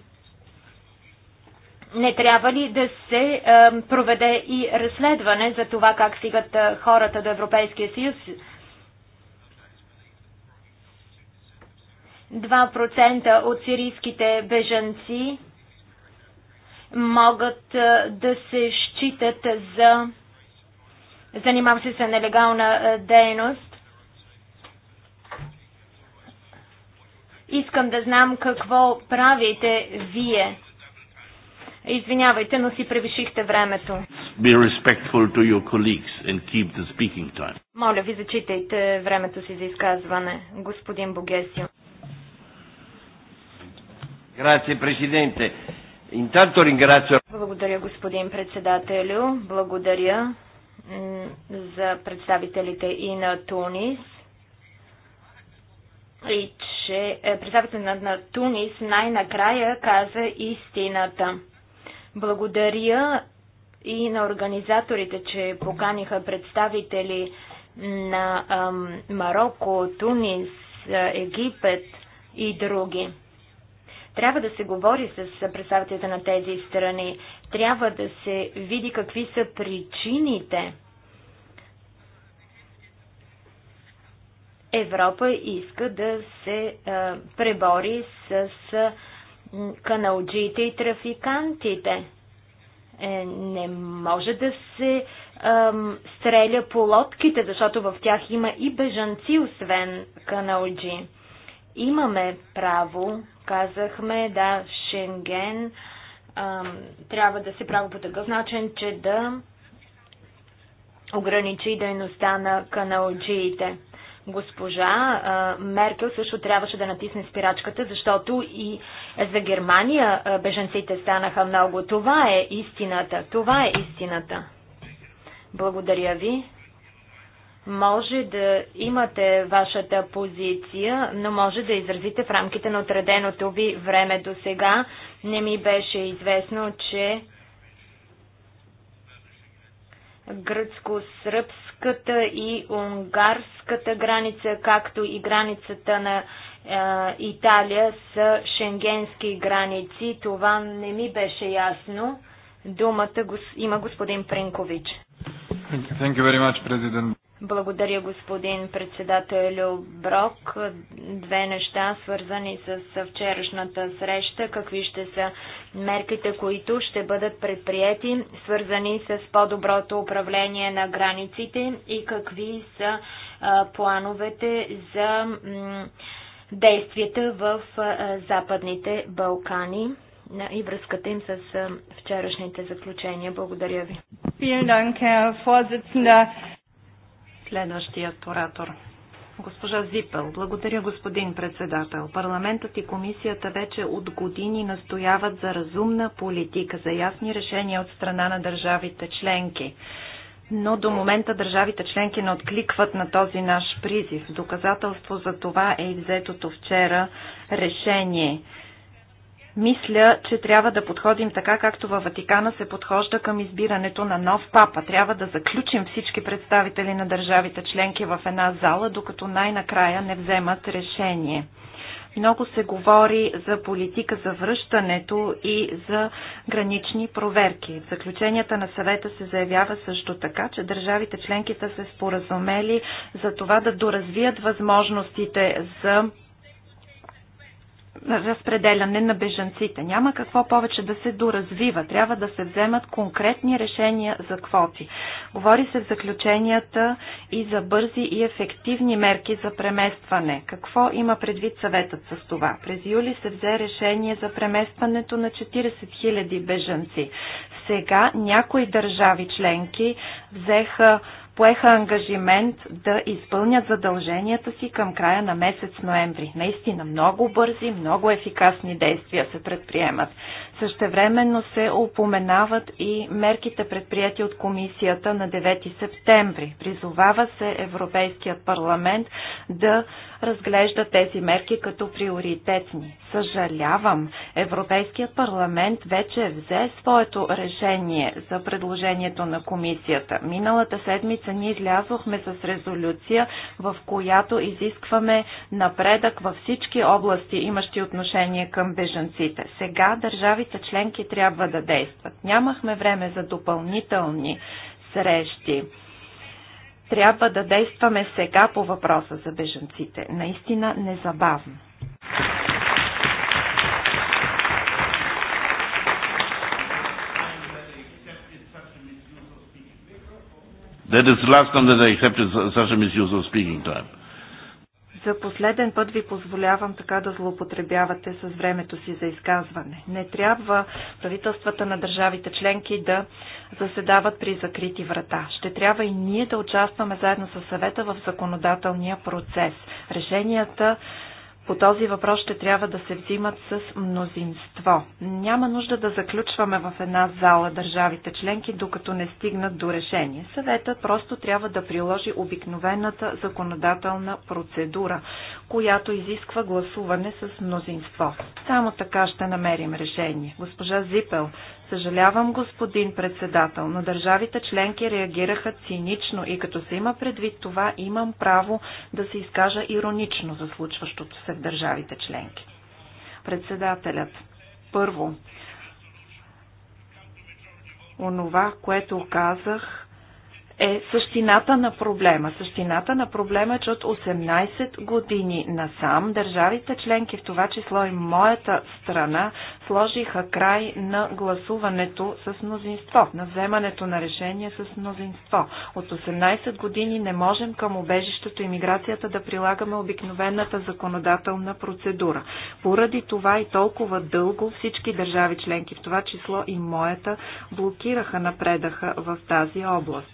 Не трябва ли да се а, проведе и разследване за това как стигат а, хората до Европейския съюз? 2% от сирийските бежанци могат да се считат за занимава се с нелегална е, дейност. Искам да знам какво правите вие. Извинявайте, но си превишихте времето. Моля ви, зачитайте времето си за изказване, господин Богесио. Grazie Presidente. Intanto ringrazio. Благодаря господин председателю. Благодаря за представителите и на Тунис и че е, представителите на, на Тунис най-накрая каза истината. Благодаря и на организаторите, че поканиха представители на ам, Марокко, Тунис, Египет и други. Трябва да се говори с представителите на тези страни. Трябва да се види какви са причините. Европа иска да се а, пребори с с каналджиите и трафикантите. Е, не може да се ам, стреля по лодките, защото в тях има и бежанци, освен каналджи. Имаме право, казахме, да, Шенген, трябва да се прави по такъв начин, че да ограничи дейността на каналджиите. Госпожа Меркел също трябваше да натисне спирачката, защото и за Германия беженците станаха много. Това е истината. Това е истината. Благодаря ви. Може да имате вашата позиция, но може да изразите в рамките на отреденото ви време до сега. Не ми беше известно, че гръцко-сръбската и унгарската граница, както и границата на е, Италия са шенгенски граници. Това не ми беше ясно. Думата има господин Пренкович. Thank you very much, President. Благодаря, господин председател Брок. Две неща, свързани с вчерашната среща. Какви ще са мерките, които ще бъдат предприяти, свързани с по-доброто управление на границите и какви са а, плановете за действията в а, Западните Балкани и връзката им с вчерашните заключения. Благодаря ви. Следващият оратор. Госпожа Зипел, благодаря господин председател. Парламентът и комисията вече от години настояват за разумна политика, за ясни решения от страна на държавите членки. Но до момента държавите членки не откликват на този наш призив. Доказателство за това е и взетото вчера решение мисля, че трябва да подходим така, както във Ватикана се подхожда към избирането на нов папа. Трябва да заключим всички представители на държавите членки в една зала, докато най-накрая не вземат решение. Много се говори за политика за връщането и за гранични проверки. В заключенията на съвета се заявява също така, че държавите членки са се споразумели за това да доразвият възможностите за разпределяне на бежанците. Няма какво повече да се доразвива. Трябва да се вземат конкретни решения за квоти. Говори се в заключенията и за бързи и ефективни мерки за преместване. Какво има предвид съветът с това? През юли се взе решение за преместването на 40 000 бежанци. Сега някои държави членки взеха поеха ангажимент да изпълнят задълженията си към края на месец ноември. Наистина много бързи, много ефикасни действия се предприемат. Същевременно се упоменават и мерките предприяти от комисията на 9 септември. Призовава се Европейският парламент да разглежда тези мерки като приоритетни. Съжалявам, Европейският парламент вече взе своето решение за предложението на комисията. Миналата седмица ние излязохме с резолюция, в която изискваме напредък във всички области, имащи отношение към бежанците. Сега държавите са членки трябва да действат. Нямахме време за допълнителни срещи. Трябва да действаме сега по въпроса за бежанците. Наистина незабавно. That is the last time that I accepted such a misuse of speaking time. За последен път ви позволявам така да злоупотребявате с времето си за изказване. Не трябва правителствата на държавите членки да заседават при закрити врата. Ще трябва и ние да участваме заедно с съвета в законодателния процес. Решенията по този въпрос ще трябва да се взимат с мнозинство. Няма нужда да заключваме в една зала държавите членки, докато не стигнат до решение. Съветът просто трябва да приложи обикновената законодателна процедура, която изисква гласуване с мнозинство. Само така ще намерим решение. Госпожа Зипел Съжалявам, господин председател, но държавите членки реагираха цинично и като се има предвид това, имам право да се изкажа иронично за случващото се в държавите членки. Председателят. Първо, онова, което казах, е същината на проблема. Същината на проблема е, че от 18 години насам държавите членки, в това число и моята страна, сложиха край на гласуването с мнозинство, на вземането на решение с мнозинство. От 18 години не можем към убежището и миграцията да прилагаме обикновената законодателна процедура. Поради това и толкова дълго всички държави членки, в това число и моята, блокираха напредаха в тази област.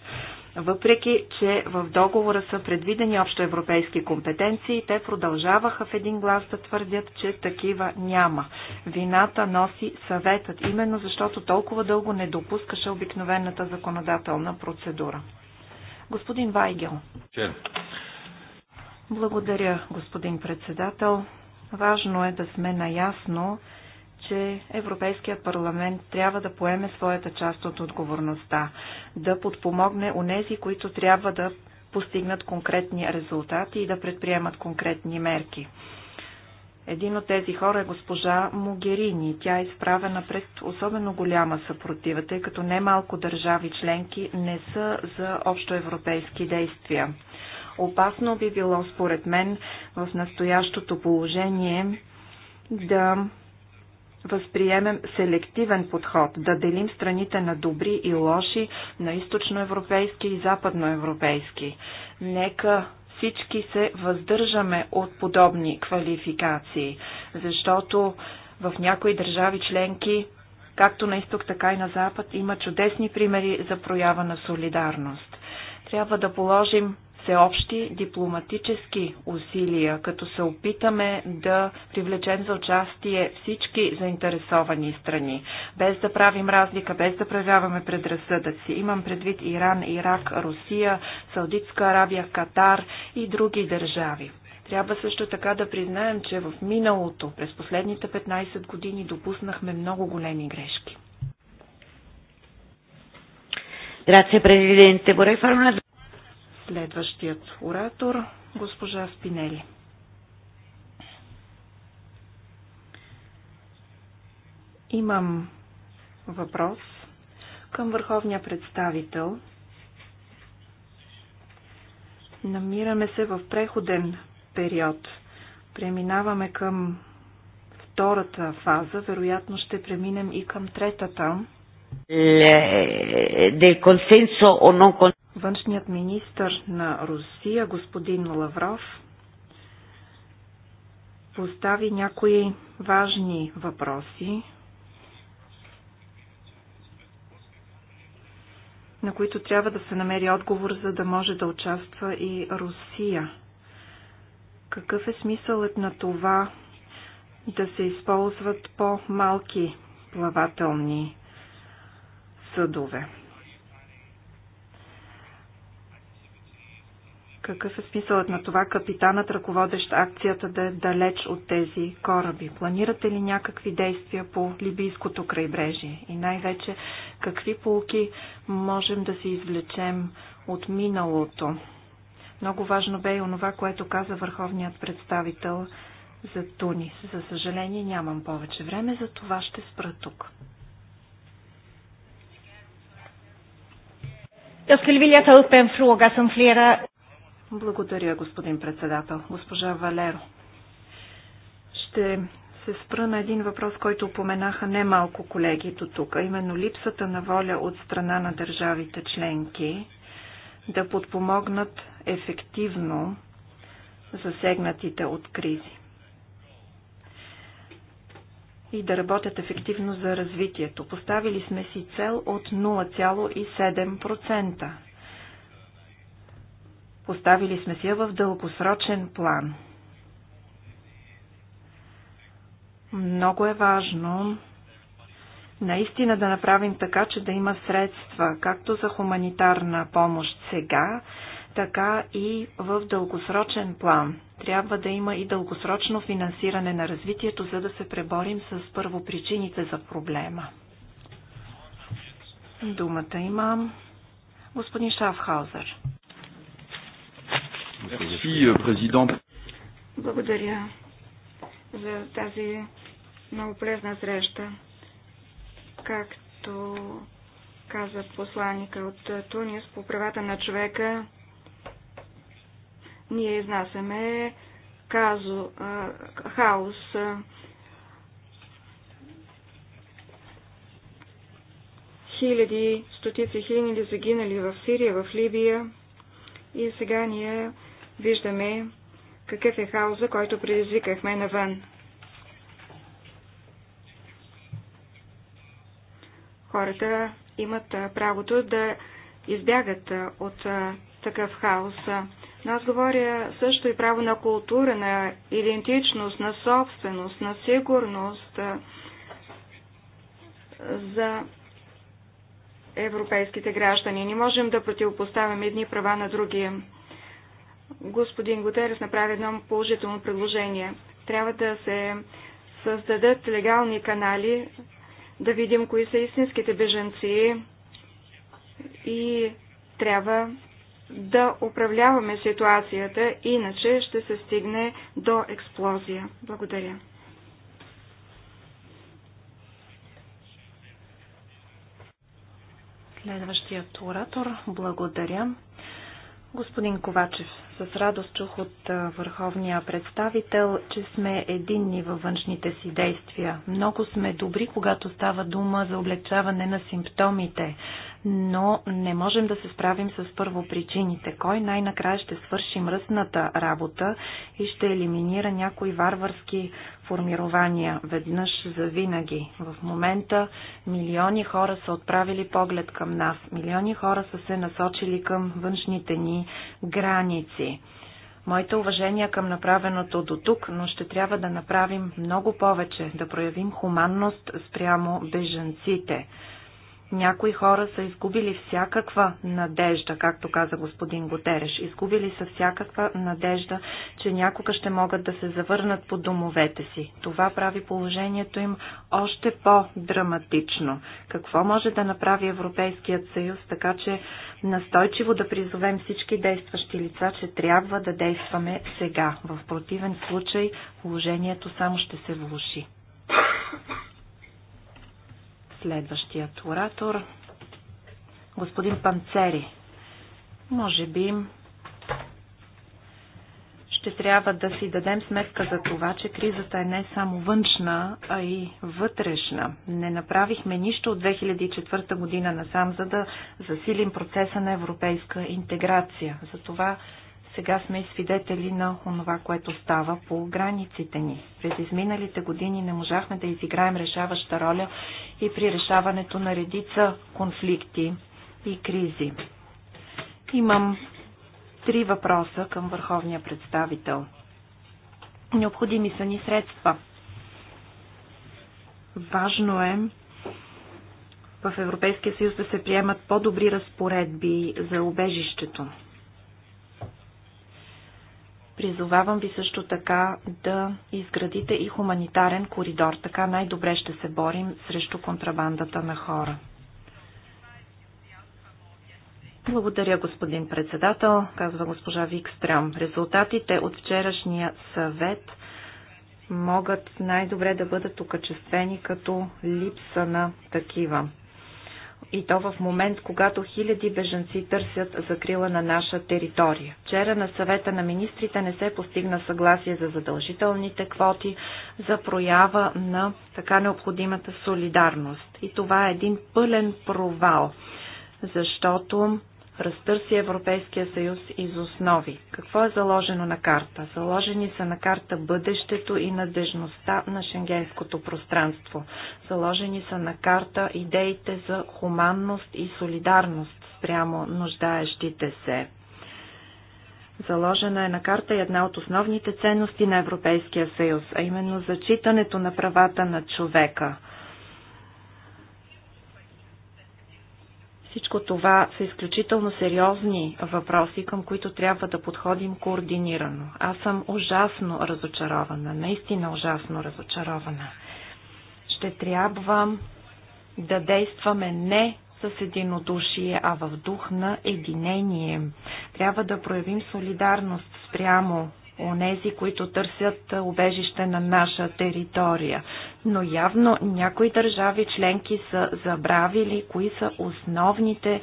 Въпреки, че в договора са предвидени общоевропейски компетенции, те продължаваха в един глас да твърдят, че такива няма. Вината носи съветът, именно защото толкова дълго не допускаше обикновената законодателна процедура. Господин Вайгел. Че. Благодаря, господин председател. Важно е да сме наясно, че Европейският парламент трябва да поеме своята част от отговорността, да подпомогне нези, които трябва да постигнат конкретни резултати и да предприемат конкретни мерки. Един от тези хора е госпожа Могерини. Тя е изправена пред особено голяма съпротива, тъй като немалко държави членки не са за общоевропейски действия. Опасно би било, според мен, в настоящото положение да възприемем селективен подход, да делим страните на добри и лоши, на източноевропейски и западноевропейски. Нека всички се въздържаме от подобни квалификации, защото в някои държави членки, както на изток, така и на запад, има чудесни примери за проява на солидарност. Трябва да положим всеобщи дипломатически усилия, като се опитаме да привлечем за участие всички заинтересовани страни, без да правим разлика, без да проявяваме предразсъдъци. Имам предвид Иран, Ирак, Русия, Саудитска Арабия, Катар и други държави. Трябва също така да признаем, че в миналото, през последните 15 години, допуснахме много големи грешки. Grazie Presidente, vorrei fare una Следващият оратор, госпожа Спинели. Имам въпрос към върховния представител. Намираме се в преходен период. Преминаваме към втората фаза, вероятно ще преминем и към третата. Del consenso o non външният министр на Русия, господин Лавров, постави някои важни въпроси, на които трябва да се намери отговор, за да може да участва и Русия. Какъв е смисълът на това да се използват по-малки плавателни съдове? Какъв е смисълът на това капитанът, ръководещ акцията, да е далеч от тези кораби? Планирате ли някакви действия по Либийското крайбрежие? И най-вече, какви полки можем да се извлечем от миналото? Много важно бе и онова, което каза върховният представител за Тунис. За съжаление нямам повече време, за това ще спра тук. Jag skulle vilja ta upp en fråga som flera... Благодаря, господин председател. Госпожа Валеро. Ще се спра на един въпрос, който упоменаха немалко колеги до тук, именно липсата на воля от страна на държавите членки да подпомогнат ефективно засегнатите от кризи и да работят ефективно за развитието. Поставили сме си цел от 0,7%. Поставили сме си я в дългосрочен план. Много е важно наистина да направим така, че да има средства, както за хуманитарна помощ сега, така и в дългосрочен план. Трябва да има и дългосрочно финансиране на развитието, за да се преборим с първопричините за проблема. Думата имам господин Шафхаузер. Merci, euh, Благодаря за тази много полезна среща. Както каза посланника от Тунис по правата на човека, ние изнасяме казу, хаос. Хиляди, стотици хиляди загинали в Сирия, в Либия. И сега ние виждаме какъв е хаоса, който предизвикахме навън. Хората имат правото да избягат от такъв хаос. Но аз говоря също и право на култура, на идентичност, на собственост, на сигурност за европейските граждани. Не можем да противопоставяме едни права на други господин Гутерес направи едно положително предложение. Трябва да се създадат легални канали, да видим кои са истинските беженци и трябва да управляваме ситуацията, иначе ще се стигне до експлозия. Благодаря. Следващият оратор. Благодаря. Господин Ковачев, с радост чух от върховния представител, че сме единни във външните си действия. Много сме добри, когато става дума за облегчаване на симптомите, но не можем да се справим с първопричините. Кой най-накрая ще свърши мръсната работа и ще елиминира някои варварски формирования веднъж за винаги. В момента милиони хора са отправили поглед към нас, милиони хора са се насочили към външните ни граници. Моите уважения към направеното до тук, но ще трябва да направим много повече, да проявим хуманност спрямо бежанците. Някои хора са изгубили всякаква надежда, както каза господин Готереш. Изгубили са всякаква надежда, че някога ще могат да се завърнат по домовете си. Това прави положението им още по-драматично. Какво може да направи Европейският съюз, така че настойчиво да призовем всички действащи лица, че трябва да действаме сега. В противен случай положението само ще се влуши. Следващият оратор, господин Панцери. Може би ще трябва да си дадем сметка за това, че кризата е не само външна, а и вътрешна. Не направихме нищо от 2004 година насам, за да засилим процеса на европейска интеграция. Затова сега сме свидетели на онова, което става по границите ни. През изминалите години не можахме да изиграем решаваща роля и при решаването на редица конфликти и кризи. Имам три въпроса към върховния представител. Необходими са ни средства. Важно е в Европейския съюз да се приемат по-добри разпоредби за убежището. Призовавам ви също така да изградите и хуманитарен коридор. Така най-добре ще се борим срещу контрабандата на хора. Благодаря, господин председател, казва госпожа Викстрам. Резултатите от вчерашния съвет могат най-добре да бъдат окачествени като липса на такива и то в момент, когато хиляди бежанци търсят закрила на наша територия. Вчера на съвета на министрите не се постигна съгласие за задължителните квоти, за проява на така необходимата солидарност. И това е един пълен провал, защото разтърси Европейския съюз из основи. Какво е заложено на карта? Заложени са на карта бъдещето и надежността на шенгенското пространство. Заложени са на карта идеите за хуманност и солидарност спрямо нуждаещите се. Заложена е на карта и една от основните ценности на Европейския съюз, а именно зачитането на правата на човека – Всичко това са изключително сериозни въпроси, към които трябва да подходим координирано. Аз съм ужасно разочарована, наистина ужасно разочарована. Ще трябва да действаме не с единодушие, а в дух на единение. Трябва да проявим солидарност спрямо онези, които търсят убежище на наша територия. Но явно някои държави членки са забравили кои са основните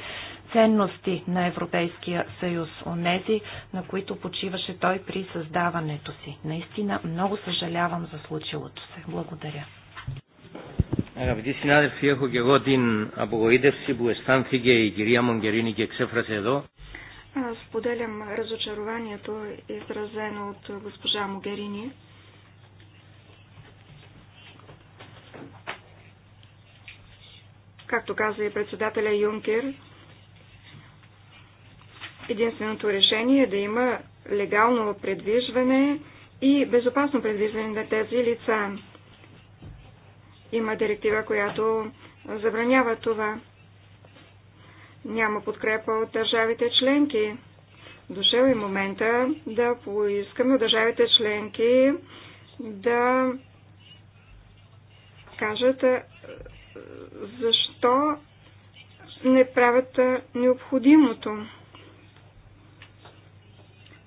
ценности на Европейския съюз, онези, на които почиваше той при създаването си. Наистина много съжалявам за случилото се. Благодаря. Αγαπητοί συνάδελφοι, έχω και εγώ την απογοήτευση που αισθάνθηκε η κυρία Μογκερίνη και εξέφρασε εδώ. Споделям разочарованието, изразено от госпожа Могерини. Както каза и председателя Юнкер, единственото решение е да има легално предвижване и безопасно предвижване на тези лица. Има директива, която забранява това. Няма подкрепа от държавите членки. Дошъл е момента да поискаме от държавите членки да кажат защо не правят необходимото.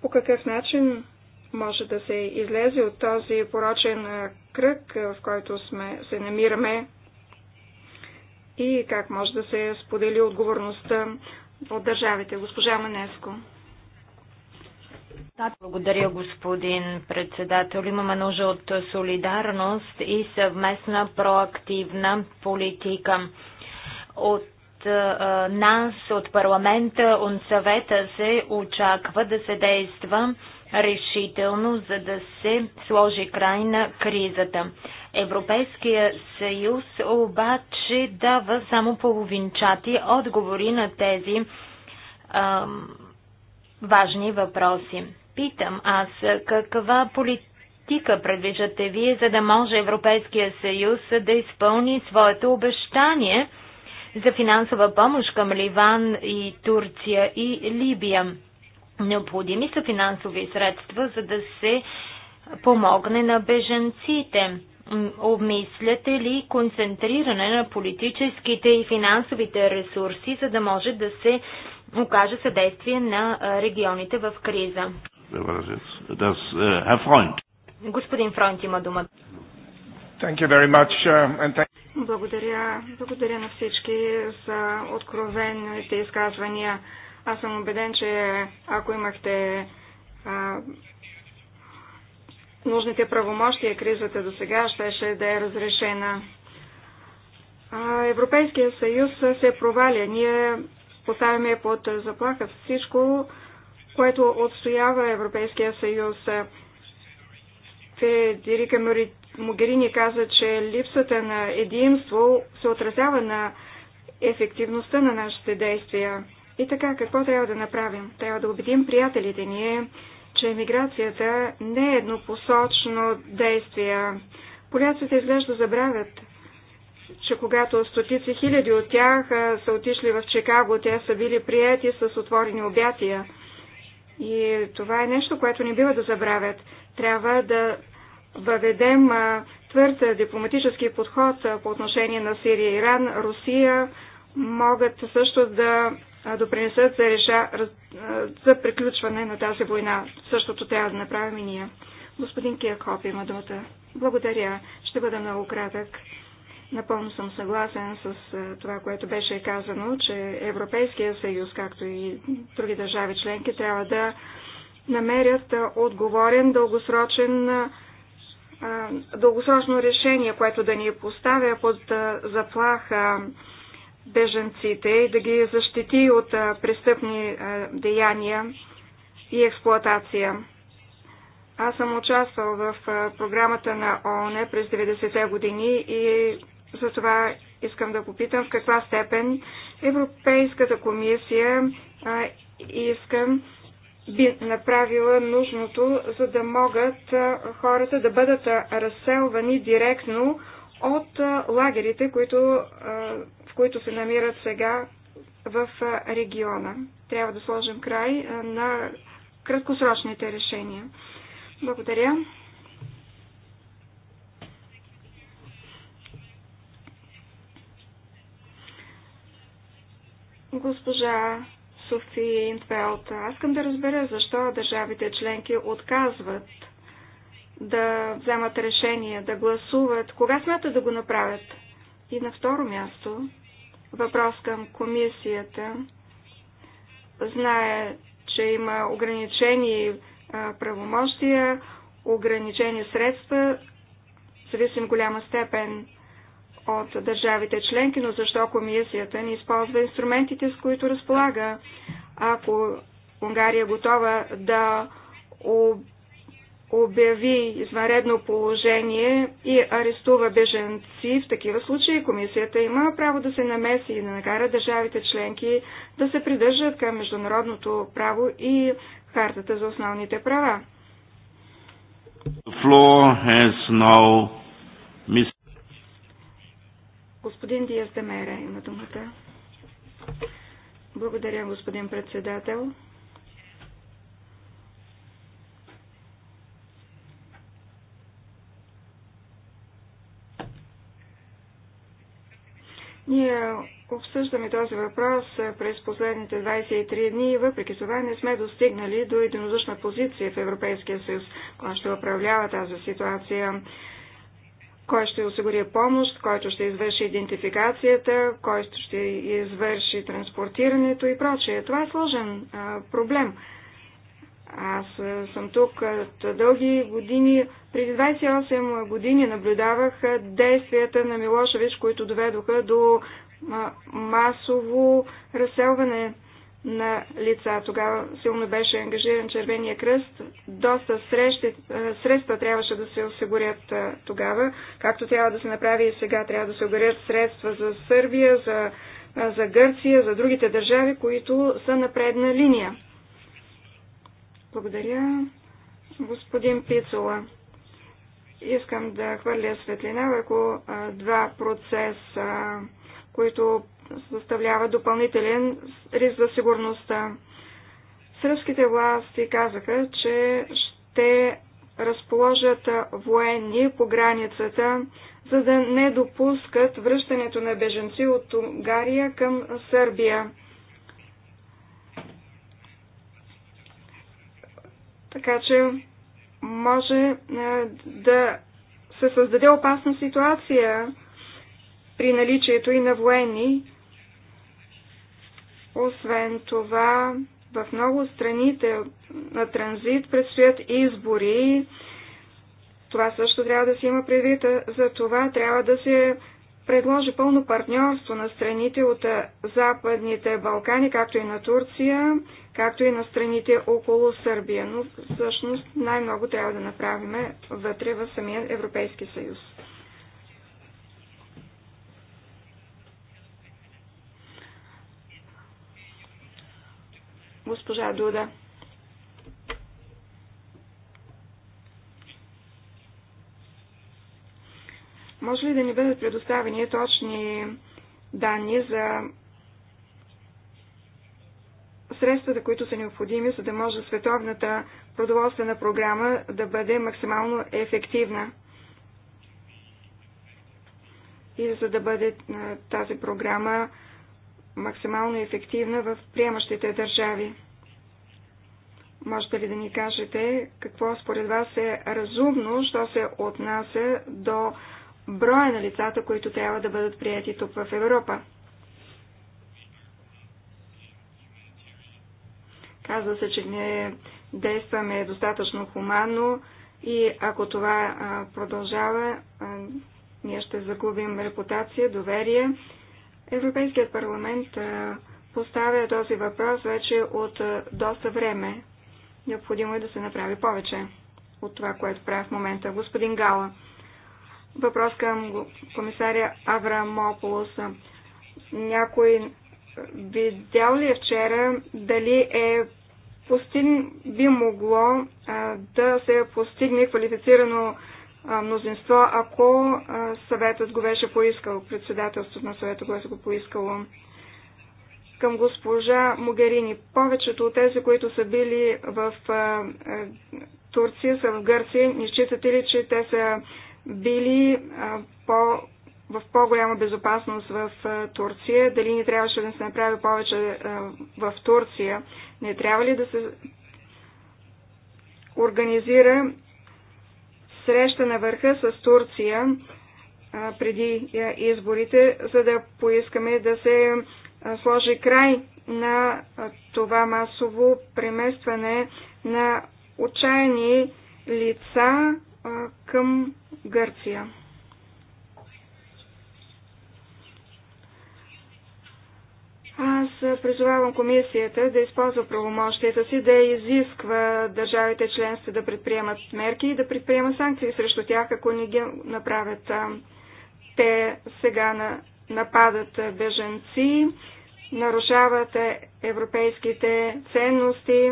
По какъв начин може да се излезе от този порочен кръг, в който сме, се намираме и как може да се сподели отговорността от държавите. Госпожа Манеско. Да, благодаря, господин председател. Имаме нужда от солидарност и съвместна проактивна политика. От нас, от парламента, от съвета се очаква да се действа решително, за да се сложи край на кризата. Европейския съюз обаче дава само половинчати отговори на тези ам, важни въпроси. Питам аз, каква политика предвиждате вие, за да може Европейския съюз да изпълни своето обещание за финансова помощ към Ливан и Турция и Либия? Необходими са финансови средства, за да се помогне на беженците. Обмисляте ли концентриране на политическите и финансовите ресурси, за да може да се окаже съдействие на регионите в криза? Uh, Господин Фронт има думата. Uh, благодаря, благодаря на всички за откровените изказвания. Аз съм убеден, че ако имахте а, нужните правомощия, кризата до сега щеше да е разрешена. А, Европейския съюз се проваля. Ние поставяме под заплаха всичко, което отстоява Европейския съюз. Федерика Могерини каза, че липсата на единство се отразява на ефективността на нашите действия. И така, какво трябва да направим? Трябва да убедим приятелите ни, че емиграцията не е еднопосочно действие. Поляците изглежда забравят, че когато стотици хиляди от тях са отишли в Чикаго, те са били прияти с отворени обятия. И това е нещо, което не бива да забравят. Трябва да въведем твърд дипломатически подход по отношение на Сирия, Иран, Русия могат също да допринесат за, реша, за приключване на тази война. Същото трябва да направим и ние. Господин Киркоп има думата. Благодаря. Ще бъда много кратък. Напълно съм съгласен с това, което беше казано, че Европейския съюз, както и други държави членки, трябва да намерят отговорен дългосрочен дългосрочно решение, което да ни поставя под заплаха беженците и да ги защити от престъпни деяния и експлоатация. Аз съм участвал в програмата на ООН през 90-те години и за това искам да попитам в каква степен Европейската комисия иска би направила нужното, за да могат хората да бъдат разселвани директно от лагерите, които които се намират сега в региона. Трябва да сложим край на краткосрочните решения. Благодаря. Госпожа Софи Интфелт, аз искам да разбера защо държавите членки отказват да вземат решение, да гласуват, кога смятат да го направят. И на второ място, въпрос към комисията. Знае, че има ограничени правомощия, ограничени средства, зависим голяма степен от държавите членки, но защо комисията не използва инструментите, с които разполага? Ако Унгария е готова да обяви извънредно положение и арестува беженци, в такива случаи комисията има право да се намеси и да накара държавите членки да се придържат към международното право и хартата за основните права. Господин Диас Демера има думата. Благодаря, господин председател. Ние обсъждаме този въпрос е, през последните 23 дни и въпреки това не сме достигнали до единодушна позиция в Европейския съюз. Кой ще управлява тази ситуация? Кой ще осигури помощ? Който ще извърши идентификацията? Който ще извърши транспортирането и прочее? Това е сложен проблем. Аз е, съм тук от е, дълги години. Преди 28 години наблюдавах е, действията на Милошевич, които доведоха до масово разселване на лица. Тогава силно беше ангажиран Червения кръст. Доста срещи, средства трябваше да се осигурят тогава, както трябва да се направи и сега. Трябва да се осигурят средства за Сърбия, за, за Гърция, за другите държави, които са на предна линия. Благодаря, господин Пицула. Искам да хвърля светлина върху два процеса, които съставляват допълнителен риск за сигурността. Сръбските власти казаха, че ще разположат военни по границата, за да не допускат връщането на беженци от Унгария към Сърбия. Така че може да се създаде опасна ситуация при наличието и на военни. Освен това, в много страните на транзит предстоят избори. Това също трябва да се има предвид. За това трябва да се предложи пълно партньорство на страните от Западните Балкани, както и на Турция, както и на страните около Сърбия. Но всъщност най-много трябва да направим вътре в самия Европейски съюз. Госпожа Дуда. Може ли да ни бъдат предоставени точни данни за средствата, които са необходими, за да може световната продоволствена програма да бъде максимално ефективна? И за да бъде тази програма максимално ефективна в приемащите държави. Можете ли да ни кажете какво според вас е разумно, що се отнася до броя на лицата, които трябва да бъдат прияти тук в Европа. Казва се, че не действаме достатъчно хуманно и ако това продължава, ние ще загубим репутация, доверие. Европейският парламент поставя този въпрос вече от доста време. Необходимо е да се направи повече от това, което правя в момента господин Гала. Въпрос към комисаря Аврамополоса. Някой видял ли е вчера дали е постиг... би могло а, да се постигне квалифицирано а, мнозинство, ако а, съветът го беше поискал, председателството на съвета го го поискало. Към госпожа Могерини. Повечето от тези, които са били в а, а, Турция, са в Гърция. Не считате ли, че те са били по, в по-голяма безопасност в Турция, дали не трябваше да се направи повече в Турция, не трябва ли да се организира среща на върха с Турция преди изборите, за да поискаме да се сложи край на това масово преместване на отчаяни лица към Гърция. Аз призовавам комисията да използва правомощията си, да изисква държавите членства да предприемат мерки и да предприема санкции срещу тях, ако не ги направят. Те сега нападат беженци, нарушават европейските ценности,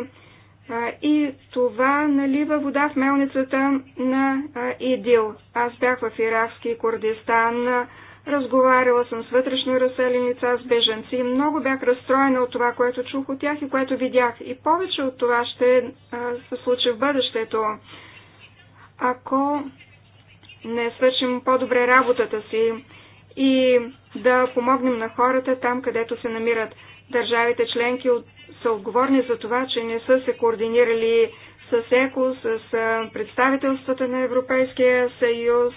и това налива вода в мелницата на ИДИЛ. Аз бях в Иракски Курдистан, разговаряла съм с вътрешно разселеница, с беженци и много бях разстроена от това, което чух от тях и което видях. И повече от това ще се случи в бъдещето. Ако не свършим по-добре работата си и да помогнем на хората там, където се намират. Държавите членки от са отговорни за това, че не са се координирали с ЕКО, с представителствата на Европейския съюз,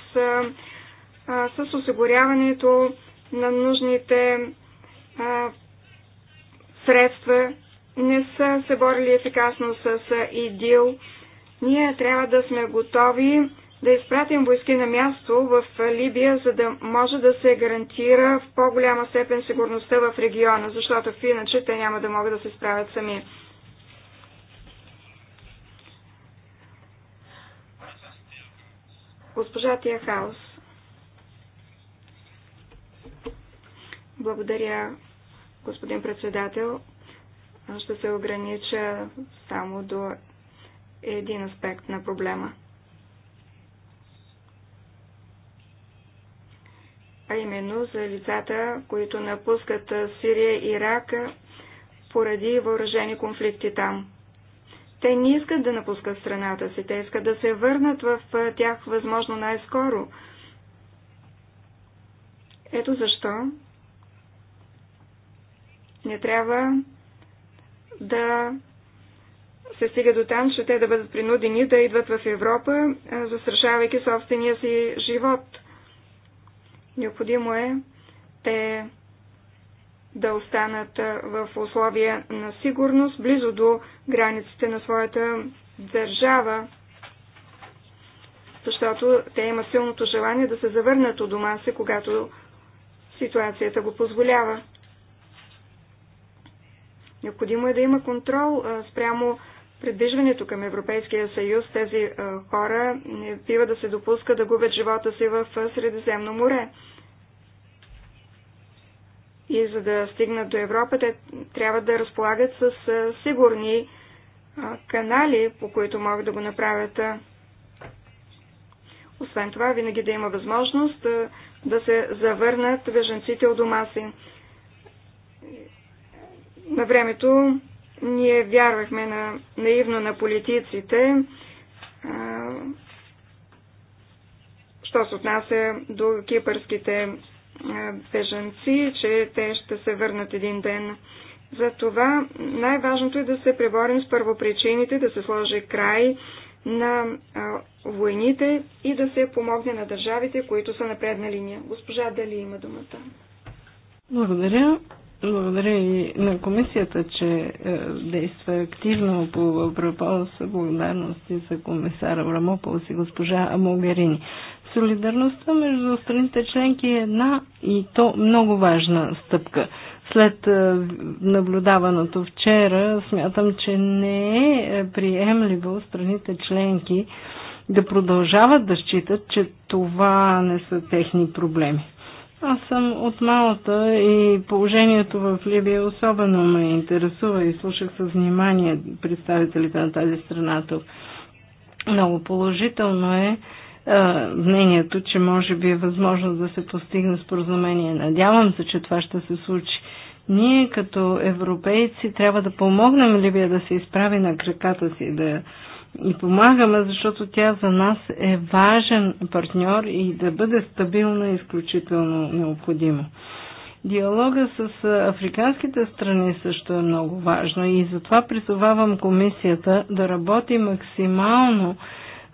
с осигуряването на нужните средства, не са се борили ефикасно с ИДИЛ. Ние трябва да сме готови да изпратим войски на място в Либия, за да може да се гарантира в по-голяма степен сигурността в региона, защото в иначе те няма да могат да се справят сами. Госпожа Тия Хаус. Благодаря, господин председател. Ще се огранича само до един аспект на проблема. а именно за лицата, които напускат Сирия и Ирак поради въоръжени конфликти там. Те не искат да напускат страната си, те искат да се върнат в тях възможно най-скоро. Ето защо не трябва да се стига до там, че те да бъдат принудени да идват в Европа, застрашавайки собствения си живот – Необходимо е те да останат в условия на сигурност, близо до границите на своята държава, защото те имат силното желание да се завърнат у дома си, когато ситуацията го позволява. Необходимо е да има контрол спрямо придвижването към Европейския съюз тези хора не бива да се допуска да губят живота си в Средиземно море. И за да стигнат до Европа, те трябва да разполагат с сигурни канали, по които могат да го направят. Освен това, винаги да има възможност да се завърнат беженците от дома си. На времето ние вярвахме на, наивно на политиците, а, що се отнася до кипърските а, бежанци, че те ще се върнат един ден. Затова най-важното е да се преборим с първопричините, да се сложи край на а, войните и да се помогне на държавите, които са на предна линия. Госпожа Дали има думата. Благодаря. Благодаря и на комисията, че е, действа активно по въпроса. Благодарности за комисара Врамополс и госпожа Могерини. Солидарността между страните членки е една и то много важна стъпка. След е, наблюдаваното вчера, смятам, че не е приемливо страните членки да продължават да считат, че това не са техни проблеми. Аз съм от Малата и положението в Либия особено ме интересува и слушах с внимание представителите на тази страна тук. Много положително е мнението, че може би е възможно да се постигне споразумение. Надявам се, че това ще се случи. Ние като европейци трябва да помогнем Либия да се изправи на краката си, да и помагаме, защото тя за нас е важен партньор и да бъде стабилна е изключително необходимо. Диалога с африканските страни също е много важно и затова призовавам комисията да работи максимално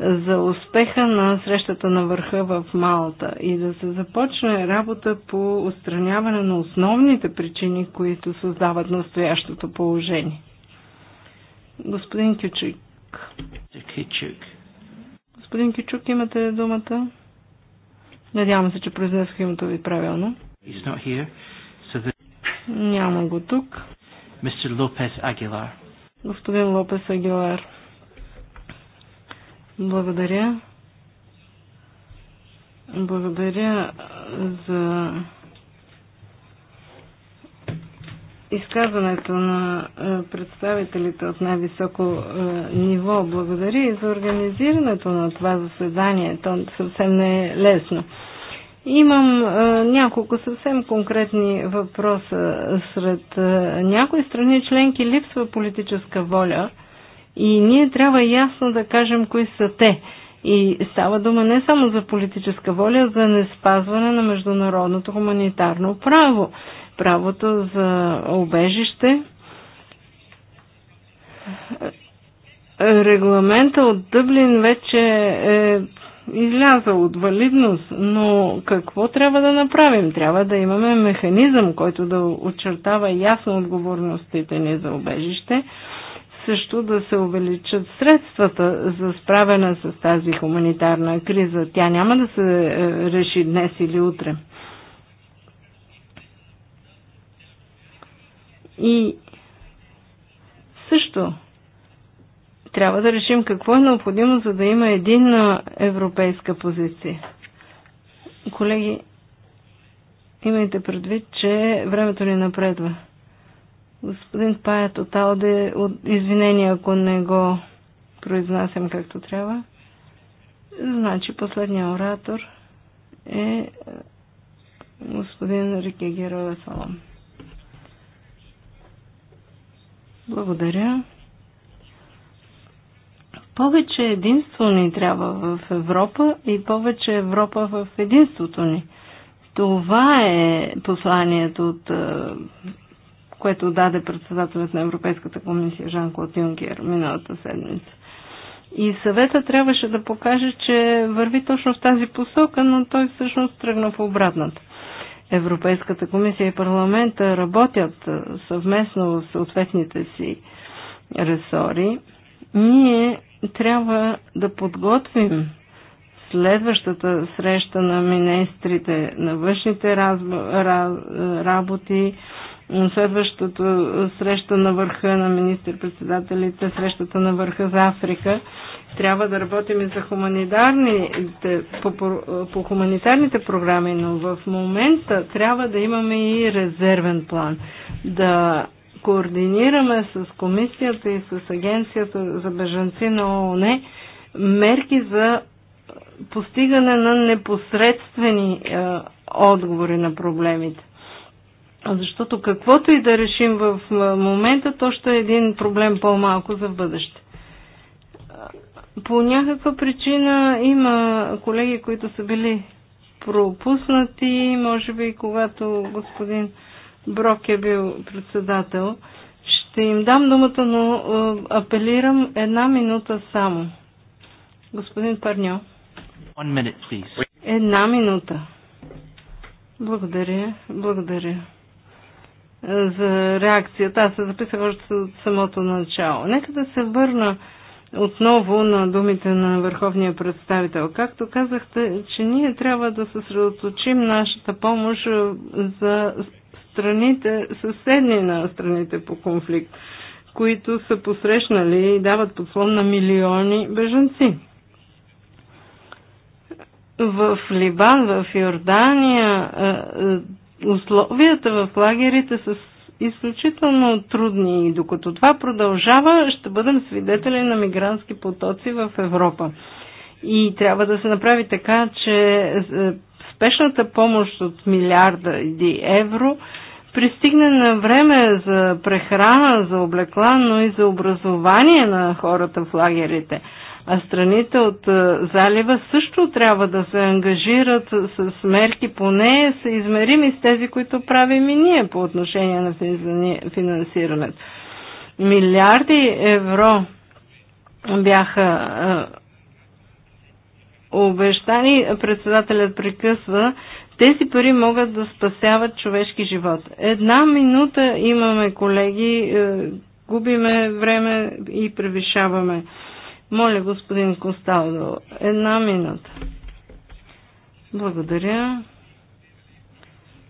за успеха на срещата на върха в Малта и да се започне работа по устраняване на основните причини, които създават настоящото положение. Господин Кючик, Кичук. Кичук. Господин Кичук, имате думата. Надявам се, че произнесох името ви правилно. Here, so the... Няма го тук. Мистер Лопес Агилар. Господин Лопес Агилар. Благодаря. Благодаря за изказването на е, представителите от най-високо е, ниво. Благодаря и за организирането на това заседание. То съвсем не е лесно. Имам а, е, няколко съвсем конкретни въпроса. Сред а, някои страни членки липсва политическа воля и ние трябва ясно да кажем кои са те. И става дума не само за политическа воля, за неспазване на международното хуманитарно право правото за обежище. Регламента от Дъблин вече е излязъл от валидност, но какво трябва да направим? Трябва да имаме механизъм, който да очертава ясно отговорностите ни за обежище, също да се увеличат средствата за справяне с тази хуманитарна криза. Тя няма да се е, реши днес или утре. И също трябва да решим какво е необходимо, за да има единна европейска позиция. Колеги, имайте предвид, че времето ни напредва. Господин Паят от Алде, от извинения, ако не го произнасям както трябва. Значи последния оратор е, е господин Рике Салон. Благодаря. Повече единство ни трябва в Европа и повече Европа в единството ни. Това е посланието, от, е, което даде председателят на Европейската комисия Жан-Клод Юнкер миналата седмица. И съвета трябваше да покаже, че върви точно в тази посока, но той всъщност тръгна в обратната. Европейската комисия и парламента работят съвместно в съответните си ресори, ние трябва да подготвим следващата среща на министрите на външните работи, следващата среща на върха на министър-председателите, срещата на върха за Африка – трябва да работим и за хуманитарните, по, по хуманитарните програми, но в момента трябва да имаме и резервен план. Да координираме с комисията и с агенцията за бежанци на ООН мерки за постигане на непосредствени е, отговори на проблемите. Защото каквото и да решим в е, момента, то ще е един проблем по-малко за бъдеще. По някаква причина има колеги, които са били пропуснати, може би когато господин Брок е бил председател. Ще им дам думата, но е, апелирам една минута само. Господин Парньо. една минута. Благодаря, благодаря е, за реакцията. Аз се записах още от самото начало. Нека да се върна отново на думите на върховния представител. Както казахте, че ние трябва да съсредоточим нашата помощ за страните, съседни на страните по конфликт, които са посрещнали и дават подслон на милиони бежанци. В Либан, в Йордания, условията в лагерите са изключително трудни и докато това продължава, ще бъдем свидетели на мигрантски потоци в Европа. И трябва да се направи така, че е, спешната помощ от милиарда и евро пристигне на време за прехрана, за облекла, но и за образование на хората в лагерите – а страните от залива също трябва да се ангажират с мерки, поне са измерими с тези, които правим и ние по отношение на финансирането. Милиарди евро бяха обещани, председателят прекъсва, тези пари могат да спасяват човешки живот. Една минута имаме, колеги, е, губиме време и превишаваме моля, господин Косталдо, една минута. Благодаря.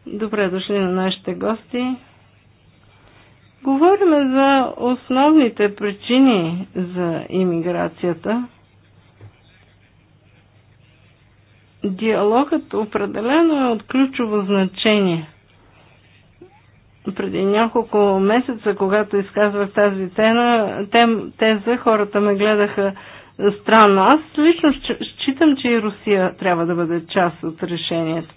Добре дошли на нашите гости. Говорим за основните причини за иммиграцията. Диалогът определено е от ключово значение – преди няколко месеца, когато изказвах тази тема, тем, теза, хората ме гледаха странно. Аз лично считам, че и Русия трябва да бъде част от решението.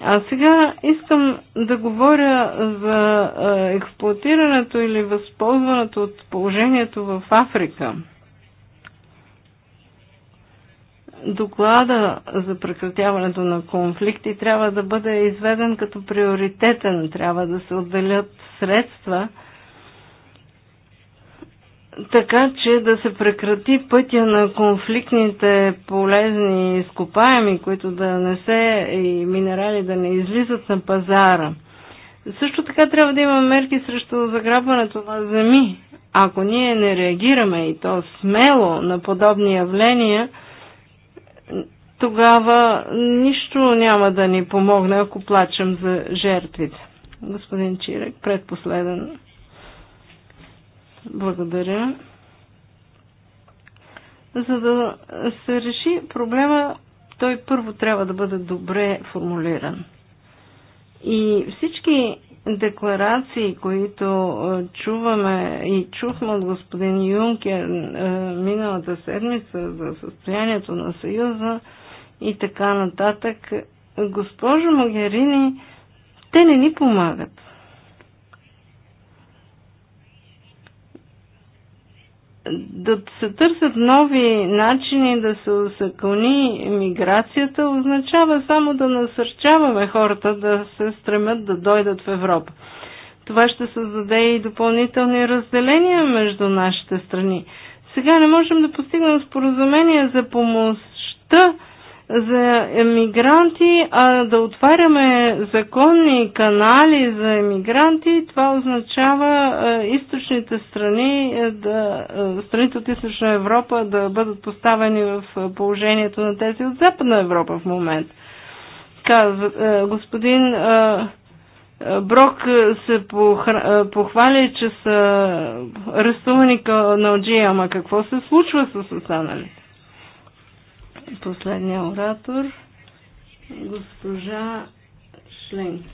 А сега искам да говоря за експлуатирането или възползването от положението в Африка. доклада за прекратяването на конфликти трябва да бъде изведен като приоритетен. Трябва да се отделят средства, така че да се прекрати пътя на конфликтните полезни изкопаеми, които да не се и минерали да не излизат на пазара. Също така трябва да има мерки срещу заграбването на земи. Ако ние не реагираме и то смело на подобни явления, тогава нищо няма да ни помогне, ако плачем за жертвите. Господин Чирек, предпоследен. Благодаря. За да се реши проблема, той първо трябва да бъде добре формулиран. И всички декларации, които е, чуваме и чухме от господин Юнкер е, миналата седмица за състоянието на Съюза, и така нататък. Госпожо Магерини, те не ни помагат. да се търсят нови начини да се усъкълни миграцията означава само да насърчаваме хората да се стремят да дойдат в Европа. Това ще създаде и допълнителни разделения между нашите страни. Сега не можем да постигнем споразумение за помощта за емигранти, а да отваряме законни канали за емигранти, това означава източните страни, да, страните от източна Европа да бъдат поставени в положението на тези от западна Европа в момент. Каза, господин Брок се похвали, че са арестувани на Алджия, ама какво се случва с останалите? последния оратор, госпожа Шлен.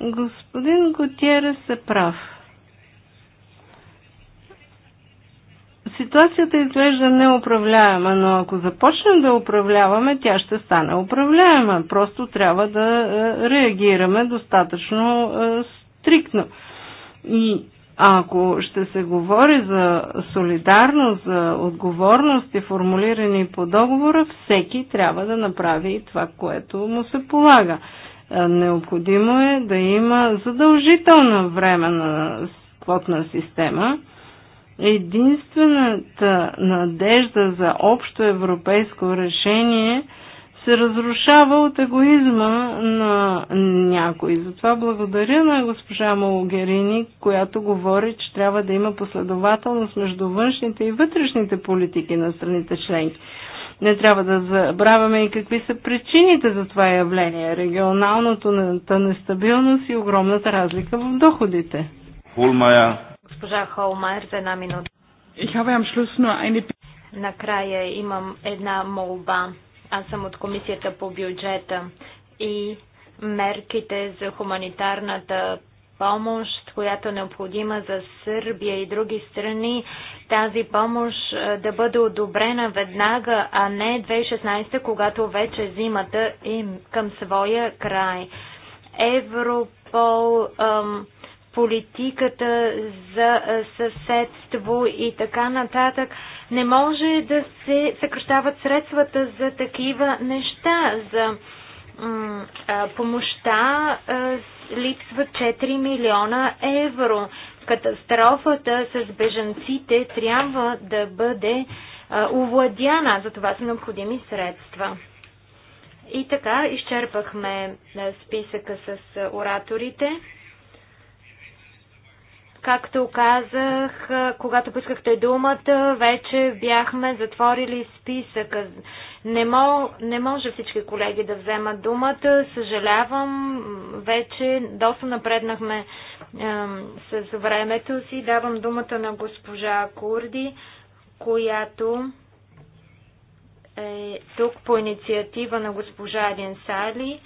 Господин Готиера е прав. Ситуацията изглежда неуправляема, но ако започнем да управляваме, тя ще стане управляема. Просто трябва да е, реагираме достатъчно е, стриктно. И ако ще се говори за солидарност, за отговорност и формулирани по договора, всеки трябва да направи това, което му се полага. Е, необходимо е да има задължителна времена квотна система. Единствената надежда за общо европейско решение е се разрушава от егоизма на някой. Затова благодаря на госпожа Малогерини, която говори, че трябва да има последователност между външните и вътрешните политики на страните членки. Не трябва да забравяме и какви са причините за това явление. Регионалното нестабилност и огромната разлика в доходите. Холмайер. Госпожа Холмайер за една минута. Накрая имам една молба аз съм от Комисията по бюджета и мерките за хуманитарната помощ, която е необходима за Сърбия и други страни, тази помощ да бъде одобрена веднага, а не 2016, когато вече зимата е към своя край. Европол, политиката за съседство и така нататък – не може да се съкръщават средствата за такива неща, за помощта липсва 4 милиона евро. Катастрофата с бежанците трябва да бъде овладяна, за това са необходими средства. И така, изчерпахме списъка с ораторите. Както казах, когато поискахте думата, вече бяхме затворили списъка. Не, мог, не може всички колеги да вземат думата. Съжалявам, вече доста напреднахме е, с времето си. Давам думата на госпожа Курди, която е тук по инициатива на госпожа Аден Сали.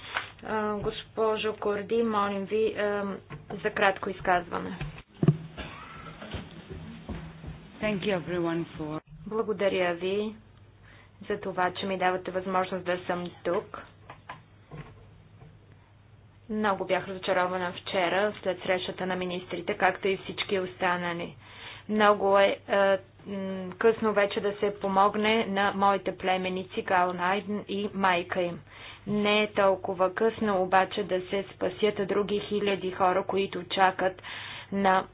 Госпожо Корди, молим ви за кратко изказване. Thank you everyone for... Благодаря ви за това, че ми давате възможност да съм тук. Много бях разочарована вчера след срещата на министрите, както и всички останали. Много е, е късно вече да се помогне на моите племеници Гал и майка им. Не е толкова късно обаче да се спасят други хиляди хора, които чакат на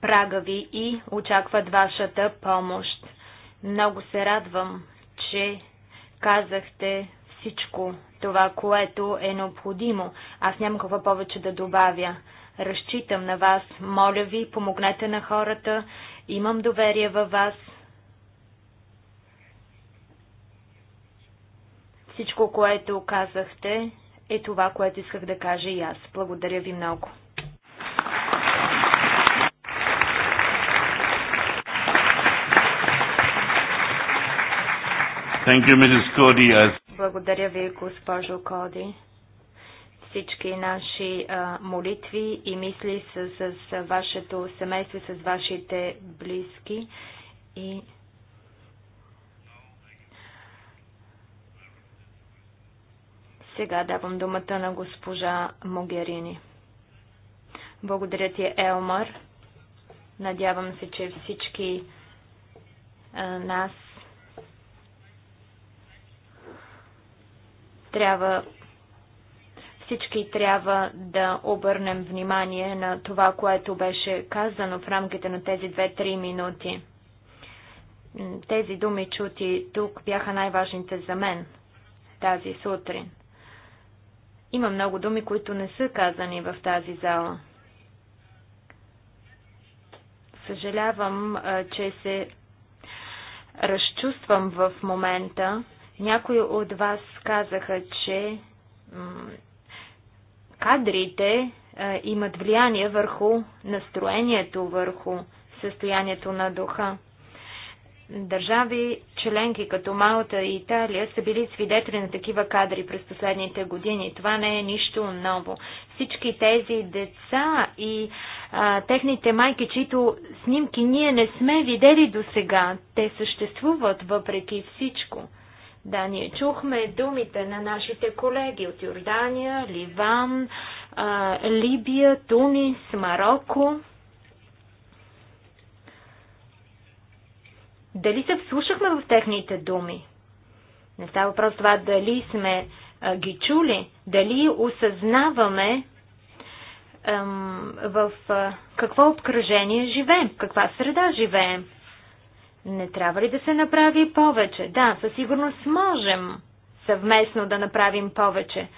прага ви и очакват вашата помощ. Много се радвам, че казахте всичко това, което е необходимо. Аз нямам какво повече да добавя. Разчитам на вас. Моля ви, помогнете на хората. Имам доверие във вас. Всичко, което казахте, е това, което исках да кажа и аз. Благодаря ви много. Thank you, Mrs. Cody. Благодаря ви, госпожо Коди. Всички наши молитви и мисли са с, вашето семейство, с вашите близки. И сега давам думата на госпожа Могерини. Благодаря ти, Елмар. Надявам се, че всички нас Трябва всички трябва да обърнем внимание на това, което беше казано в рамките на тези 2-3 минути. Тези думи чути тук бяха най-важните за мен тази сутрин. Има много думи, които не са казани в тази зала. Съжалявам, че се разчувствам в момента, някои от вас казаха, че кадрите е, имат влияние върху настроението, върху състоянието на духа. Държави членки като Малта и Италия са били свидетели на такива кадри през последните години. Това не е нищо ново. Всички тези деца и а, техните майки, чието снимки ние не сме видели до сега, те съществуват въпреки всичко. Да, ние чухме думите на нашите колеги от Йордания, Ливан, Либия, Тунис, Марокко. Дали се вслушахме в техните думи? Не става въпрос това дали сме а, ги чули, дали осъзнаваме ам, в а, какво обкръжение живеем, в каква среда живеем. Не трябва ли да се направи повече? Да, със сигурност можем съвместно да направим повече.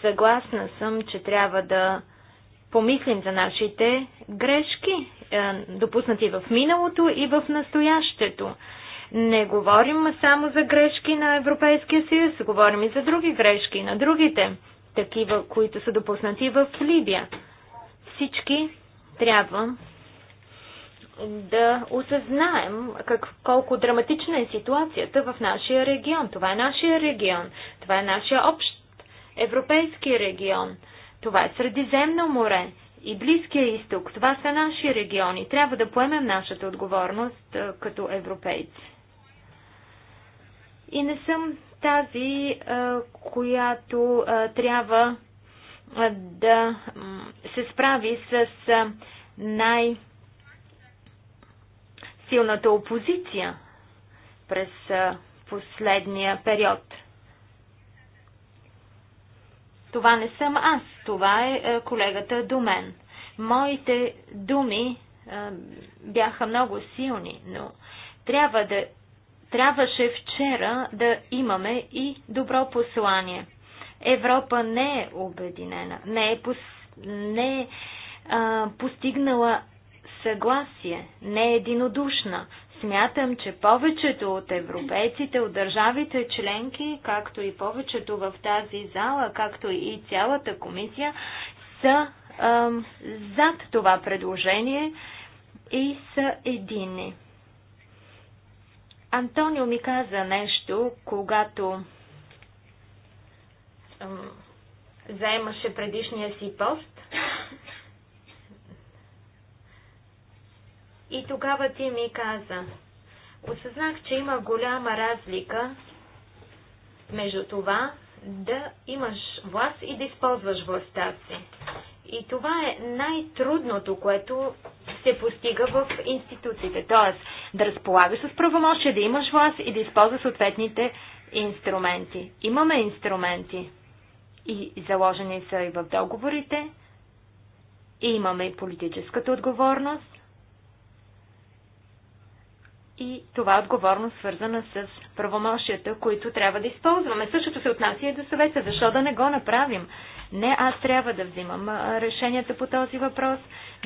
Съгласна съм, че трябва да помислим за нашите грешки, е, допуснати в миналото и в настоящето. Не говорим само за грешки на Европейския съюз, говорим и за други грешки на другите, такива, които са допуснати в Либия. Всички трябва да осъзнаем как, колко драматична е ситуацията в нашия регион. Това е нашия регион. Това е нашия общ европейски регион. Това е Средиземно море и Близкия изток. Това са наши региони. Трябва да поемем нашата отговорност като европейци. И не съм тази, която трябва да се справи с най- силната опозиция през последния период. Това не съм аз, това е колегата до мен. Моите думи бяха много силни, но трябва да, трябваше вчера да имаме и добро послание. Европа не е обединена, не е, пос, не е а, постигнала съгласие, не единодушна. Смятам, че повечето от европейците, от държавите членки, както и повечето в тази зала, както и цялата комисия, са ам, зад това предложение и са едини. Антонио ми каза нещо, когато ам, заемаше предишния си пост И тогава ти ми каза, осъзнах, че има голяма разлика между това да имаш власт и да използваш властта си. И това е най-трудното, което се постига в институциите. Тоест, да разполагаш с правомощие, да имаш власт и да използваш съответните инструменти. Имаме инструменти. И заложени са и в договорите. И имаме и политическата отговорност. И това е отговорност свързана с правомощията, които трябва да използваме. Същото се отнася и до съвета. Защо да не го направим? Не аз трябва да взимам решенията по този въпрос,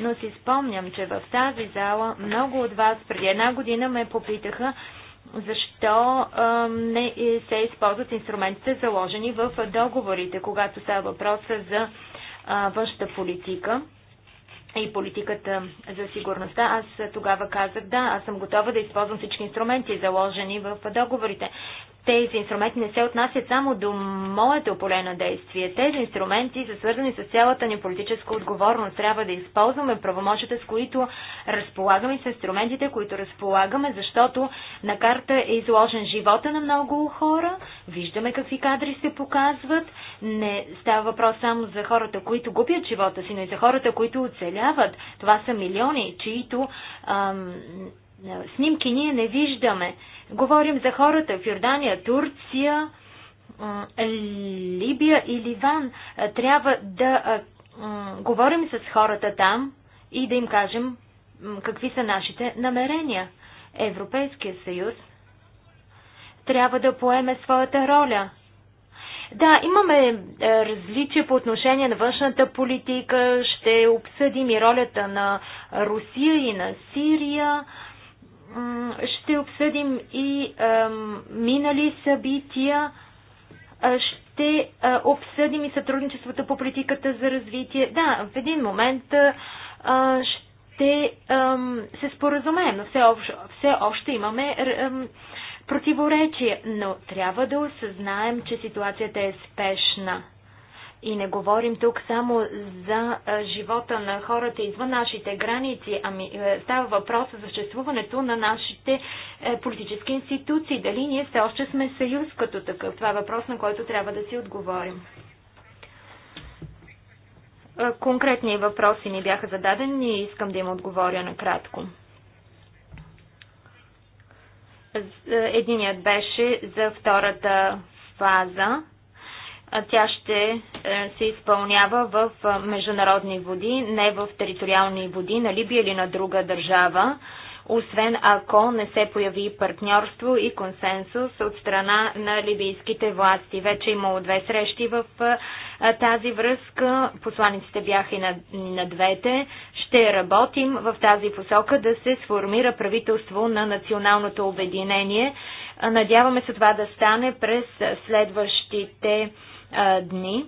но си спомням, че в тази зала много от вас преди една година ме попитаха защо а, не се използват инструментите заложени в договорите, когато става въпроса за външната политика и политиката за сигурността, аз тогава казах да, аз съм готова да използвам всички инструменти, заложени в договорите тези инструменти не се отнасят само до моето поле на действие. Тези инструменти са свързани с цялата ни политическа отговорност. Трябва да използваме правомощите, с които разполагаме и с инструментите, които разполагаме, защото на карта е изложен живота на много хора. Виждаме какви кадри се показват. Не става въпрос само за хората, които губят живота си, но и за хората, които оцеляват. Това са милиони, чието ам, е, снимки ние не виждаме. Говорим за хората в Йордания, Турция, Либия и Ливан. Е, трябва да говорим с хората там и да им кажем какви са нашите намерения. Европейския съюз трябва да поеме своята роля. Да, имаме е, различия по отношение на външната политика, ще обсъдим и ролята на Русия и на Сирия ще обсъдим и минали събития, ще обсъдим и сътрудничеството по политиката за развитие. Да, в един момент ще се споразумеем, но все още, все още имаме противоречие, но трябва да осъзнаем, че ситуацията е спешна. И не говорим тук само за живота на хората извън нашите граници, ами е, става въпрос за съществуването на нашите е, политически институции. Дали ние все още сме съюз като такъв? Това е въпрос, на който трябва да си отговорим. Е, конкретни въпроси ни бяха зададени и искам да им отговоря накратко. Единият беше за втората фаза тя ще е, се изпълнява в международни води, не в териториални води на Либия или на друга държава, освен ако не се появи партньорство и консенсус от страна на либийските власти. Вече е имало две срещи в тази връзка. Посланиците бяха и на, на двете. Ще работим в тази посока да се сформира правителство на националното обединение. Надяваме се това да стане през следващите а, дни.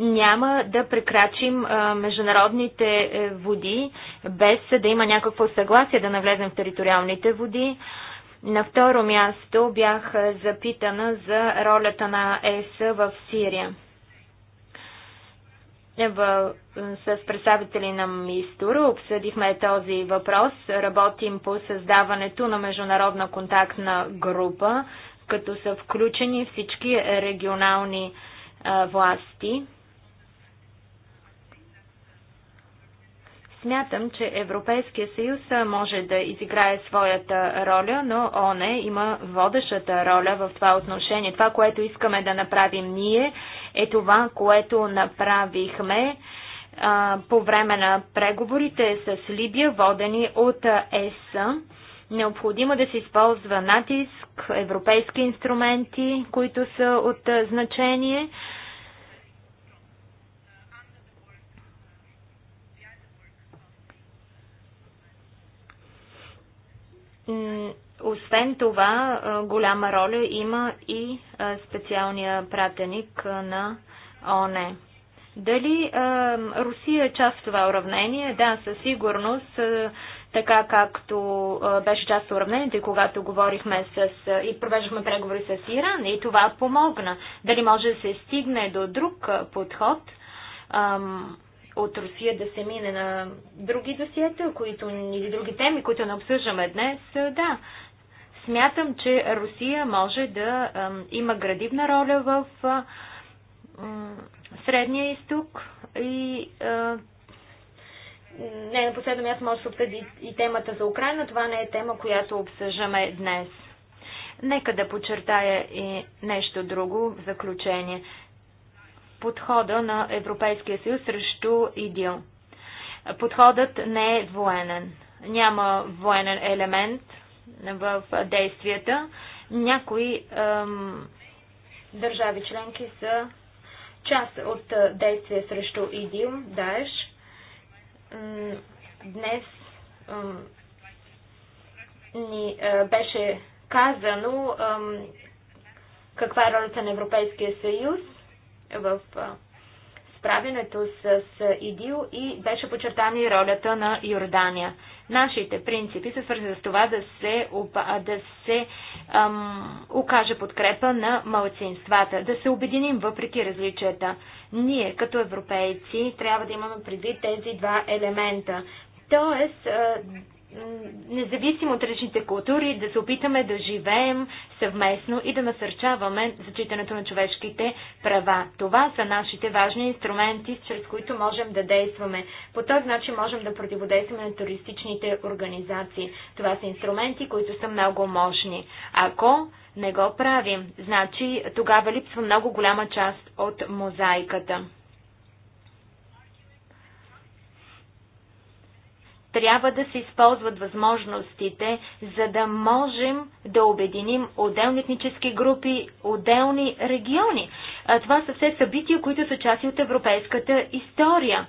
няма да прекрачим а, международните е, води без да има някакво съгласие да навлезем в териториалните води. На второ място бях запитана за ролята на ЕС в Сирия в, с представители на Мистура. Обсъдихме този въпрос. Работим по създаването на международна контактна група, като са включени всички регионални а, власти. Смятам, че Европейския съюз може да изиграе своята роля, но ОНЕ има водещата роля в това отношение. Това, което искаме да направим ние е това, което направихме а, по време на преговорите с Либия, водени от ЕС. Необходимо да се използва натиск, европейски инструменти, които са от значение. Mm освен това, голяма роля има и специалния пратеник на ОНЕ. Дали Русия е част от това уравнение? Да, със сигурност, така както беше част от уравнението и когато говорихме с, и провеждахме преговори с Иран, и това помогна. Дали може да се стигне до друг подход от Русия да се мине на други досиета, които, или други теми, които не обсъждаме днес? да, Смятам, че Русия може да има градивна роля в Средния изток и не на последно място може да се обсъди и темата за Украина. Това не е тема, която обсъждаме днес. Нека да подчертая и нещо друго в заключение. Подхода на Европейския съюз срещу ИДИЛ. Подходът не е военен. Няма военен елемент – в действията. Някои ем, държави членки са част от действия срещу ИДИЛ, ДАЕШ. Днес ем, ни е, беше казано ем, каква е ролята на Европейския съюз в е, справянето с, с ИДИЛ и беше почертана и ролята на Йордания. Нашите принципи се свързват с това да се, да се ам, окаже подкрепа на малцинствата, да се обединим въпреки различията. Ние, като европейци, трябва да имаме предвид тези два елемента. Тоест, независимо от различните култури, да се опитаме да живеем съвместно и да насърчаваме зачитането на човешките права. Това са нашите важни инструменти, чрез които можем да действаме. По този начин можем да противодействаме на туристичните организации. Това са инструменти, които са много мощни. Ако не го правим, значи тогава липсва много голяма част от мозайката. трябва да се използват възможностите, за да можем да обединим отделни етнически групи, отделни региони. Това са все събития, които са части от европейската история.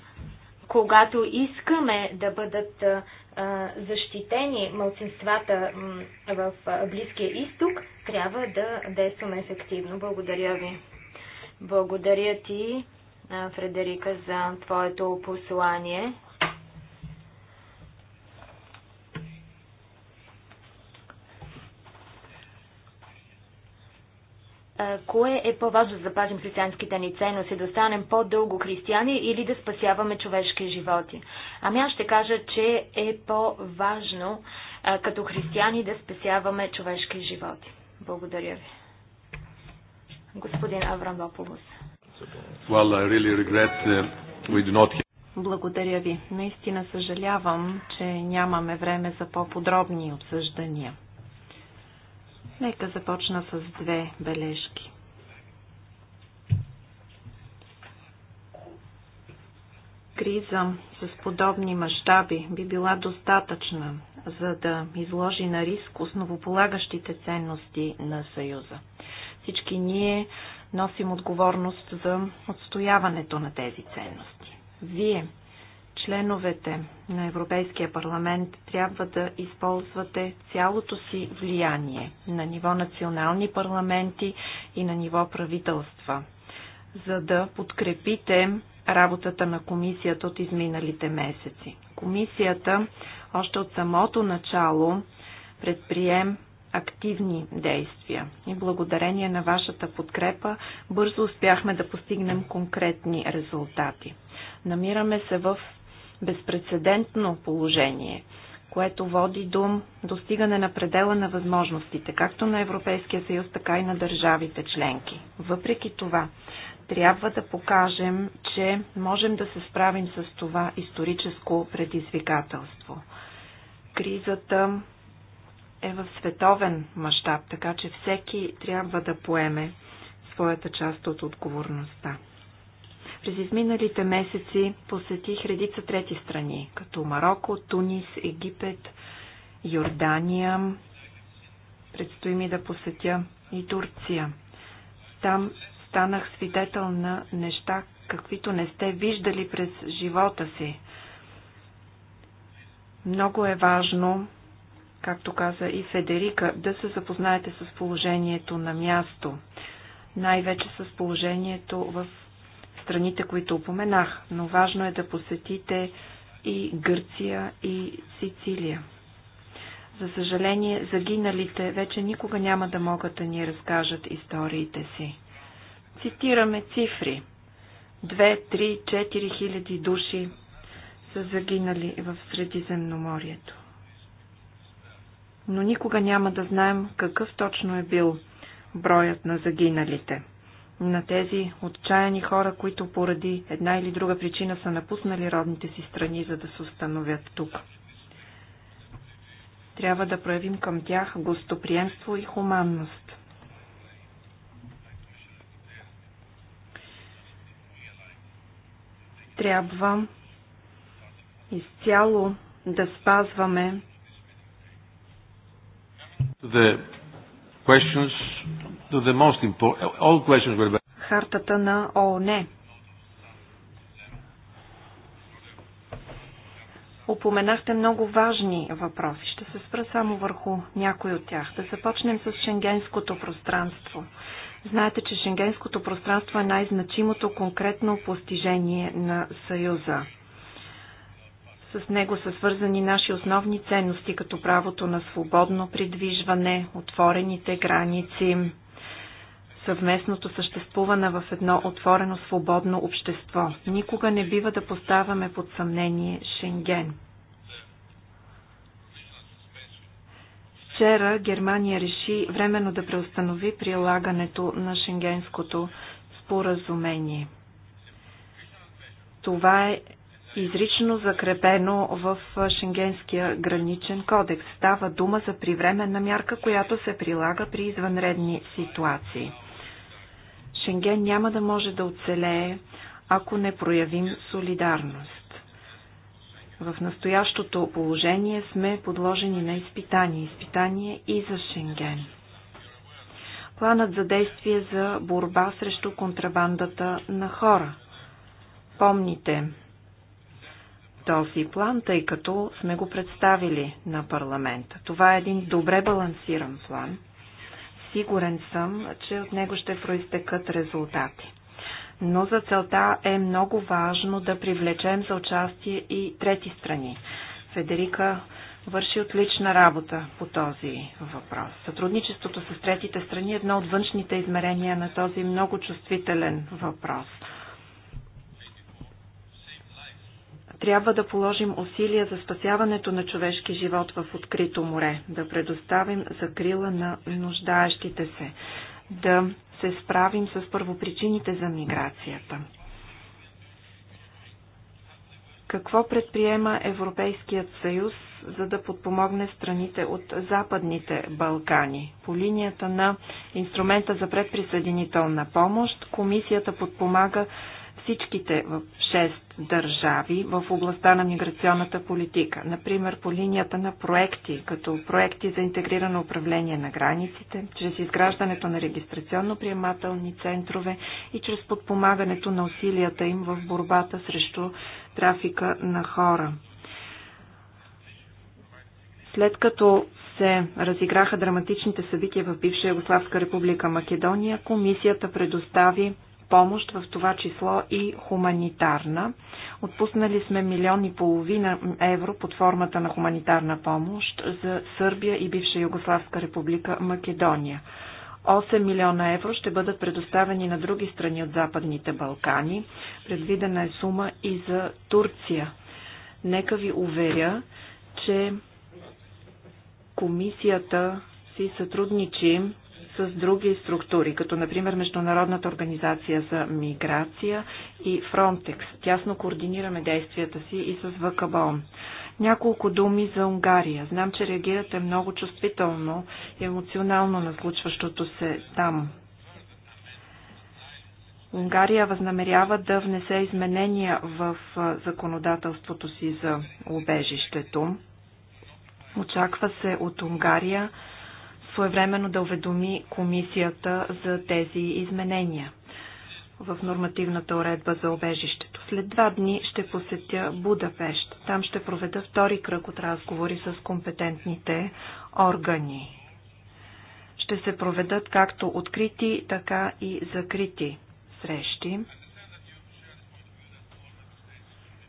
Когато искаме да бъдат защитени мълцинствата в Близкия изток, трябва да действаме ефективно. Благодаря ви. Благодаря ти, Фредерика, за твоето послание. кое е по-важно да запазим християнските ни ценности, да станем по-дълго християни или да спасяваме човешки животи? Ами аз ще кажа, че е по-важно като християни да спасяваме човешки животи. Благодаря ви. Господин Аврамополос. Well, I really regret uh, we do not благодаря ви. Наистина съжалявам, че нямаме време за по-подробни обсъждания. Нека започна с две бележки. Криза с подобни мащаби би била достатъчна, за да изложи на риск основополагащите ценности на Съюза. Всички ние носим отговорност за отстояването на тези ценности. Вие членовете на Европейския парламент трябва да използвате цялото си влияние на ниво национални парламенти и на ниво правителства, за да подкрепите работата на комисията от изминалите месеци. Комисията още от самото начало предприем активни действия и благодарение на вашата подкрепа бързо успяхме да постигнем конкретни резултати. Намираме се в безпредседентно положение, което води до достигане на предела на възможностите, както на Европейския съюз, така и на държавите членки. Въпреки това, трябва да покажем, че можем да се справим с това историческо предизвикателство. Кризата е в световен мащаб, така че всеки трябва да поеме своята част от отговорността. През изминалите месеци посетих редица трети страни, като Марокко, Тунис, Египет, Йордания. Предстои ми да посетя и Турция. Там станах свидетел на неща, каквито не сте виждали през живота си. Много е важно, както каза и Федерика, да се запознаете с положението на място, най-вече с положението в страните, които упоменах, но важно е да посетите и Гърция и Сицилия. За съжаление, загиналите вече никога няма да могат да ни разкажат историите си. Цитираме цифри. две, три, четири хиляди души са загинали в Средиземноморието. Но никога няма да знаем какъв точно е бил броят на загиналите – на тези отчаяни хора, които поради една или друга причина са напуснали родните си страни, за да се установят тук. Трябва да проявим към тях гостоприемство и хуманност. Трябва изцяло да спазваме questions to the most important, all questions were about... Хартата на ООН. Упоменахте много важни въпроси. Ще се спра само върху някои от тях. Да започнем с шенгенското пространство. Знаете, че шенгенското пространство е най-значимото конкретно постижение на Съюза. С него са свързани наши основни ценности, като правото на свободно придвижване, отворените граници, съвместното съществуване в едно отворено свободно общество. Никога не бива да поставяме под съмнение Шенген. Вчера Германия реши временно да преустанови прилагането на шенгенското споразумение. Това е изрично закрепено в Шенгенския граничен кодекс. Става дума за привременна мярка, която се прилага при извънредни ситуации. Шенген няма да може да оцелее, ако не проявим солидарност. В настоящото положение сме подложени на изпитание. Изпитание и за Шенген. Планът за действие за борба срещу контрабандата на хора. Помните, този план, тъй като сме го представили на парламента. Това е един добре балансиран план. Сигурен съм, че от него ще проистекат резултати. Но за целта е много важно да привлечем за участие и трети страни. Федерика върши отлична работа по този въпрос. Сътрудничеството с третите страни е едно от външните измерения на този много чувствителен въпрос – Трябва да положим усилия за спасяването на човешки живот в открито море, да предоставим закрила на нуждаещите се, да се справим с първопричините за миграцията. Какво предприема Европейският съюз, за да подпомогне страните от Западните Балкани? По линията на инструмента за предприсъединителна помощ, комисията подпомага всичките в 6 държави в областта на миграционната политика. Например, по линията на проекти, като проекти за интегрирано управление на границите, чрез изграждането на регистрационно-приемателни центрове и чрез подпомагането на усилията им в борбата срещу трафика на хора. След като се разиграха драматичните събития в бивша Югославска република Македония, комисията предостави помощ, в това число и хуманитарна. Отпуснали сме милион и половина евро под формата на хуманитарна помощ за Сърбия и бивша Югославска република Македония. 8 милиона евро ще бъдат предоставени на други страни от Западните Балкани. Предвидена е сума и за Турция. Нека ви уверя, че комисията си сътрудничи с други структури, като например Международната организация за миграция и Frontex. Тясно координираме действията си и с ВКБОН. Няколко думи за Унгария. Знам, че реагирате много чувствително и емоционално на случващото се там. Унгария възнамерява да внесе изменения в законодателството си за убежището. Очаква се от Унгария своевременно да уведоми комисията за тези изменения в нормативната уредба за обежището. След два дни ще посетя Будапешт. Там ще проведа втори кръг от разговори с компетентните органи. Ще се проведат както открити, така и закрити срещи.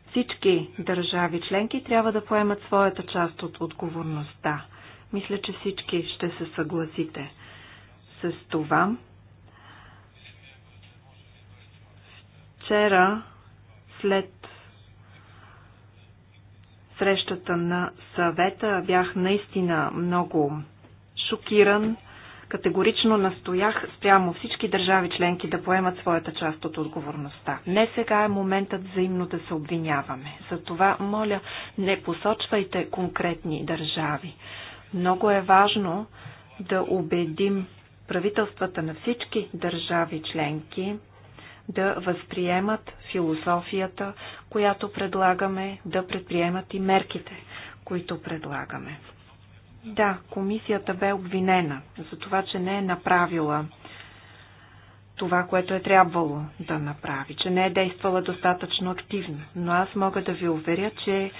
Всички държави членки трябва да поемат своята част от отговорността. Мисля, че всички ще се съгласите с това. Вчера, след срещата на съвета, бях наистина много шокиран. Категорично настоях спрямо всички държави членки да поемат своята част от отговорността. Не сега е моментът взаимно да се обвиняваме. Затова, моля, не посочвайте конкретни държави. Много е важно да убедим правителствата на всички държави членки да възприемат философията, която предлагаме, да предприемат и мерките, които предлагаме. Да, комисията бе обвинена за това, че не е направила това, което е трябвало да направи, че не е действала достатъчно активно. Но аз мога да ви уверя, че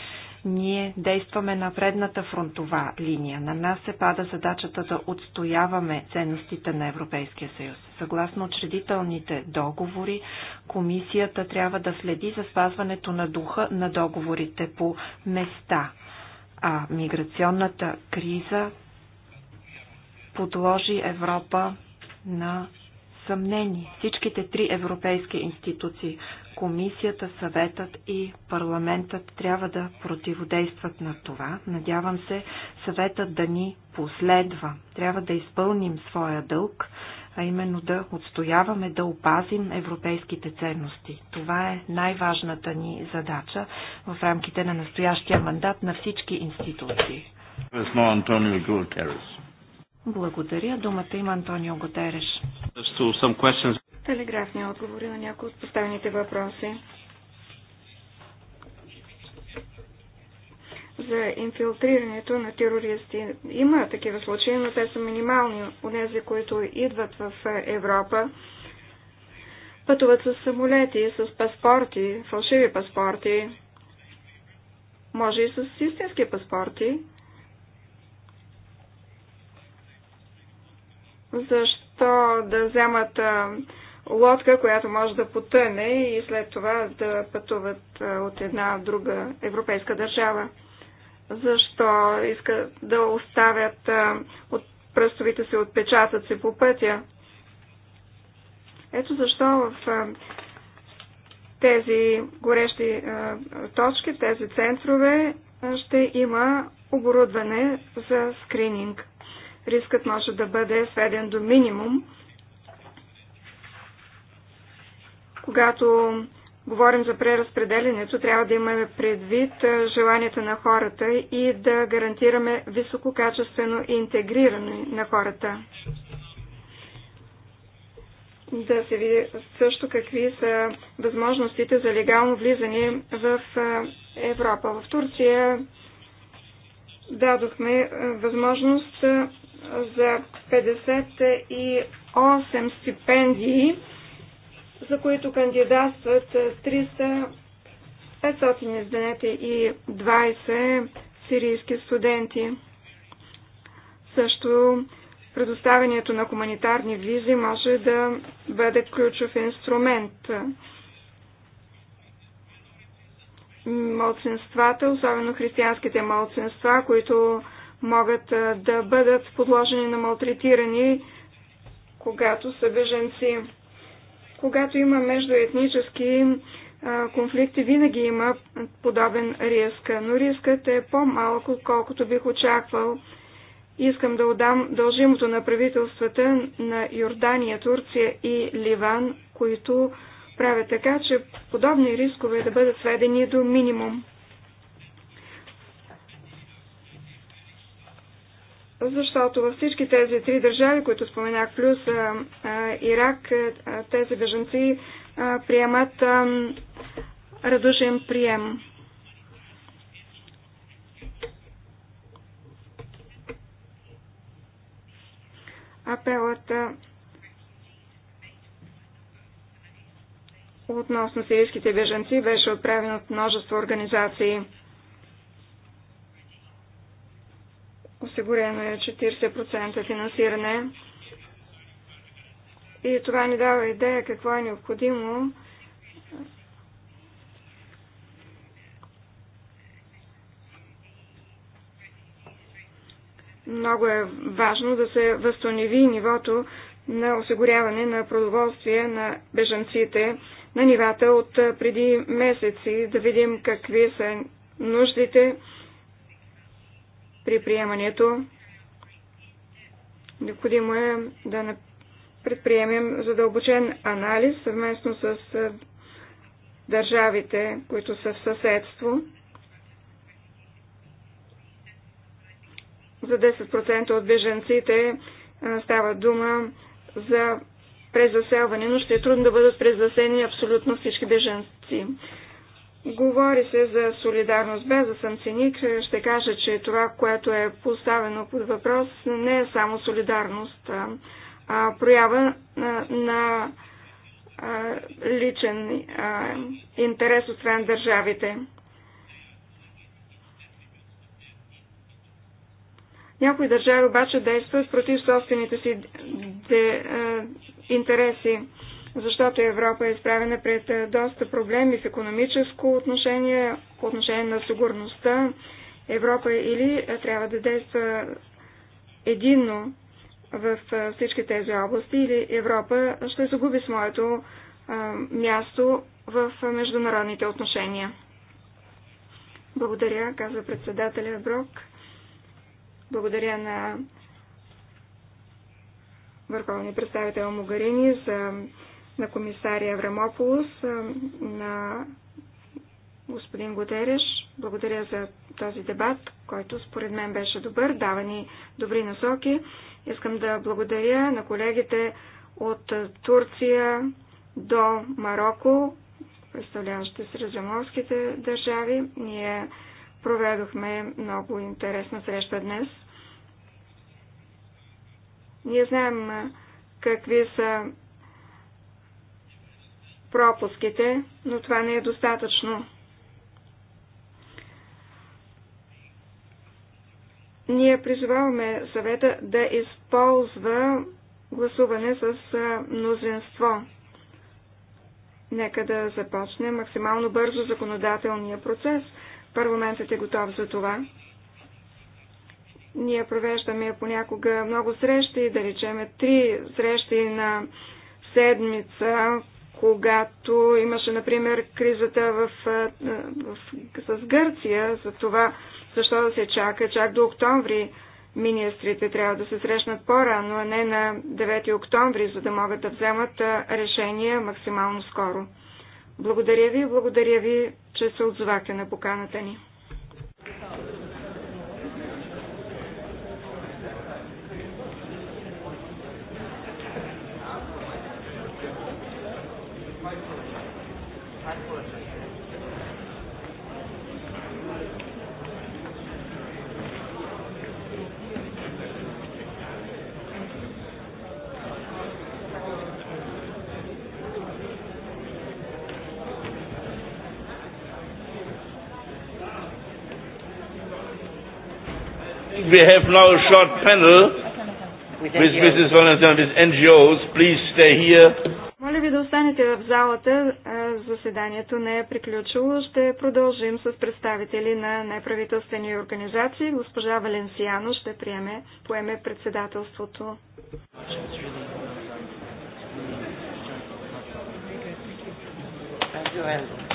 ние действаме на предната фронтова линия. На нас се пада задачата да отстояваме ценностите на Европейския съюз. Съгласно учредителните договори, комисията трябва да следи за спазването на духа на договорите по места. А миграционната криза подложи Европа на несъмнени Всичките три европейски институции Комисията, съветът и парламентът трябва да противодействат на това. Надявам се съветът да ни последва. Трябва да изпълним своя дълг, а именно да отстояваме, да опазим европейските ценности. Това е най-важната ни задача в рамките на настоящия мандат на всички институции. Антонио благодаря. Думата има Антонио Готереш. Телеграфни отговори е на някои от поставените въпроси. за инфилтрирането на терористи. Има такива случаи, но те са минимални. Онези, които идват в Европа, пътуват с самолети, с паспорти, фалшиви паспорти, може и с истински паспорти. Защо да вземат лодка, която може да потъне и след това да пътуват от една друга европейска държава? Защо искат да оставят от пръстовите си отпечатъци по пътя? Ето защо в тези горещи точки, тези центрове ще има оборудване за скрининг рискът може да бъде сведен до минимум. Когато говорим за преразпределенето, трябва да имаме предвид желанията на хората и да гарантираме висококачествено интегриране на хората. Да се види също какви са възможностите за легално влизане в Европа. В Турция дадохме възможност за 58 стипендии, за които кандидатстват и 20 сирийски студенти. Също предоставянето на хуманитарни визи може да бъде ключов инструмент. Малцинствата, особено християнските малцинства, които могат да бъдат подложени на малтретирани, когато са беженци. Когато има междуетнически конфликти, винаги има подобен риск, но рискът е по-малко, колкото бих очаквал. Искам да отдам дължимото на правителствата на Йордания, Турция и Ливан, които правят така, че подобни рискове да бъдат сведени до минимум. защото във всички тези три държави, които споменах, плюс а, а, Ирак, а, тези беженци а, приемат а, радушен прием. Апелът а, относно сирийските беженци беше отправен от множество организации. Осигурено е 40% финансиране. И това ни дава идея какво е необходимо много е важно да се възстанови нивото на осигуряване на продоволствие на бежанците на нивата от преди месеци, да видим какви са нуждите, при приемането. Необходимо е да предприемем задълбочен анализ съвместно с държавите, които са в съседство. За 10% от беженците става дума за презаселване, но ще е трудно да бъдат презасени абсолютно всички беженци. Говори се за солидарност. Без да съм циник, ще кажа, че това, което е поставено под въпрос, не е само солидарност, а проява на, на личен а, интерес от страна държавите. Някои държави обаче действат против собствените си де, а, интереси защото Европа е изправена пред е, доста проблеми в економическо отношение, по отношение на сигурността. Европа или е, трябва да действа единно в е, всички тези области, или Европа ще загуби своето място в международните отношения. Благодаря, каза председателя Брок. Благодаря на върховния представител Могарини за на комисария Аврамополос, на господин Гутереш. Благодаря за този дебат, който според мен беше добър, дава ни добри насоки. Искам да благодаря на колегите от Турция до Марокко, представляващи средземноморските държави. Ние проведохме много интересна среща днес. Ние знаем какви са пропуските, но това не е достатъчно. Ние призоваваме съвета да използва гласуване с мнозинство. Нека да започне максимално бързо законодателния процес. Парламентът е готов за това. Ние провеждаме понякога много срещи, да речеме три срещи на седмица когато имаше, например, кризата в, в, с Гърция, за това защо да се чака чак до октомври. Министрите трябва да се срещнат по-рано, а не на 9 октомври, за да могат да вземат решения максимално скоро. Благодаря ви, благодаря ви, че се отзовахте на поканата ни. we have now a short panel with, Mrs. Valentin, with NGOs. Please stay here. Моля ви да останете в залата. Заседанието не е приключило. Ще продължим с представители на неправителствени организации. Госпожа Валенсиано ще приеме, поеме председателството. Thank you.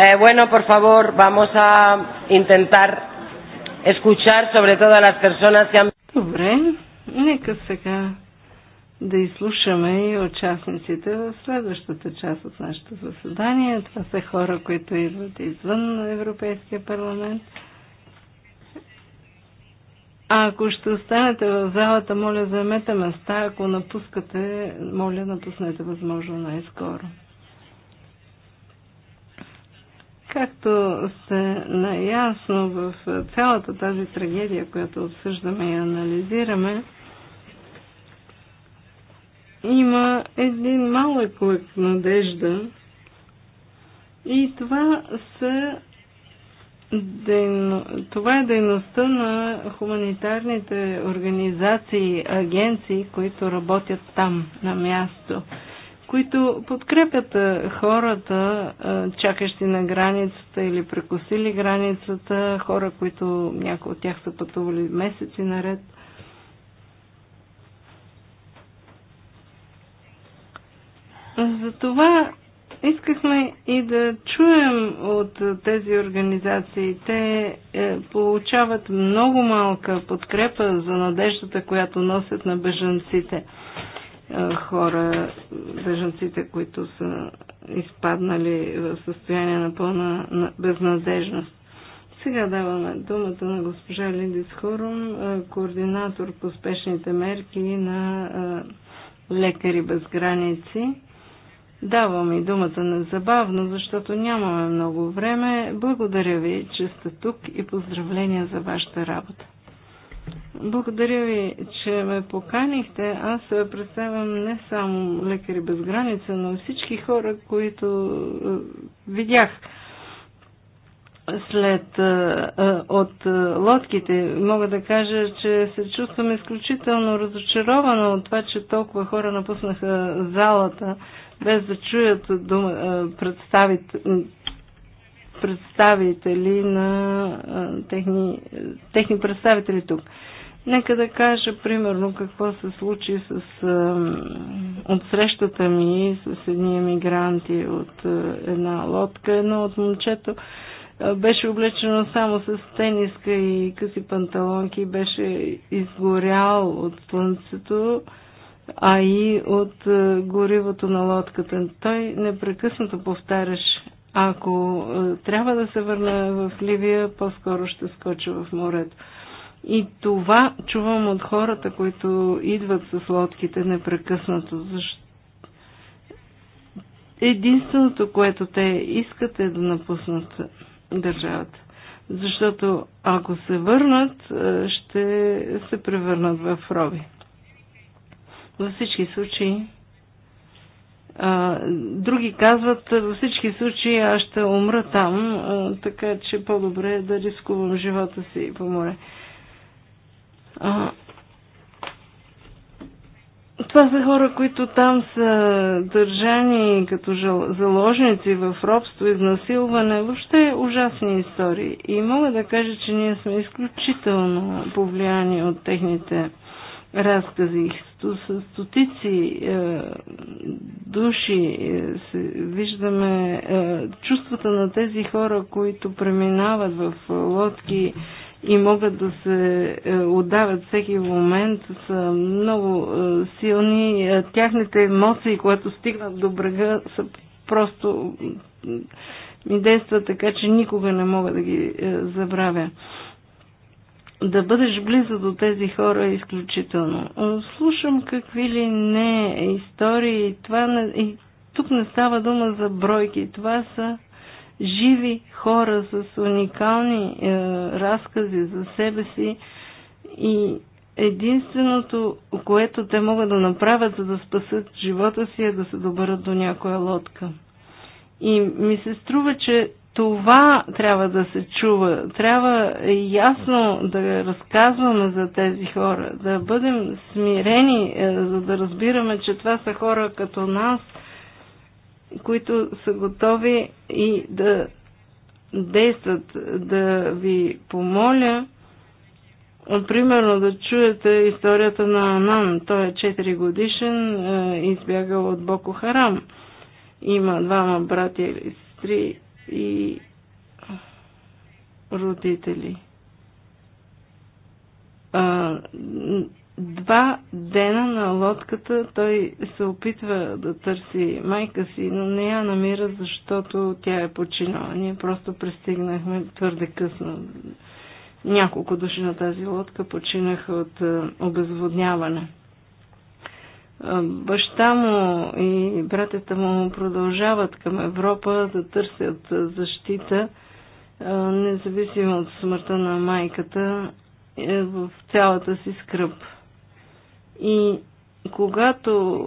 Eh, bueno, por favor, vamos a intentar escuchar sobre todo a las personas que han... Добре, нека сега да изслушаме и участниците в следващата част от нашето заседание. Това са хора, които идват извън Европейския парламент. А ако ще останете в залата, моля, заемете места. Ако напускате, моля, напуснете възможно най-скоро. Както сте наясно в цялата тази трагедия, която обсъждаме и анализираме, има един малък лък надежда и това са Дейно... Това е дейността на хуманитарните организации, агенции, които работят там, на място които подкрепят хората, чакащи на границата или прекосили границата, хора, които някои от тях са пътували месеци наред. Затова искахме и да чуем от тези организации. Те е, получават много малка подкрепа за надеждата, която носят на бежанците хора, бежанците, които са изпаднали в състояние на пълна безнадежност. Сега даваме думата на госпожа Линдис Хорум, координатор по спешните мерки на Лекари без граници. Давам и думата незабавно, защото нямаме много време. Благодаря ви, че сте тук и поздравления за вашата работа. Благодаря ви, че ме поканихте. Аз се представям не само Лекари без граница, но всички хора, които е, видях след е, е, от лодките. Мога да кажа, че се чувствам изключително разочарована от това, че толкова хора напуснаха залата без да чуят дума, представители на техни, техни представители тук. Нека да кажа примерно какво се случи с отсрещата ми с едни емигранти от една лодка. Едно от момчето беше облечено само с тениска и къси панталонки, беше изгорял от слънцето, а и от горивото на лодката. Той непрекъснато повтаряше ако е, трябва да се върна в Ливия, по-скоро ще скоча в морето. И това чувам от хората, които идват с лодките непрекъснато. Единственото, което те искат е да напуснат държавата. Защото ако се върнат, е, ще се превърнат в роби. Във всички случаи, а, други казват, във всички случаи аз ще умра там, а, така че по-добре е да рискувам живота си по море. А, това са хора, които там са държани като заложници в робство, изнасилване, въобще ужасни истории. И мога да кажа, че ние сме изключително повлияни от техните разкази с стотици е, души е, се, виждаме е, чувствата на тези хора, които преминават в е, лодки и могат да се е, отдават всеки момент, са много е, силни. Е, тяхните емоции, когато стигнат до брега, са просто ми действат така, че никога не мога да ги е, забравя да бъдеш близо до тези хора е изключително. Е, слушам какви ли не истории. Това не, и тук не става дума за бройки. Това са живи хора с уникални е, разкази за себе си. И единственото, което те могат да направят, за да спасат живота си, е да се добърят до някоя лодка. И ми се струва, че това трябва да се чува. Трябва ясно да разказваме за тези хора, да бъдем смирени, е, за да разбираме, че това са хора като нас, които са готови и да действат. Да ви помоля, примерно да чуете историята на Анан. Той е 4 годишен, е, избягал от Боко Харам. Има двама братя или сестри и родители. А, два дена на лодката той се опитва да търси майка си, но не я намира, защото тя е починала. Ние просто пристигнахме твърде късно. Няколко души на тази лодка починаха от обезводняване. Баща му и братята му продължават към Европа да търсят защита, независимо от смъртта на майката, е, в цялата си скръп. И когато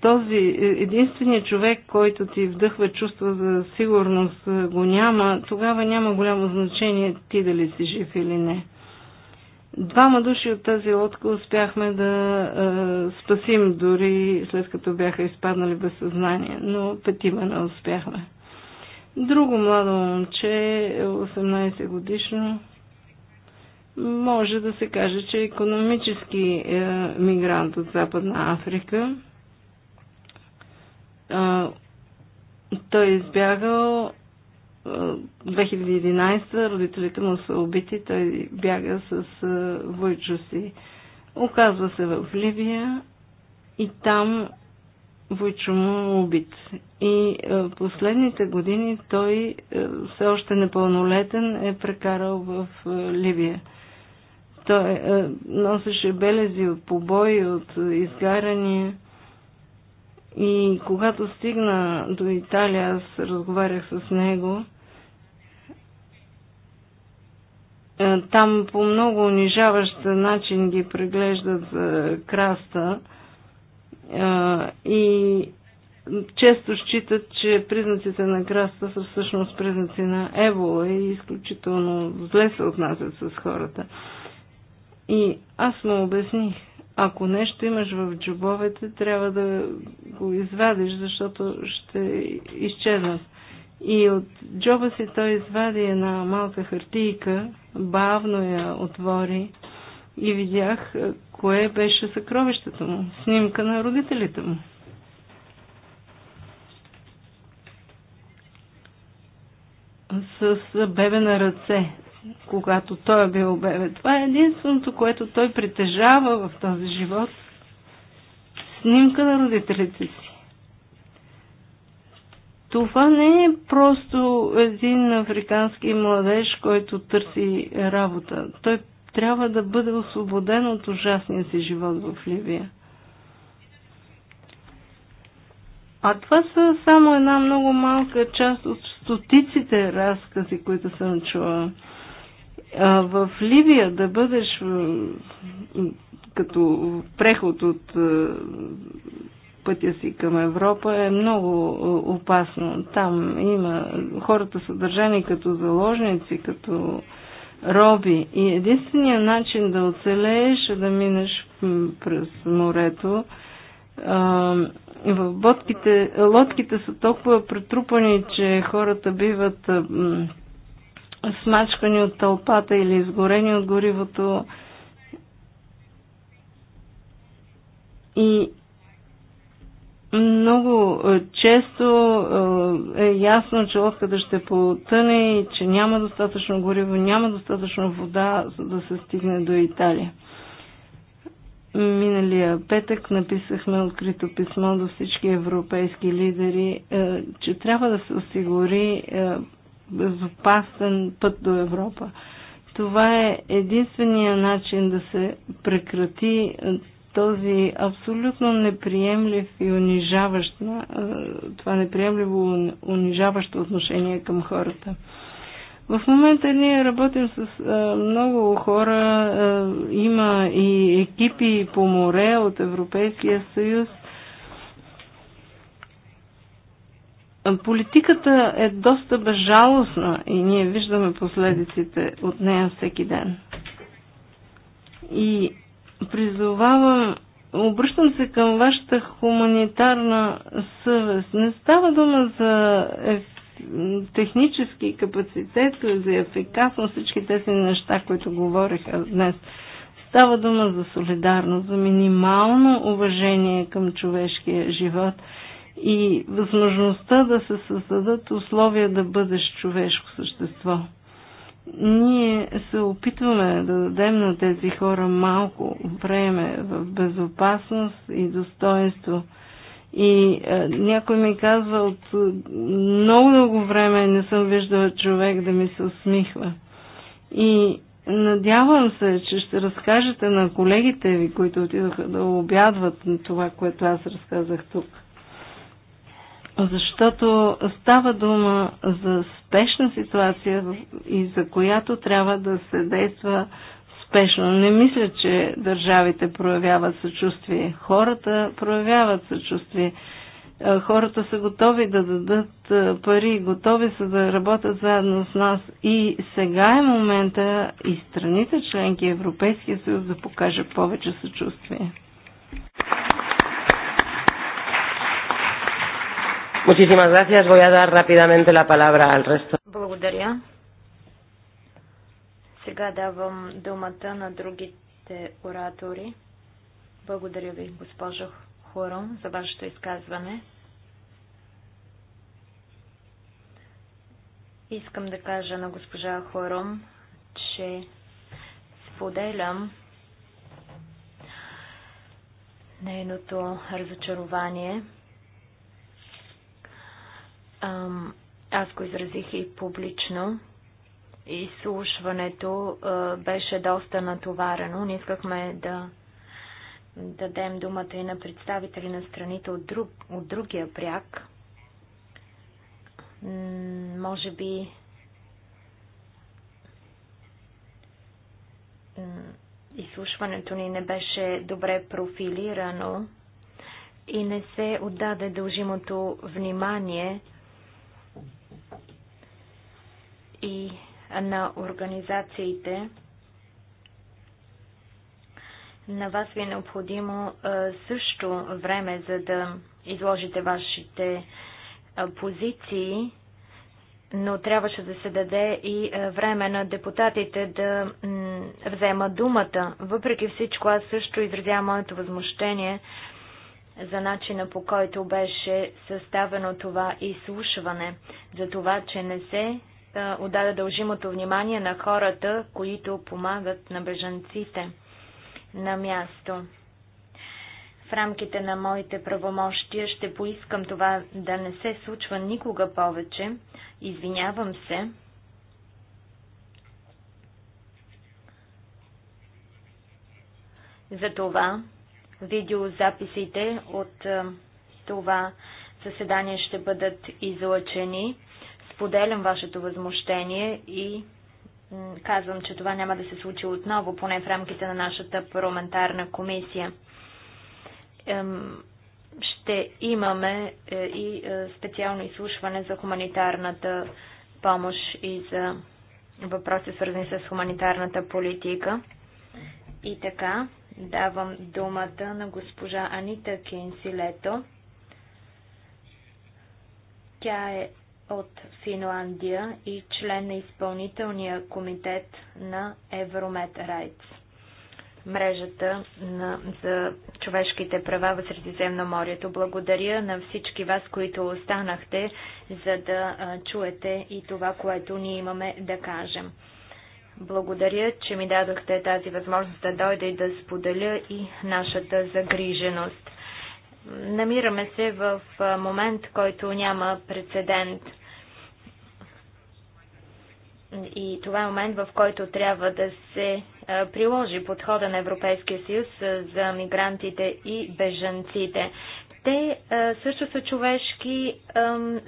този е, единствения човек, който ти вдъхва чувства за сигурност, го няма, тогава няма голямо значение ти дали си жив или не. Двама души от тази лодка успяхме да е, спасим, дори след като бяха изпаднали без съзнание, но петима не успяхме. Друго младо момче, 18 годишно, може да се каже, че е економически е, мигрант от Западна Африка. Е, той избягал 2011 родителите му са убити, той бяга с войчо си. Оказва се в Ливия и там войчо му е убит. И последните години той, все още непълнолетен, е прекарал в Ливия. Той носеше белези от побои, от изгаряния. И когато стигна до Италия, аз разговарях с него Е, там по много унижаващ начин ги преглеждат краста е, и често считат, че признаците на краста са всъщност признаци на ебола и изключително зле се отнасят с хората. И аз му обясних, ако нещо имаш в джобовете, трябва да го извадиш, защото ще изчезнат. И от джоба си той извади една малка хартийка, бавно я отвори и видях е, кое беше съкровището му, снимка на родителите му. С бебе на ръце, когато той е бил бебе. Това е единственото, което той притежава в този живот. Снимка на родителите си. Това не е просто един африкански младеж, който търси работа. Той трябва да бъде освободен от ужасния си живот в Ливия. А това са само една много малка част от стотиците разкази, които съм чула. А в Ливия да бъдеш като преход от пътя си към Европа е много е, опасно. Там има хората съдържани като заложници, като роби. И единственият начин да оцелееш е да минеш през морето. В ботките, лодките са толкова претрупани, че хората биват смачкани от тълпата или изгорени от горивото. И много е, често е, е ясно, че лодката ще потъне и че няма достатъчно гориво, няма достатъчно вода, за да се стигне до Италия. Миналия петък написахме открито писмо до всички европейски лидери, е, че трябва да се осигури безопасен път до Европа. Това е единствения начин да се прекрати този абсолютно неприемлив и унижаващ, това неприемливо унижаващо отношение към хората. В момента ние работим с много хора, има и екипи по море от Европейския съюз. Политиката е доста безжалостна и ние виждаме последиците от нея всеки ден. И призовавам, обръщам се към вашата хуманитарна съвест. Не става дума за еф... технически капацитет, за ефикасност, всички тези неща, които говориха днес. Става дума за солидарност, за минимално уважение към човешкия живот и възможността да се създадат условия да бъдеш човешко същество ние се опитваме да дадем на тези хора малко време в безопасност и достоинство. И е, някой ми казва, от много много време не съм виждала човек да ми се усмихва. И надявам се, че ще разкажете на колегите ви, които отидоха да обядват на това, което аз разказах тук защото става дума за спешна ситуация и за която трябва да се действа спешно. Не мисля, че държавите проявяват съчувствие. Хората проявяват съчувствие. Е, хората са готови да дадат е, пари, готови са да работят заедно с нас. И сега е момента и страните членки Европейския съюз да покаже повече съчувствие. Muchísimas gracias. Voy a dar rápidamente la palabra al resto. Благодаря. Сега давам думата на другите оратори. Благодаря ви, госпожо Хорон, за вашето изказване. Искам да кажа на госпожа Хором, че споделям нейното разочарование – аз го изразих и публично. Изслушването беше доста натоварено. Не искахме да дадем думата и на представители на страните от, друг, от другия бряг. Може би изслушването ни не беше добре профилирано и не се отдаде дължимото внимание и на организациите. На вас ви е необходимо също време, за да изложите вашите позиции, но трябваше да се даде и време на депутатите да вземат думата. Въпреки всичко, аз също изразявам моето възмущение за начина по който беше съставено това изслушване, за това, че не се отдаде дължимото внимание на хората, които помагат на бежанците на място. В рамките на моите правомощия ще поискам това да не се случва никога повече. Извинявам се. За това видеозаписите от това заседание ще бъдат излъчени Споделям вашето възмущение и казвам, че това няма да се случи отново, поне в рамките на нашата парламентарна комисия. Ще имаме е, и е, специално изслушване за хуманитарната помощ и за въпроси, свързани с хуманитарната политика. И така, давам думата на госпожа Анита Кенсилето. Тя е от Финландия и член на изпълнителния комитет на Евромет Райтс, мрежата на, за човешките права в Средиземноморието. Благодаря на всички вас, които останахте, за да а, чуете и това, което ние имаме да кажем. Благодаря, че ми дадохте тази възможност да дойда и да споделя и нашата загриженост намираме се в момент, който няма прецедент. И това е момент, в който трябва да се приложи подхода на Европейския съюз за мигрантите и бежанците. Те също са човешки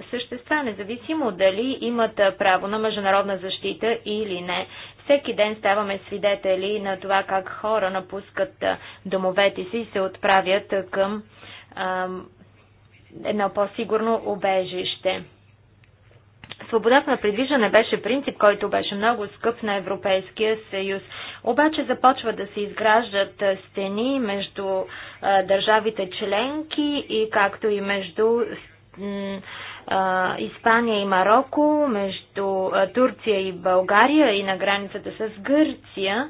същества, независимо дали имат право на международна защита или не. Всеки ден ставаме свидетели на това как хора напускат домовете си и се отправят към едно по-сигурно обежище. Свободата на придвижване беше принцип, който беше много скъп на Европейския съюз. Обаче започва да се изграждат стени между а, държавите членки и както и между а, Испания и Марокко, между а, Турция и България и на границата с Гърция.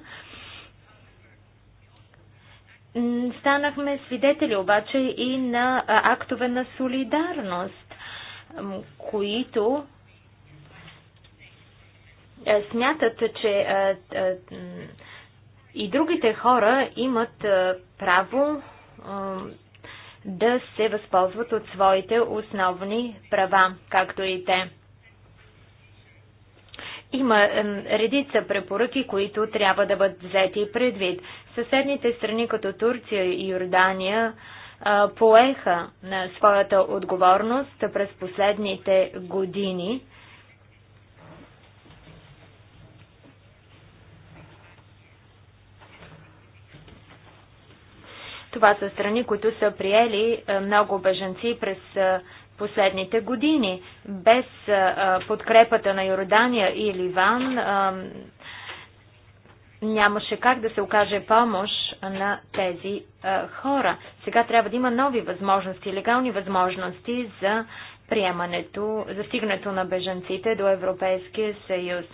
Станахме свидетели обаче и на актове на солидарност, които смятат, че и другите хора имат право да се възползват от своите основни права, както и те. Има редица препоръки, които трябва да бъдат взети предвид. Съседните страни като Турция и Йордания поеха на своята отговорност през последните години. Това са страни, които са приели много бежанци през последните години. Без подкрепата на Йордания и Ливан нямаше как да се окаже помощ на тези хора. Сега трябва да има нови възможности, легални възможности за приемането, за стигането на бежанците до Европейския съюз.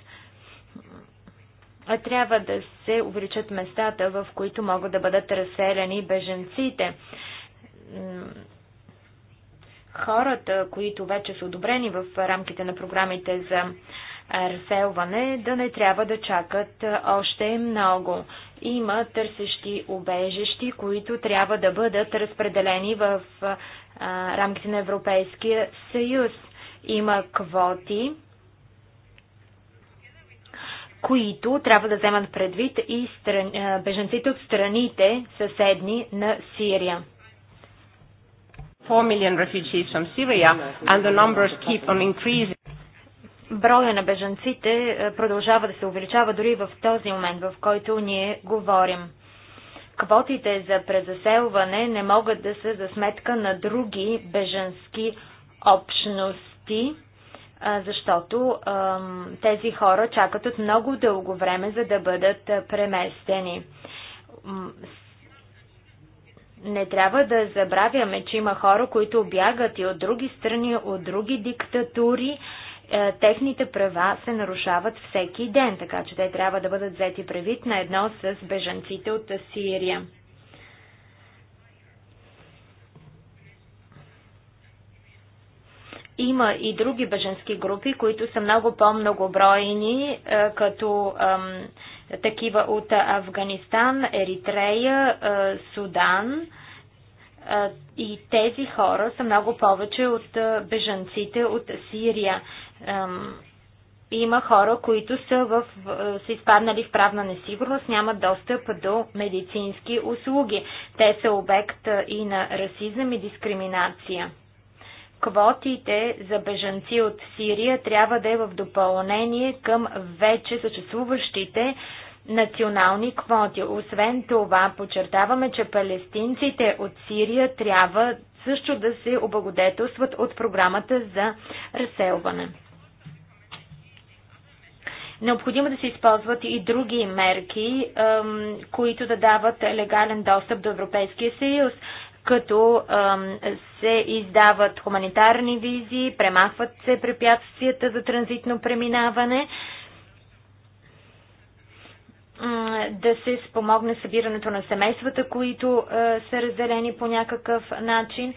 трябва да се увеличат местата, в които могат да бъдат разселени бежанците хората, които вече са одобрени в рамките на програмите за разселване, да не трябва да чакат още много. Има търсещи обежещи, които трябва да бъдат разпределени в рамките на Европейския съюз. Има квоти, които трябва да вземат предвид и стран... беженците от страните съседни на Сирия. 4 million refugees from Syria and the numbers keep on increasing. Броя на бежанците е, продължава да се увеличава дори в този момент, в който ние говорим. Квотите за презаселване не могат да са за сметка на други бежански общности, е, защото тези хора чакат от много дълго време, за да бъдат преместени не трябва да забравяме, че има хора, които бягат и от други страни, от други диктатури. Е, техните права се нарушават всеки ден, така че те трябва да бъдат взети предвид на едно с бежанците от Сирия. Има и други бежански групи, които са много по-многобройни, е, като такива от Афганистан, Еритрея, е, Судан. Е, и тези хора са много повече от е, бежанците от Сирия. Има хора, които са, в, са изпаднали в правна несигурност, нямат достъп до медицински услуги. Те са обект и на расизъм и дискриминация квотите за бежанци от Сирия трябва да е в допълнение към вече съществуващите национални квоти. Освен това, подчертаваме, че палестинците от Сирия трябва също да се облагодетелстват от програмата за разселване. Необходимо да се използват и други мерки, които да дават легален достъп до Европейския съюз, като се издават хуманитарни визи, премахват се препятствията за транзитно преминаване, да се спомогне събирането на семействата, които е, са разделени по някакъв начин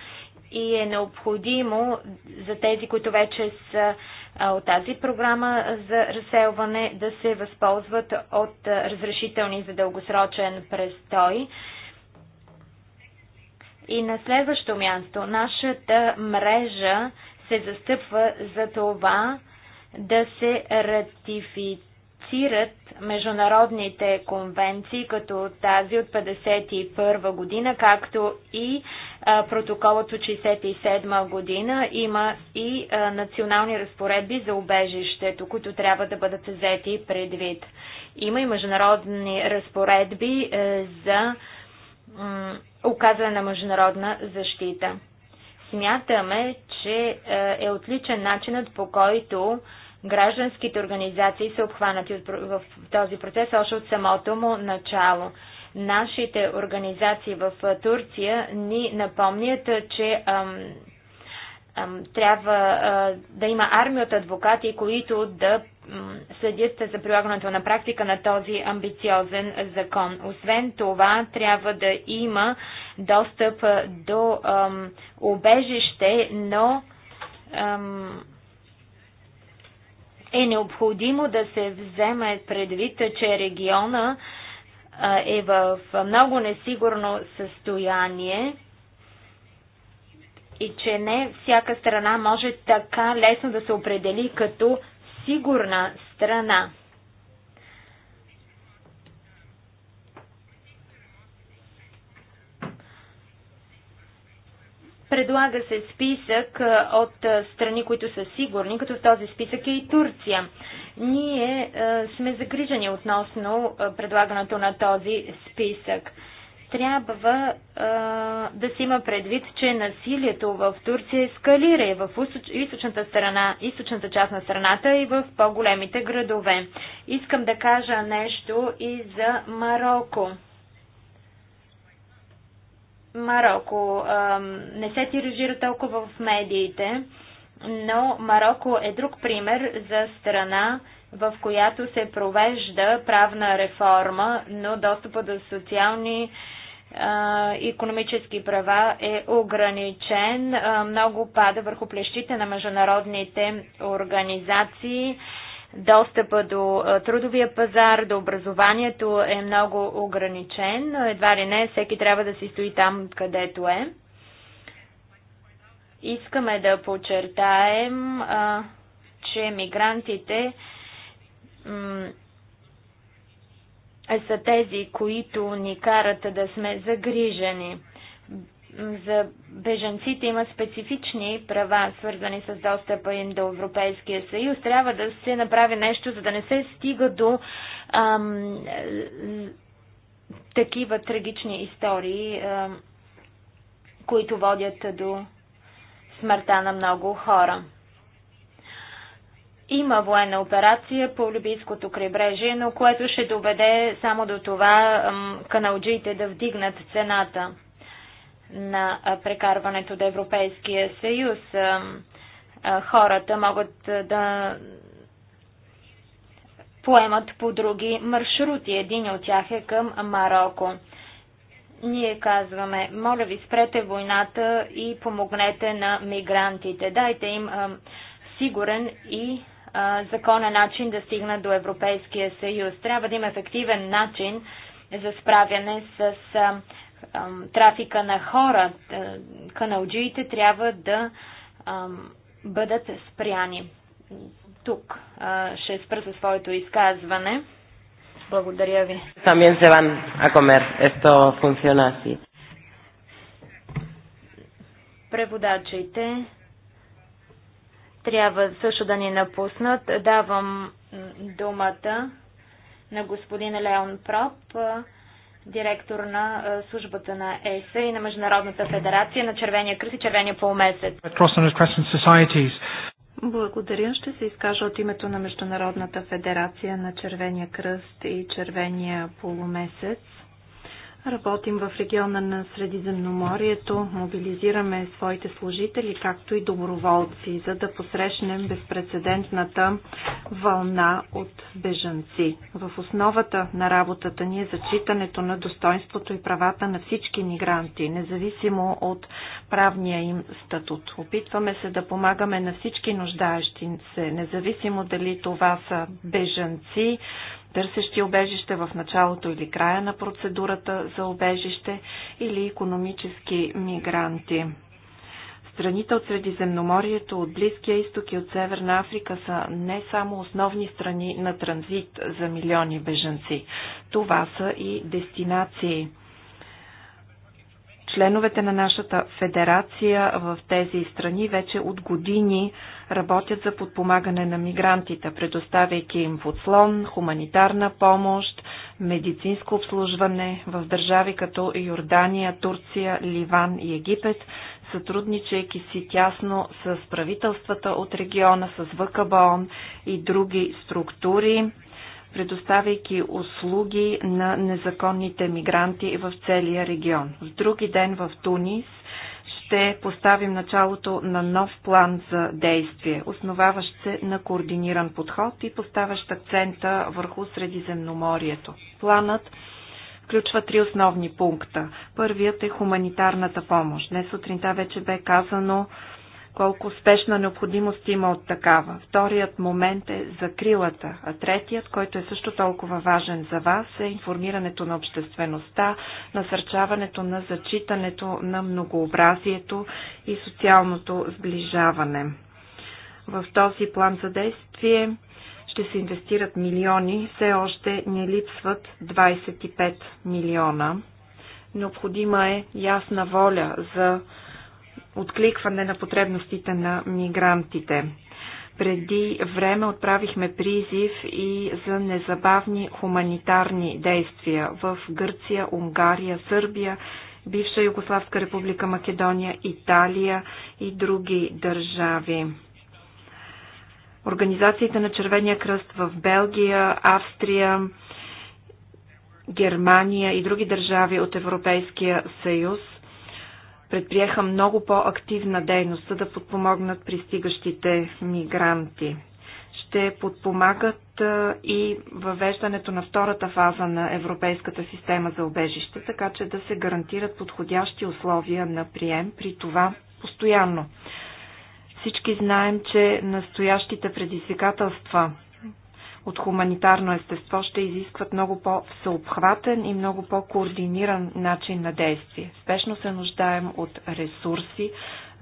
и е необходимо за тези, които вече са е, от тази програма за разселване, да се възползват от е, разрешителни за дългосрочен престой. И на следващо място, нашата мрежа се застъпва за това да се ратифицира ратифицират международните конвенции, като тази от 1951 година, както и протоколът от 1967 година. Има и национални разпоредби за убежището, които трябва да бъдат взети предвид. Има и международни разпоредби е, за оказване на международна защита. Смятаме, че е, е отличен начинът по който Гражданските организации са обхванати в този процес още от самото му начало. Нашите организации в Турция ни напомнят, че ам, ам, трябва а, да има армия от адвокати, които да ам, съдят за прилагането на практика на този амбициозен закон. Освен това, трябва да има достъп до ам, обежище, но ам, е необходимо да се вземе предвид, че региона е в много несигурно състояние и че не всяка страна може така лесно да се определи като сигурна страна. Предлага се списък е, от е, страни, които са сигурни, като в този списък е и Турция. Ние е, сме загрижени относно предлагането на този списък. Трябва да се има предвид, че насилието в Турция ескалира и в източната, страна, източната част на страната и в по-големите градове. Искам да кажа нещо и за Марокко Марокко не се тиражира толкова в медиите, но Марокко е друг пример за страна, в която се провежда правна реформа, но достъпа до социални и економически права е ограничен. Много пада върху плещите на международните организации. Достъпа до трудовия пазар, до образованието е много ограничен. Едва ли не, всеки трябва да си стои там, където е. Искаме да подчертаем, че мигрантите са тези, които ни карат да сме загрижени за бежанците имат специфични права, свързани с достъпа им до Европейския съюз. Трябва да се направи нещо, за да не се стига до ам, такива трагични истории, ам, които водят до смъртта на много хора. Има военна операция по любийското крайбрежие, но което ще доведе само до това каналджиите да вдигнат цената на прекарването до Европейския съюз. Хората могат да поемат по други маршрути. Един от тях е към Марокко. Ние казваме, моля ви, спрете войната и помогнете на мигрантите. Дайте им сигурен и законен начин да стигнат до Европейския съюз. Трябва да има ефективен начин за справяне с трафика на хора, е, каналджиите трябва да бъдат спряни. Тук ще спра със своето изказване. Благодаря ви. También се ван a comer. Esto функциона си. Преводачите трябва също да ни напуснат. Давам думата на господин Леон Проп директор на е, службата на ЕСА и на Международната федерация на Червения кръст и Червения полумесец. Благодаря. Ще се изкажа от името на Международната федерация на Червения кръст и Червения полумесец. Работим в региона на Средиземноморието, мобилизираме своите служители, както и доброволци, за да посрещнем безпредседентната вълна от бежанци. В основата на работата ни е зачитането на достоинството и правата на всички мигранти, независимо от правния им статут. Опитваме се да помагаме на всички нуждаещи се, независимо дали това са бежанци, търсещи обежище в началото или края на процедурата за обежище или економически мигранти. Страните от Средиземноморието, от Близкия изток и от Северна Африка са не само основни страни на транзит за милиони бежанци. Това са и дестинации. Членовете на нашата федерация в тези страни вече от години работят за подпомагане на мигрантите, предоставяйки им подслон, хуманитарна помощ, медицинско обслужване в държави като Йордания, Турция, Ливан и Египет, сътрудничайки си тясно с правителствата от региона, с ВКБОН и други структури, предоставяйки услуги на незаконните мигранти в целия регион. В други ден в Тунис ще поставим началото на нов план за действие, основаващ се на координиран подход и поставящ акцента върху Средиземноморието. Планът включва три основни пункта. Първият е хуманитарната помощ. Днес сутринта вече бе казано, колко спешна необходимост има от такава. Вторият момент е закрилата, а третият, който е също толкова важен за вас, е информирането на обществеността, насърчаването на зачитането на многообразието и социалното сближаване. В този план за действие ще се инвестират милиони, все още не липсват 25 милиона. Необходима е ясна воля за откликване на потребностите на мигрантите. Преди време отправихме призив и за незабавни хуманитарни действия в Гърция, Унгария, Сърбия, бивша Югославска република Македония, Италия и други държави. Организациите на Червения кръст в Белгия, Австрия, Германия и други държави от Европейския съюз предприеха много по-активна дейност, за да подпомогнат пристигащите мигранти. Ще подпомагат и въвеждането на втората фаза на Европейската система за обежище, така че да се гарантират подходящи условия на прием, при това постоянно. Всички знаем, че настоящите предизвикателства от хуманитарно естество ще изискват много по-всеобхватен и много по-координиран начин на действие. Спешно се нуждаем от ресурси,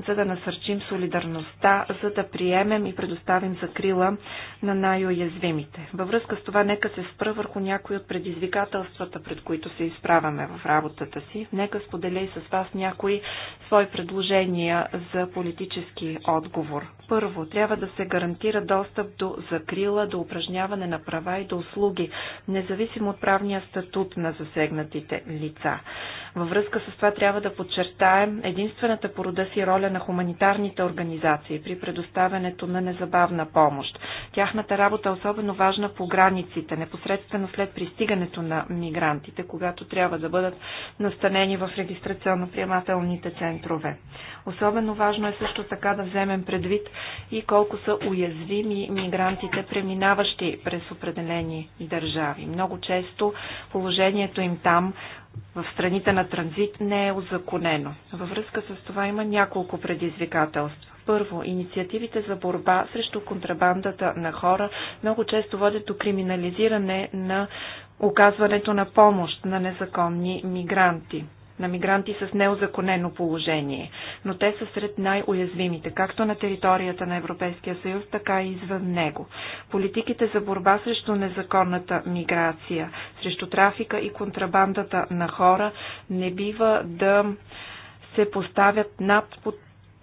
за да насърчим солидарността, за да приемем и предоставим закрила на най-уязвимите. Във връзка с това, нека се спра върху някои от предизвикателствата, пред които се изправяме в работата си. Нека споделя и с вас някои свои предложения за политически отговор. Първо, трябва да се гарантира достъп до закрила, до упражняване на права и до услуги, независимо от правния статут на засегнатите лица. Във връзка с това трябва да подчертаем единствената порода си роля на хуманитарните организации при предоставянето на незабавна помощ. Тяхната работа е особено важна по границите, непосредствено след пристигането на мигрантите, когато трябва да бъдат настанени в регистрационно-приемателните центрове. Особено важно е също така да вземем предвид и колко са уязвими мигрантите, преминаващи през определени държави. Много често положението им там в страните на транзит не е озаконено. Във връзка с това има няколко предизвикателства. Първо, инициативите за борба срещу контрабандата на хора много често водят до криминализиране на оказването на помощ на незаконни мигранти на мигранти с неозаконено положение, но те са сред най-уязвимите, както на територията на Европейския съюз, така и извън него. Политиките за борба срещу незаконната миграция, срещу трафика и контрабандата на хора не бива да се поставят над под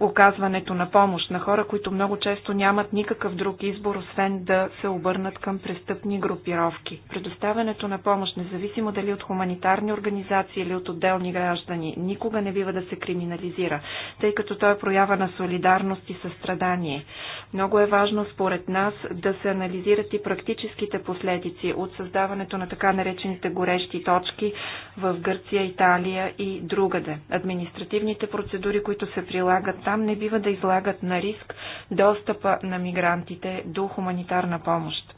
оказването на помощ на хора, които много често нямат никакъв друг избор, освен да се обърнат към престъпни групировки. Предоставянето на помощ, независимо дали от хуманитарни организации или от отделни граждани, никога не бива да се криминализира, тъй като то е проява на солидарност и състрадание. Много е важно според нас да се анализират и практическите последици от създаването на така наречените горещи точки в Гърция, Италия и другаде. Административните процедури, които се прилагат там, не бива да излагат на риск достъпа на мигрантите до хуманитарна помощ.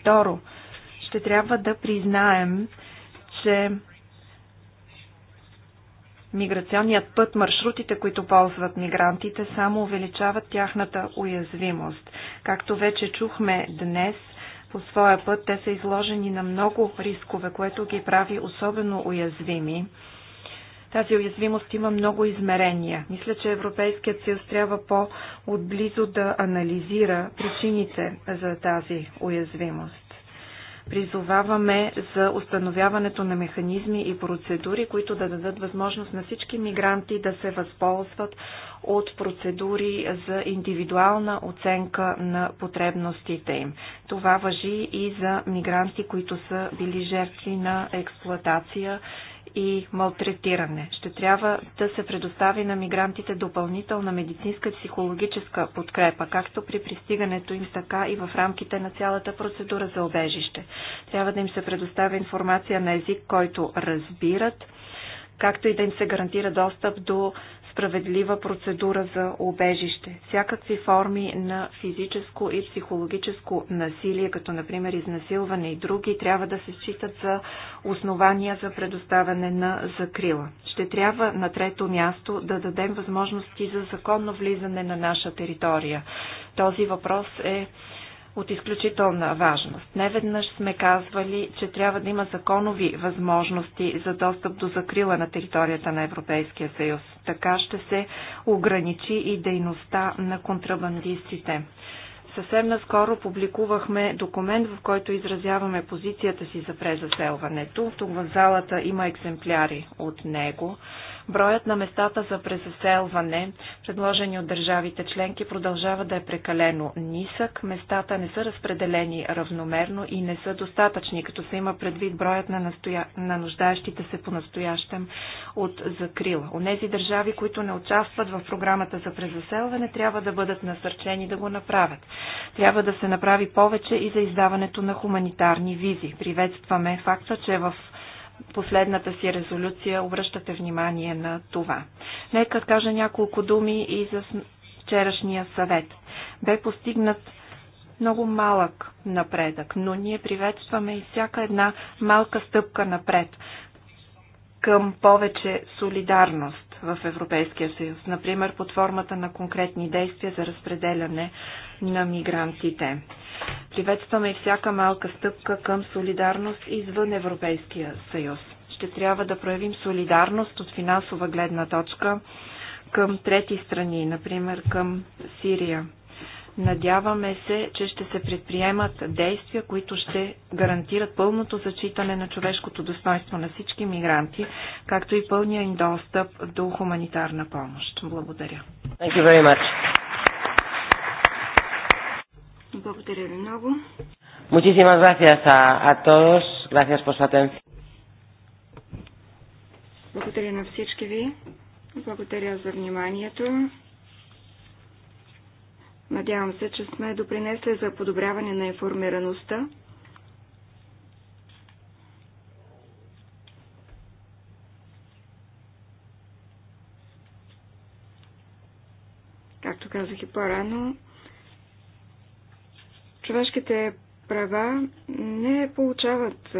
Второ, ще трябва да признаем, че миграционният път, маршрутите, които ползват мигрантите, само увеличават тяхната уязвимост. Както вече чухме днес, по своя път те са изложени на много рискове, което ги прави особено уязвими. Тази уязвимост има много измерения. Мисля, че Европейският съюз трябва по-отблизо да анализира причините за тази уязвимост. Призоваваме за установяването на механизми и процедури, които да дадат възможност на всички мигранти да се възползват от процедури за индивидуална оценка на потребностите им. Това въжи и за мигранти, които са били жертви на експлоатация и малтретиране. Ще трябва да се предостави на мигрантите допълнителна медицинска и психологическа подкрепа, както при пристигането им, така и в рамките на цялата процедура за обежище. Трябва да им се предоставя информация на език, който разбират, както и да им се гарантира достъп до справедлива процедура за обежище. Всякакви форми на физическо и психологическо насилие, като например изнасилване и други, трябва да се считат за основания за предоставяне на закрила. Ще трябва на трето място да дадем възможности за законно влизане на наша територия. Този въпрос е от изключителна важност. Неведнъж сме казвали, че трябва да има законови възможности за достъп до закрила на територията на Европейския съюз. Така ще се ограничи и дейността на контрабандистите. Съвсем наскоро публикувахме документ, в който изразяваме позицията си за презаселването. Тук в залата има екземпляри от него. Броят на местата за презаселване, предложени от държавите членки, продължава да е прекалено нисък. Местата не са разпределени равномерно и не са достатъчни, като се има предвид броят на, настоя... на нуждаещите се по-настоящем от закрила. Онези държави, които не участват в програмата за презаселване, трябва да бъдат насърчени да го направят. Трябва да се направи повече и за издаването на хуманитарни визи. Приветстваме факта, че в последната си резолюция обръщате внимание на това. Нека кажа няколко думи и за вчерашния съвет. Бе постигнат много малък напредък, но ние приветстваме и всяка една малка стъпка напред към повече солидарност в Европейския съюз, например под формата на конкретни действия за разпределяне на мигрантите. Приветстваме и всяка малка стъпка към солидарност извън Европейския съюз. Ще трябва да проявим солидарност от финансова гледна точка към трети страни, например към Сирия. Надяваме се, че ще се предприемат действия, които ще гарантират пълното зачитане на човешкото достоинство на всички мигранти, както и пълния им достъп до хуманитарна помощ. Благодаря. Thank you very much. Благодаря ви много. Muchísimas gracias a, a todos. Gracias por su atención. Благодаря на всички ви. Благодаря за вниманието. Надявам се, че сме допринесли за подобряване на информираността. Както казах и по-рано, човешките права не получават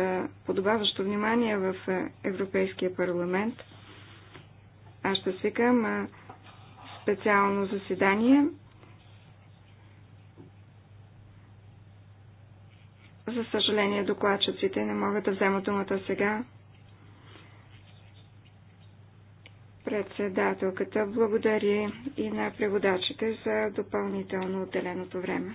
подобаващо внимание в Европейския парламент. Аз ще свикам специално заседание За съжаление, докладчиците не могат да вземат думата сега. Председателката благодари и на преводачите за допълнително отделеното време.